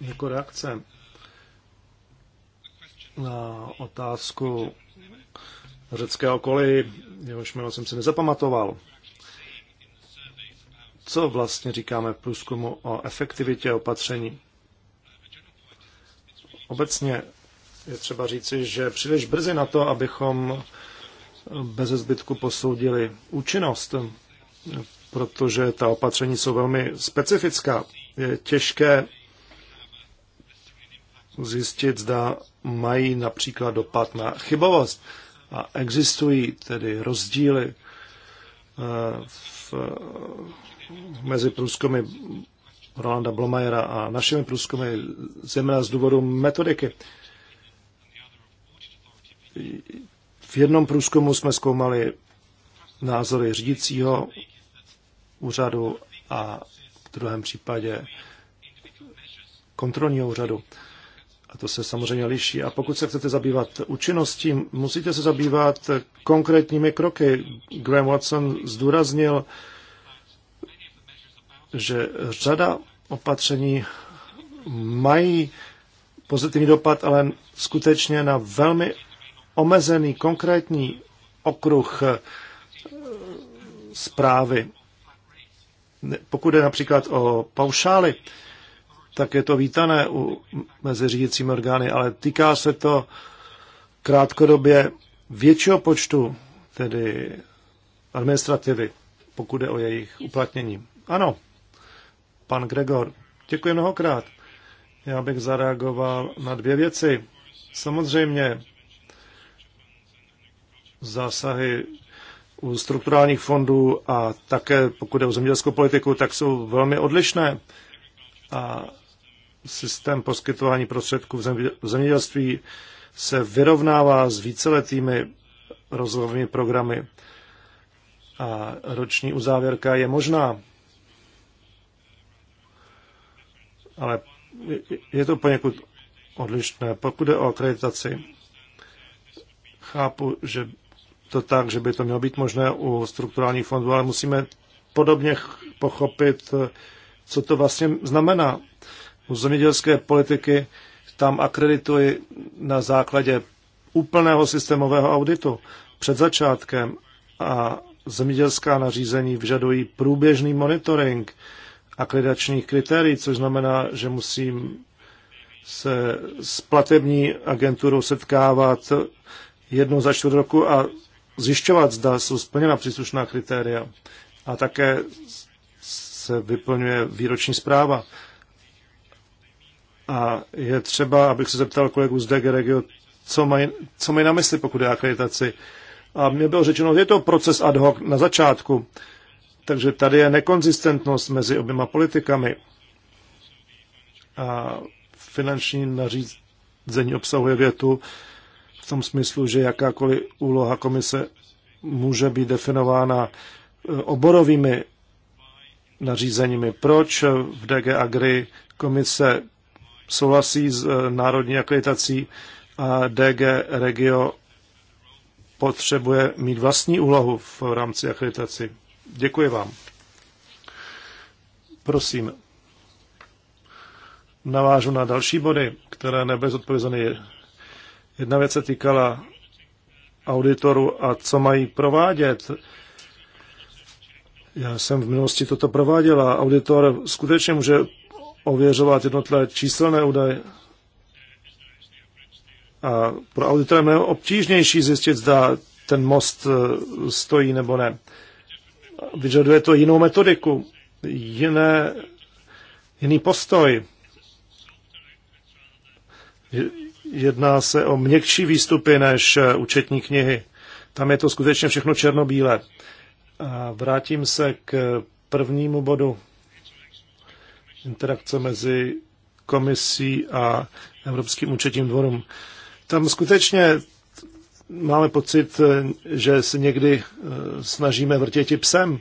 S2: Jako reakce na otázku řeckého koli, jehož jméno jsem si nezapamatoval. Co vlastně říkáme v průzkumu o efektivitě opatření? Obecně je třeba říci, že příliš brzy na to, abychom bez zbytku posoudili účinnost protože ta opatření jsou velmi specifická. Je těžké zjistit, zda mají například dopad na chybovost. A existují tedy rozdíly eh, v, mezi průzkumy Rolanda Blomajera a našimi průzkumy, zejména z důvodu metodiky. V jednom průzkumu jsme zkoumali názory řídícího úřadu a v druhém případě kontrolního úřadu. A to se samozřejmě liší. A pokud se chcete zabývat účinností, musíte se zabývat konkrétními kroky. Graham Watson zdůraznil, že řada opatření mají pozitivní dopad, ale skutečně na velmi omezený konkrétní okruh eh, zprávy pokud je například o paušály, tak je to vítané u, mezi řídícími orgány, ale týká se to krátkodobě většího počtu, tedy administrativy, pokud je o jejich uplatnění. Ano, pan Gregor, děkuji mnohokrát. Já bych zareagoval na dvě věci. Samozřejmě zásahy u strukturálních fondů a také pokud je o zemědělskou politiku, tak jsou velmi odlišné. A systém poskytování prostředků v zemědělství se vyrovnává s víceletými rozvojovými programy a roční uzávěrka je možná. Ale je to poněkud odlišné. Pokud je o akreditaci, chápu, že to tak, že by to mělo být možné u strukturálních fondů, ale musíme podobně pochopit, eh, co to vlastně znamená. U zemědělské politiky tam akredituji na základě úplného systémového auditu před začátkem a zemědělská nařízení vyžadují průběžný monitoring akreditačních kritérií, což znamená, že musím se s platební agenturou setkávat jednou za čtvrt roku a zjišťovat, zda jsou splněna příslušná kritéria. A také se vyplňuje výroční zpráva. A je třeba, abych se zeptal kolegu z DG Regio, co mají, co mají na mysli, pokud je akreditaci. A mně bylo řečeno, že je to proces ad hoc na začátku, takže tady je nekonzistentnost mezi oběma politikami. A finanční nařízení obsahuje větu, v tom smyslu, že jakákoliv úloha komise může být definována eh, oborovými nařízeními. Proč v DG Agri komise souhlasí s eh, národní akreditací a DG Regio potřebuje mít vlastní úlohu v rámci akreditaci? Děkuji vám. Prosím. Navážu na další body, které nebyly zodpovězeny Jedna věc se týkala auditoru a co mají provádět. Já jsem v minulosti toto prováděla. Auditor skutečně může ověřovat jednotlivé číselné údaje. A pro auditora je obtížnější zjistit, zda ten most eh, stojí nebo ne. Vyžaduje to jinou metodiku, jiné, jiný postoj. Jedná se o měkčí výstupy než eh, účetní knihy. Tam je to skutečně všechno černobílé. A vrátím se k prvnímu bodu. Interakce mezi komisí a Evropským účetním dvorem. Tam skutečně máme pocit, eh, že se někdy eh, snažíme vrtěti psem,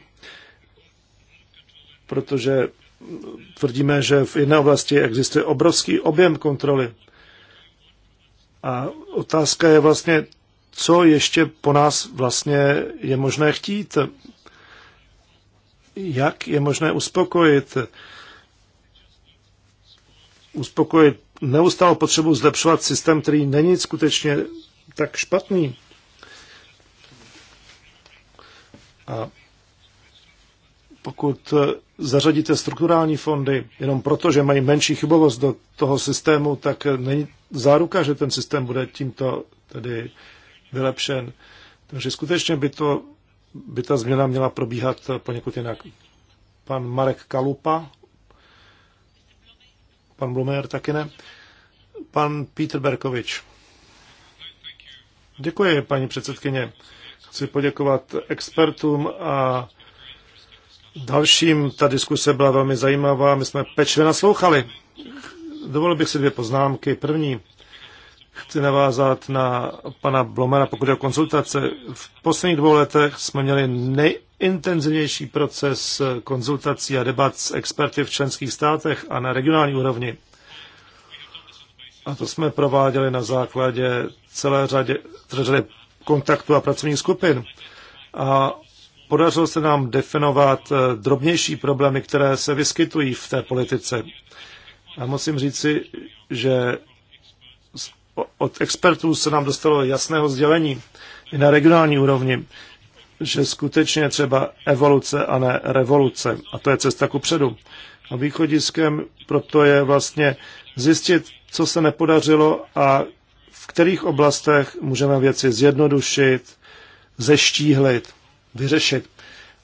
S2: protože mm, tvrdíme, že v jedné oblasti existuje obrovský objem kontroly a otázka je vlastně, co ještě po nás vlastně je možné chtít. Jak je možné uspokojit? Uspokojit neustále potřebu zlepšovat systém, který není skutečně tak špatný. A pokud zařadíte strukturální fondy jenom proto, že mají menší chybovost do toho systému, tak není záruka, že ten systém bude tímto tedy vylepšen. Takže skutečně by, to, by ta změna měla probíhat poněkud jinak. Pan Marek Kalupa, pan Blumer taky ne, pan Peter Berkovič. Děkuji, paní předsedkyně. Chci poděkovat expertům a dalším. Ta diskuse byla velmi zajímavá, my jsme pečlivě naslouchali. Dovolil bych si dvě poznámky. První, chci navázat na pana Blomera, pokud je o konzultace. V posledních dvou letech jsme měli nejintenzivnější proces konzultací a debat s experty v členských státech a na regionální úrovni. A to jsme prováděli na základě celé řadě, řady kontaktů a pracovních skupin. A podařilo se nám definovat eh, drobnější problémy, které se vyskytují v té politice. A musím říci, že od expertů se nám dostalo jasného sdělení i na regionální úrovni, že skutečně třeba evoluce a ne revoluce. A to je cesta ku předu. A východiskem proto je vlastně zjistit, co se nepodařilo a v kterých oblastech můžeme věci zjednodušit, zeštíhlit vyřešit.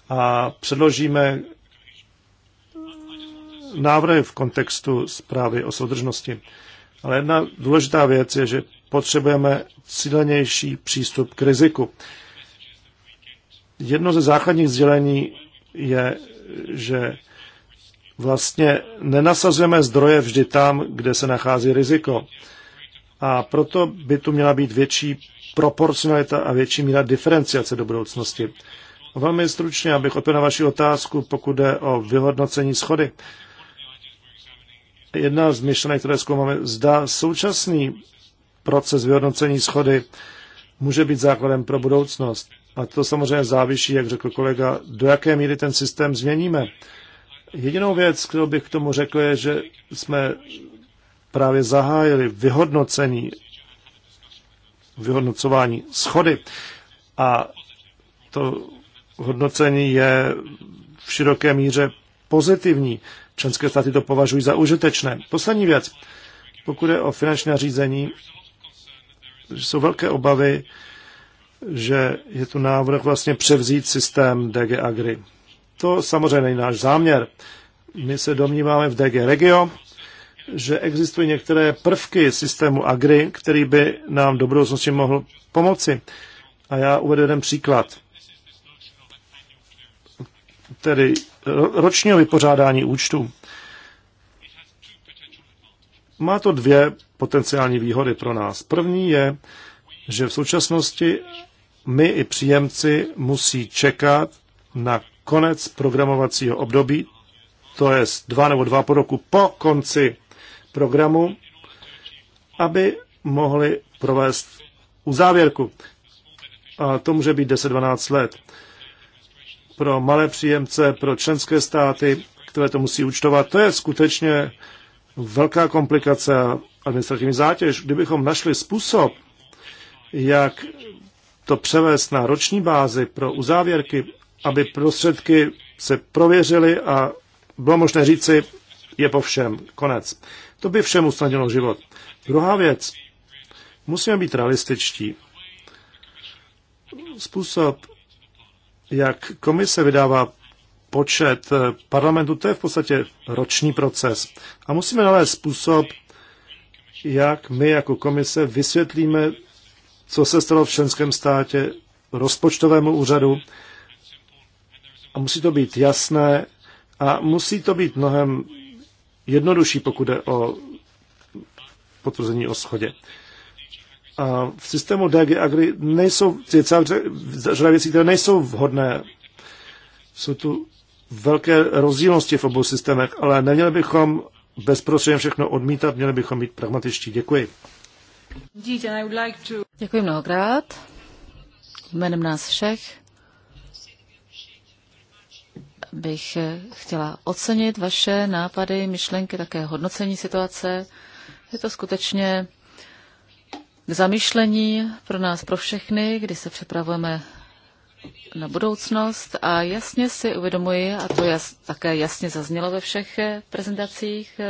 S2: A předložíme návrhy v kontextu zprávy o soudržnosti. Ale jedna důležitá věc je, že potřebujeme cílenější přístup k riziku. Jedno ze základních sdělení je, že vlastně nenasazujeme zdroje vždy tam, kde se nachází riziko. A proto by tu měla být větší proporcionalita a větší míra diferenciace do budoucnosti. Velmi stručně, abych odpověděl na vaši otázku, pokud jde o vyhodnocení schody. Jedna z myšlenek, které zkoumáme, zda současný proces vyhodnocení schody může být základem pro budoucnost. A to samozřejmě závisí, jak řekl kolega, do jaké míry ten systém změníme. Jedinou věc, kterou bych k tomu řekl, je, že jsme právě zahájili vyhodnocení vyhodnocování schody. A to hodnocení je v široké míře pozitivní. Členské státy to považují za užitečné. Poslední věc. Pokud je o finanční řízení, jsou velké obavy, že je tu návrh vlastně převzít systém DG Agri. To samozřejmě není náš záměr. My se domníváme v DG Regio, že existují některé prvky systému Agri, který by nám do budoucnosti mohl pomoci. A já uvedu jeden příklad. Tedy ročního vypořádání účtu. Má to dvě potenciální výhody pro nás. První je, že v současnosti my i příjemci musí čekat na konec programovacího období, to je dva nebo dva po roku po konci programu, aby mohli provést uzávěrku. A to může být 10-12 let. Pro malé příjemce, pro členské státy, které to musí účtovat, to je skutečně velká komplikace a administrativní zátěž. Kdybychom našli způsob, jak to převést na roční bázi pro uzávěrky, aby prostředky se prověřily a bylo možné říci, je po všem, konec. To by všem usnadnilo život. Druhá věc. Musíme být realističtí. Způsob, jak komise vydává počet eh, parlamentu, to je v podstatě roční proces. A musíme nalézt způsob, jak my jako komise vysvětlíme, co se stalo v členském státě rozpočtovému úřadu. A musí to být jasné a musí to být mnohem jednodušší, pokud jde o potvrzení o schodě. A v systému DG Agri nejsou, je celá řada věcí, které nejsou vhodné. Jsou tu velké rozdílnosti v obou systémech, ale neměli bychom bezprostředně všechno odmítat, měli bychom být pragmatičtí. Děkuji.
S1: Děkuji mnohokrát. Jménem nás všech bych chtěla ocenit vaše nápady, myšlenky, také hodnocení situace. Je to skutečně k zamýšlení pro nás, pro všechny, kdy se připravujeme na budoucnost a jasně si uvědomuji, a to jas, také jasně zaznělo ve všech prezentacích,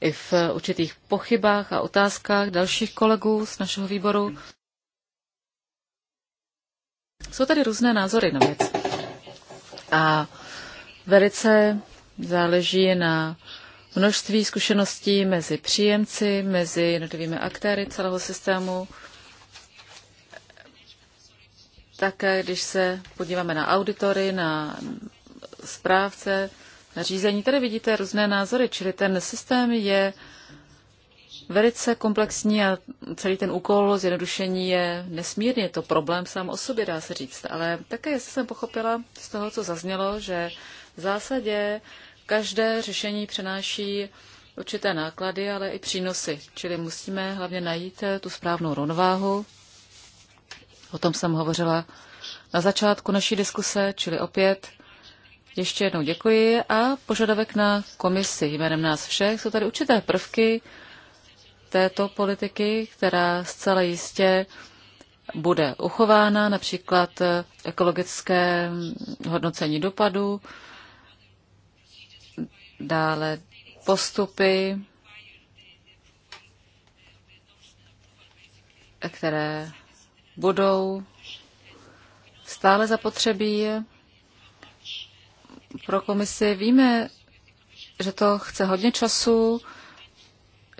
S1: i v určitých pochybách a otázkách dalších kolegů z našeho výboru. Jsou tady různé názory na věc. A Velice záleží na množství zkušeností mezi příjemci, mezi jednotlivými aktéry celého systému. Také když se podíváme na auditory, na správce, na řízení, tady vidíte různé názory, čili ten systém je velice komplexní a celý ten úkol zjednodušení je nesmírně to problém sám o sobě, dá se říct. Ale také, jestli jsem pochopila z toho, co zaznělo, že v zásadě každé řešení přenáší určité náklady, ale i přínosy. Čili musíme hlavně najít eh, tu správnou rovnováhu. O tom jsem hovořila na začátku naší diskuse, čili opět ještě jednou děkuji a požadavek na komisi jménem nás všech. Jsou tady určité prvky této politiky, která zcela jistě bude uchována, například eh, ekologické hm, hodnocení dopadu, dále postupy, které budou stále zapotřebí pro komisi. Víme, že to chce hodně času,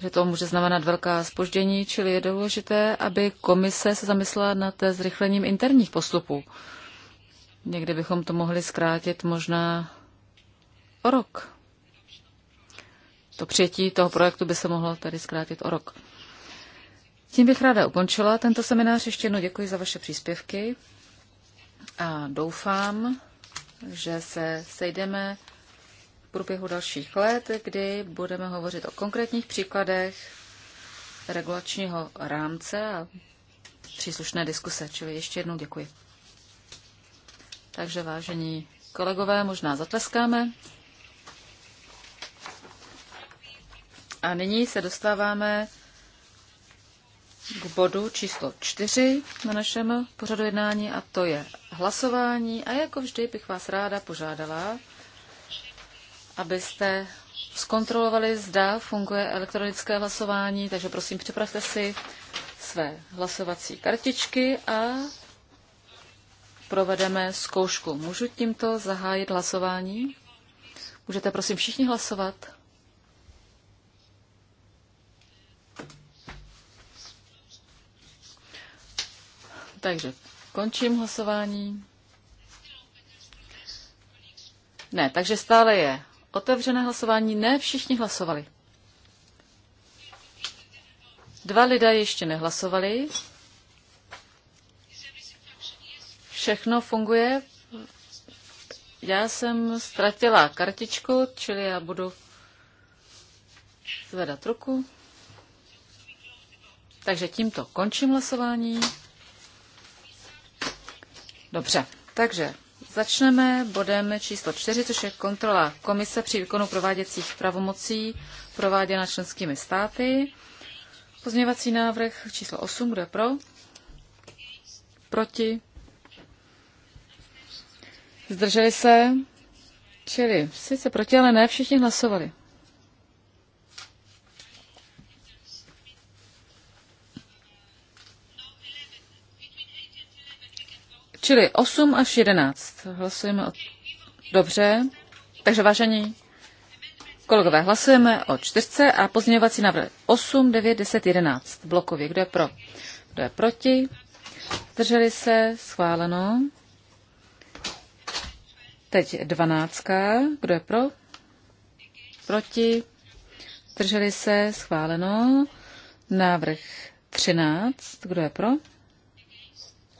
S1: že to může znamenat velká spoždění, čili je důležité, aby komise se zamyslela nad zrychlením interních postupů. Někdy bychom to mohli zkrátit možná o rok to přijetí toho projektu by se mohlo tady zkrátit o rok. Tím bych ráda ukončila tento seminář. Ještě jednou děkuji za vaše příspěvky a doufám, že se sejdeme v průběhu dalších let, kdy budeme hovořit o konkrétních příkladech regulačního rámce a příslušné diskuse. Čili ještě jednou děkuji. Takže vážení kolegové, možná zatleskáme. A nyní se dostáváme k bodu číslo čtyři na našem pořadu jednání a to je hlasování. A jako vždy bych vás ráda požádala, abyste zkontrolovali, zda funguje elektronické hlasování, takže prosím připravte si své hlasovací kartičky a provedeme zkoušku. Můžu tímto zahájit hlasování? Můžete prosím všichni hlasovat? Takže končím hlasování. Ne, takže stále je otevřené hlasování. Ne, všichni hlasovali. Dva lidé ještě nehlasovali. Všechno funguje. Já jsem ztratila kartičku, čili já budu zvedat ruku. Takže tímto končím hlasování. Dobře, takže začneme bodem číslo 4, což je kontrola komise při výkonu prováděcích pravomocí prováděna členskými státy. Pozměňovací návrh číslo 8, kdo je pro? Proti? Zdrželi se? Čili sice proti, ale ne všichni hlasovali. Čili 8 až 11. Hlasujeme o... Dobře. Takže vážení kolegové, hlasujeme o čtyřce a pozměňovací návrh 8, 9, 10, 11. Blokově. Kdo je pro? Kdo je proti? Zdrželi se? Schváleno. Teď dvanáctka. Kdo je pro? Proti? Zdrželi se? Schváleno. Návrh 13. Kdo je pro?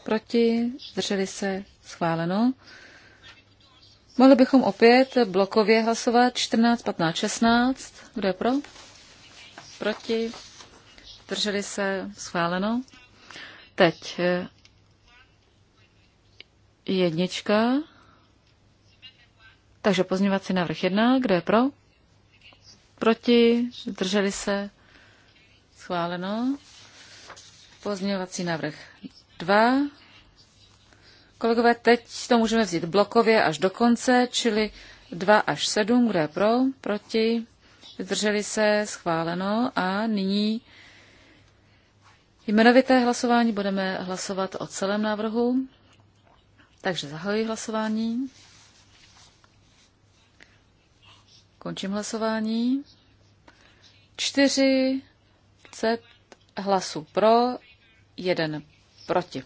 S1: proti, zdrželi se, schváleno. Mohli bychom opět blokově hlasovat 14, 15, 16. Kdo je pro? Proti? Drželi se? Schváleno? Teď eh, jednička. Takže pozměňovací návrh jedna. Kdo je pro? Proti? Drželi se? Schváleno? Pozměňovací návrh 2. Kolegové, teď to můžeme vzít blokově až do konce, čili 2 až 7, kdo je pro, proti, vydrželi se, schváleno a nyní jmenovité hlasování budeme hlasovat o celém návrhu. Takže zahajuji hlasování. Končím hlasování. 4 hlasů pro, 1 proti.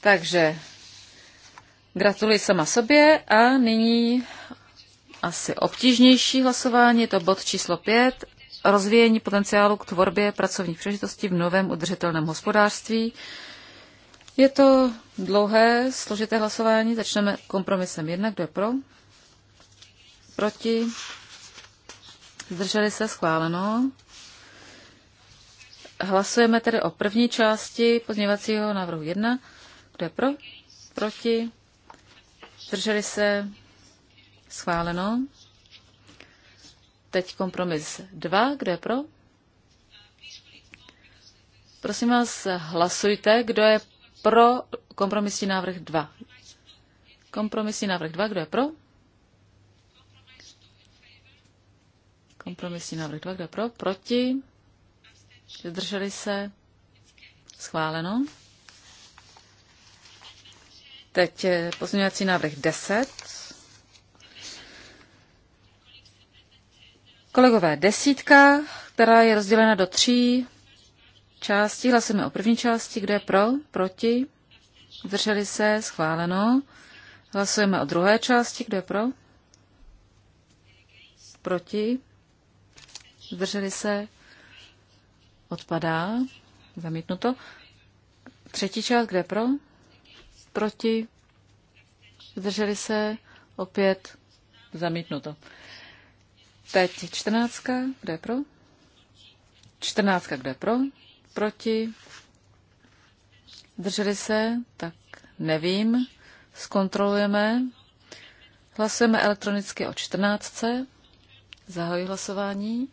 S1: Takže gratuluji sama sobě a nyní asi obtížnější hlasování, je to bod číslo 5, rozvíjení potenciálu k tvorbě pracovních příležitostí v novém udržitelném hospodářství. Je to dlouhé, složité hlasování, začneme kompromisem 1, kdo je pro, proti, zdrželi se, schváleno. Hlasujeme tedy o první části pozměňovacího návrhu 1. Kdo je pro? Proti? Drželi se? Schváleno. Teď kompromis 2. Kdo je pro? Prosím vás, hlasujte, kdo je pro kompromisní návrh 2. Kompromisní návrh 2, kdo je pro? Kompromisní návrh 2, kdo je pro? Proti? Zdrželi se? Schváleno. Teď pozměňovací návrh 10. Kolegové, desítka, která je rozdělena do tří částí. Hlasujeme o první části. Kdo je pro? Proti? Zdrželi se? Schváleno. Hlasujeme o druhé části. Kdo je pro? Proti? Zdrželi se? Odpadá. Zamítnuto. Třetí část, kde pro? Proti. Zdrželi se. Opět. Zamítnuto. Teď čtrnáctka, kde pro? Čtrnáctka, kde pro? Proti. Zdrželi se, tak nevím. Zkontrolujeme. Hlasujeme elektronicky o čtrnáctce. Zahoj hlasování.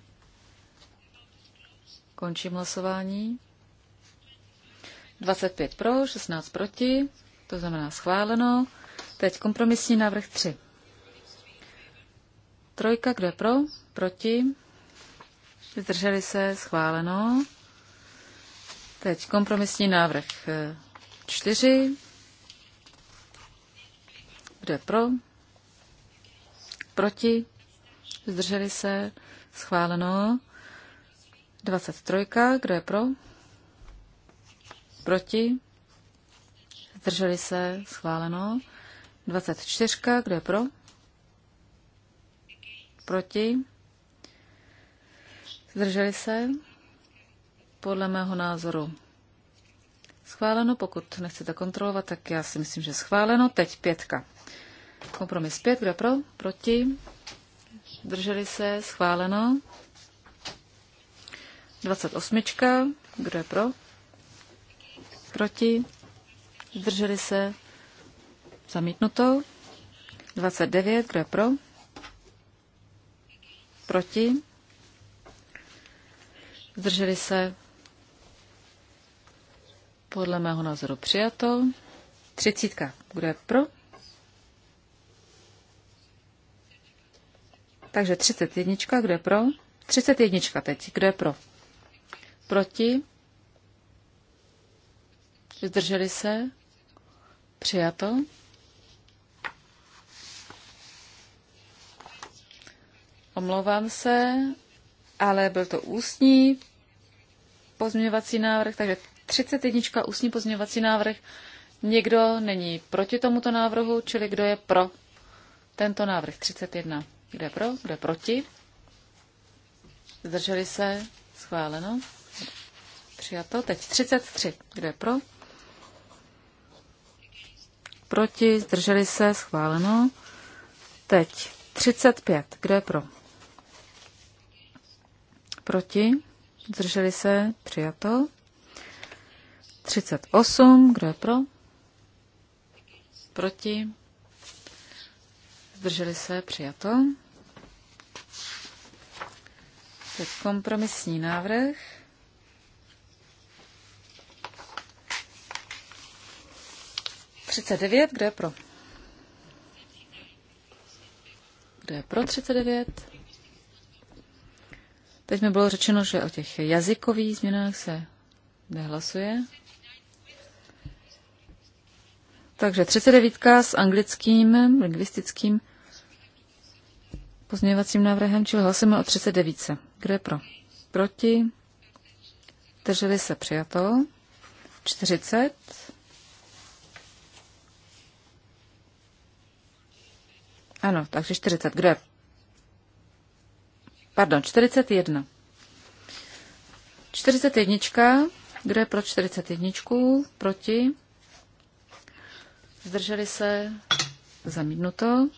S1: Končím hlasování. 25 pro, 16 proti, to znamená schváleno. Teď kompromisní návrh 3. Trojka, kdo je pro? Proti? Zdrželi se, schváleno. Teď kompromisní návrh 4. Eh, kdo je pro? Proti? Zdrželi se, schváleno. 23. Kdo je pro? Proti? Zdrželi se? Schváleno. 24. Kdo je pro? Proti? Zdrželi se? Podle mého názoru schváleno. Pokud nechcete kontrolovat, tak já si myslím, že schváleno. Teď pětka. Kompromis pět. Kdo pro? Proti? Zdrželi se? Schváleno. 28. Kdo je pro? Proti? Zdrželi se? Zamítnuto. 29. Kdo je pro? Proti? Zdrželi se? Podle mého názoru přijato. 30. Kdo je pro? Takže 31. Kdo je pro? 31 teď. Kdo je pro? Proti? Zdrželi se? Přijato? Omlouvám se, ale byl to ústní pozměňovací návrh, takže 31. ústní pozměňovací návrh. Někdo není proti tomuto návrhu, čili kdo je pro tento návrh 31. Kdo je pro, kdo je proti? Zdrželi se? Schváleno. Přijato. Teď 33. Kdo je pro? Proti. Zdrželi se. Schváleno. Teď 35. Kdo je pro? Proti. Zdrželi se. Přijato. 38. Kdo je pro? Proti. Zdrželi se. Přijato. Teď kompromisní návrh. 39, kdo je pro? Kdo je pro 39? Teď mi bylo řečeno, že o těch jazykových změnách se nehlasuje. Takže 39 s anglickým, lingvistickým pozměňovacím návrhem, čili hlasujeme o 39. Kdo je pro? Proti? Drželi se přijato. 40. Ano, takže 40. Kdo je? Pardon, 41. 41. Kdo je pro 41? Proti? Zdrželi se? Zamítnuto.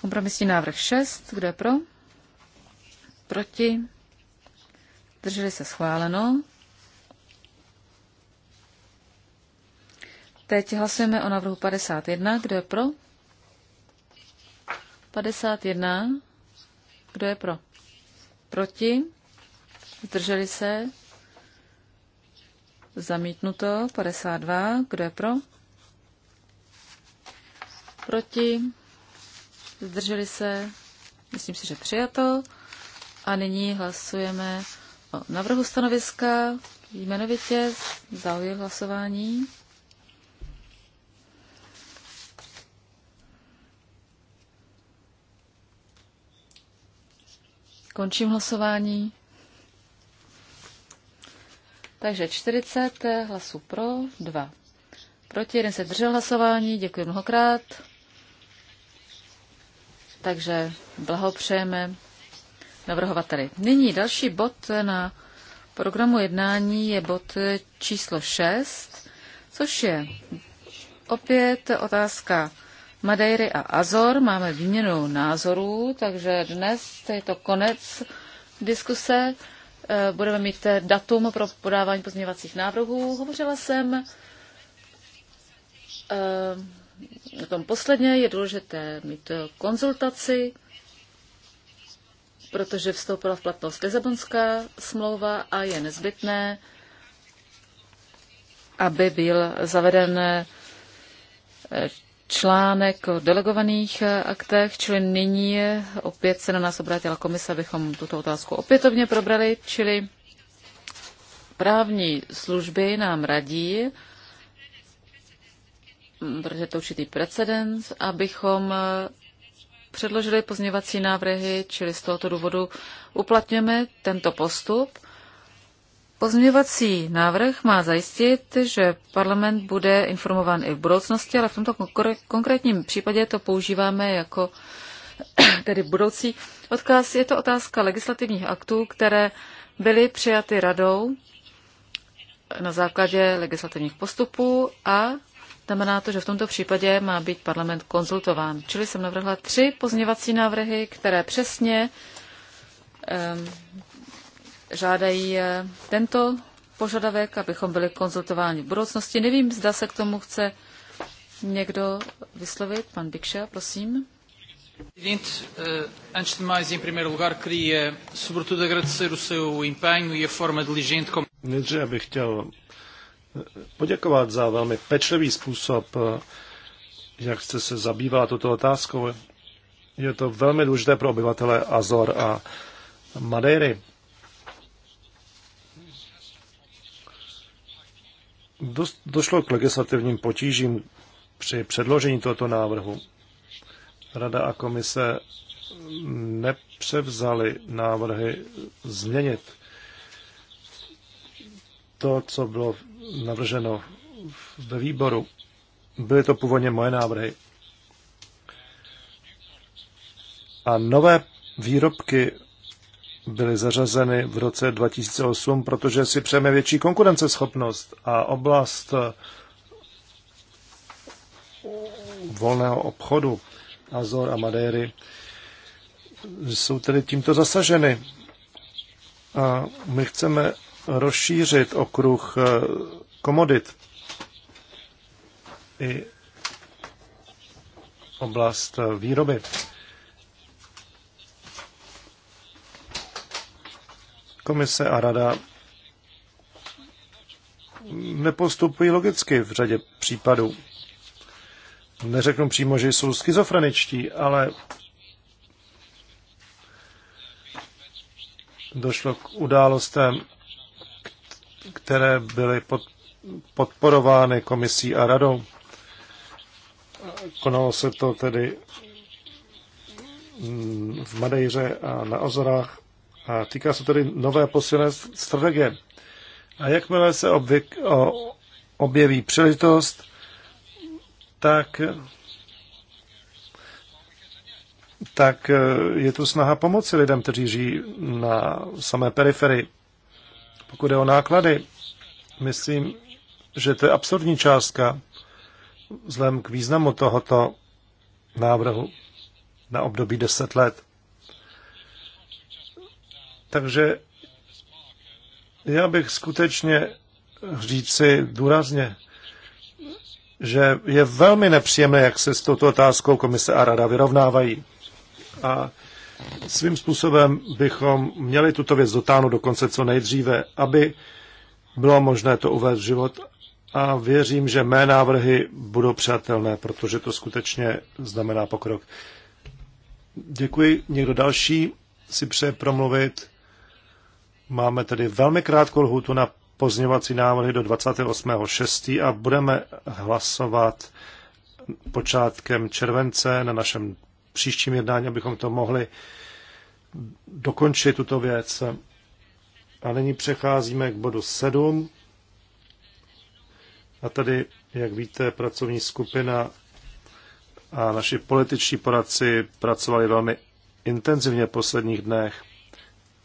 S1: Kompromisní návrh 6. Kdo je pro? Proti? Zdrželi se? Schváleno. Teď hlasujeme o návrhu 51. Kdo je pro? 51. Kdo je pro? Proti? Zdrželi se? Zamítnuto. 52. Kdo je pro? Proti? Zdrželi se? Myslím si, že přijato. A nyní hlasujeme o navrhu stanoviska jmenovitě. Zahuji hlasování. Končím hlasování. Takže 40 hlasů pro, 2 proti, jeden se držel hlasování, děkuji mnohokrát. Takže blahopřejeme navrhovateli. Nyní další bod na programu jednání je bod číslo 6, což je opět otázka Madeiry a Azor. Máme výměnu názorů, takže dnes je to konec diskuse. Eh, budeme mít eh, datum pro podávání pozměňovacích návrhů. Hovořila jsem na eh, tom posledně. Je důležité mít konzultaci, protože vstoupila v platnost Lizabonská smlouva a je nezbytné, aby byl zaveden článek o delegovaných eh, aktech, čili nyní opět se na nás obrátila komise, abychom tuto otázku opětovně probrali, čili právní služby nám radí, mm, protože to určitý precedens, abychom eh, předložili pozměvací návrhy, čili z tohoto důvodu uplatňujeme tento postup. Pozměňovací návrh má zajistit, že parlament bude informován i v budoucnosti, ale v tomto konkrétním případě to používáme jako tedy budoucí odkaz. Je to otázka legislativních aktů, které byly přijaty radou na základě legislativních postupů a znamená to, že v tomto případě má být parlament konzultován. Čili jsem navrhla tři pozměňovací návrhy, které přesně um, žádají eh, tento požadavek, abychom byli konzultováni v budoucnosti. Nevím, zda se k tomu chce někdo vyslovit. Pan Bikša, prosím. Presidente, eh, antes de mais, em primeiro lugar, queria
S3: sobretudo agradecer o seu empenho e a forma diligente como...
S2: Nejdříve bych chtěl eh, poděkovat za velmi pečlivý způsob, jak jste se zabývala tuto otázkou. Je to velmi důležité pro obyvatele Azor a Madeiry. došlo k legislativním potížím při předložení tohoto návrhu. Rada a komise nepřevzali návrhy změnit to, co bylo navrženo ve výboru. Byly to původně moje návrhy. A nové výrobky byly zařazeny v roce 2008, protože si přejeme větší konkurenceschopnost a oblast eh, volného obchodu Azor a Madéry jsou tedy tímto zasaženy. A my chceme rozšířit okruh eh, komodit i oblast eh, výroby. Komise a rada nepostupují logicky v řadě případů. Neřeknu přímo, že jsou schizofreničtí, ale došlo k událostem, které byly podporovány komisí a radou. Konalo se to tedy v Madejře a na Ozorách a týká se tedy nové posilné strategie. A jakmile se obvyk, o, objeví příležitost, tak, tak e, je tu snaha pomoci lidem, kteří žijí na samé periferii. Pokud je o náklady, myslím, že to je absurdní částka vzhledem k významu tohoto návrhu na období 10 let. Takže já bych skutečně říci důrazně, že je velmi nepříjemné, jak se s touto otázkou komise a rada vyrovnávají. A svým způsobem bychom měli tuto věc dotáhnout do konce co nejdříve, aby bylo možné to uvést v život a věřím, že mé návrhy budou přijatelné, protože to skutečně znamená pokrok. Děkuji. Někdo další si přeje promluvit? Máme tedy velmi krátkou lhůtu na pozněvací návrhy do 28.6. a budeme hlasovat počátkem července na našem příštím jednání, abychom to mohli dokončit tuto věc. A nyní přecházíme k bodu 7. A tady, jak víte, pracovní skupina a naši političní poradci pracovali velmi intenzivně v posledních dnech,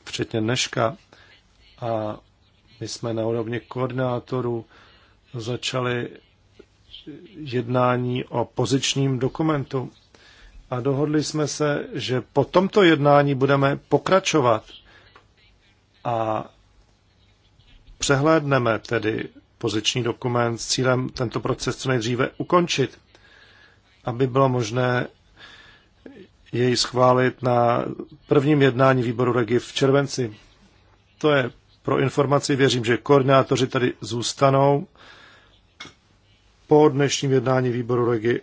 S2: včetně dneška a my jsme na úrovni koordinátorů začali jednání o pozičním dokumentu a dohodli jsme se, že po tomto jednání budeme pokračovat a přehlédneme tedy poziční dokument s cílem tento proces co nejdříve ukončit, aby bylo možné jej schválit na prvním jednání výboru regi v červenci. To je pro informaci. Věřím, že koordinátoři tady zůstanou po dnešním jednání výboru Regi,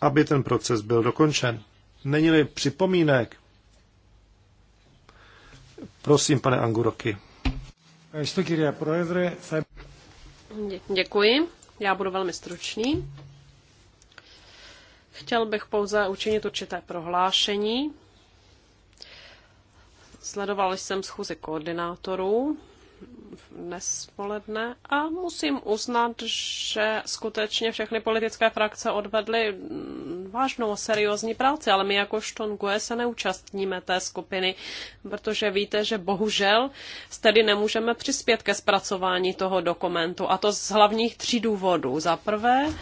S2: aby ten proces byl dokončen. Není-li připomínek? Prosím, pane Anguroky.
S3: Děkuji. Já budu velmi stručný. Chtěl bych pouze učinit určité prohlášení Sledoval jsem schůzi koordinátorů dnes poledne a musím uznat, že skutečně všechny politické frakce odvedly vážnou a seriózní práci, ale my jako Štongue se neúčastníme té skupiny, protože víte, že bohužel tedy nemůžeme přispět ke zpracování toho dokumentu a to z hlavních tří důvodů. Za prvé,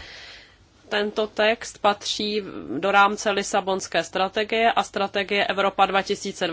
S3: tento text patří do rámce Lisabonské strategie a strategie Evropa 2020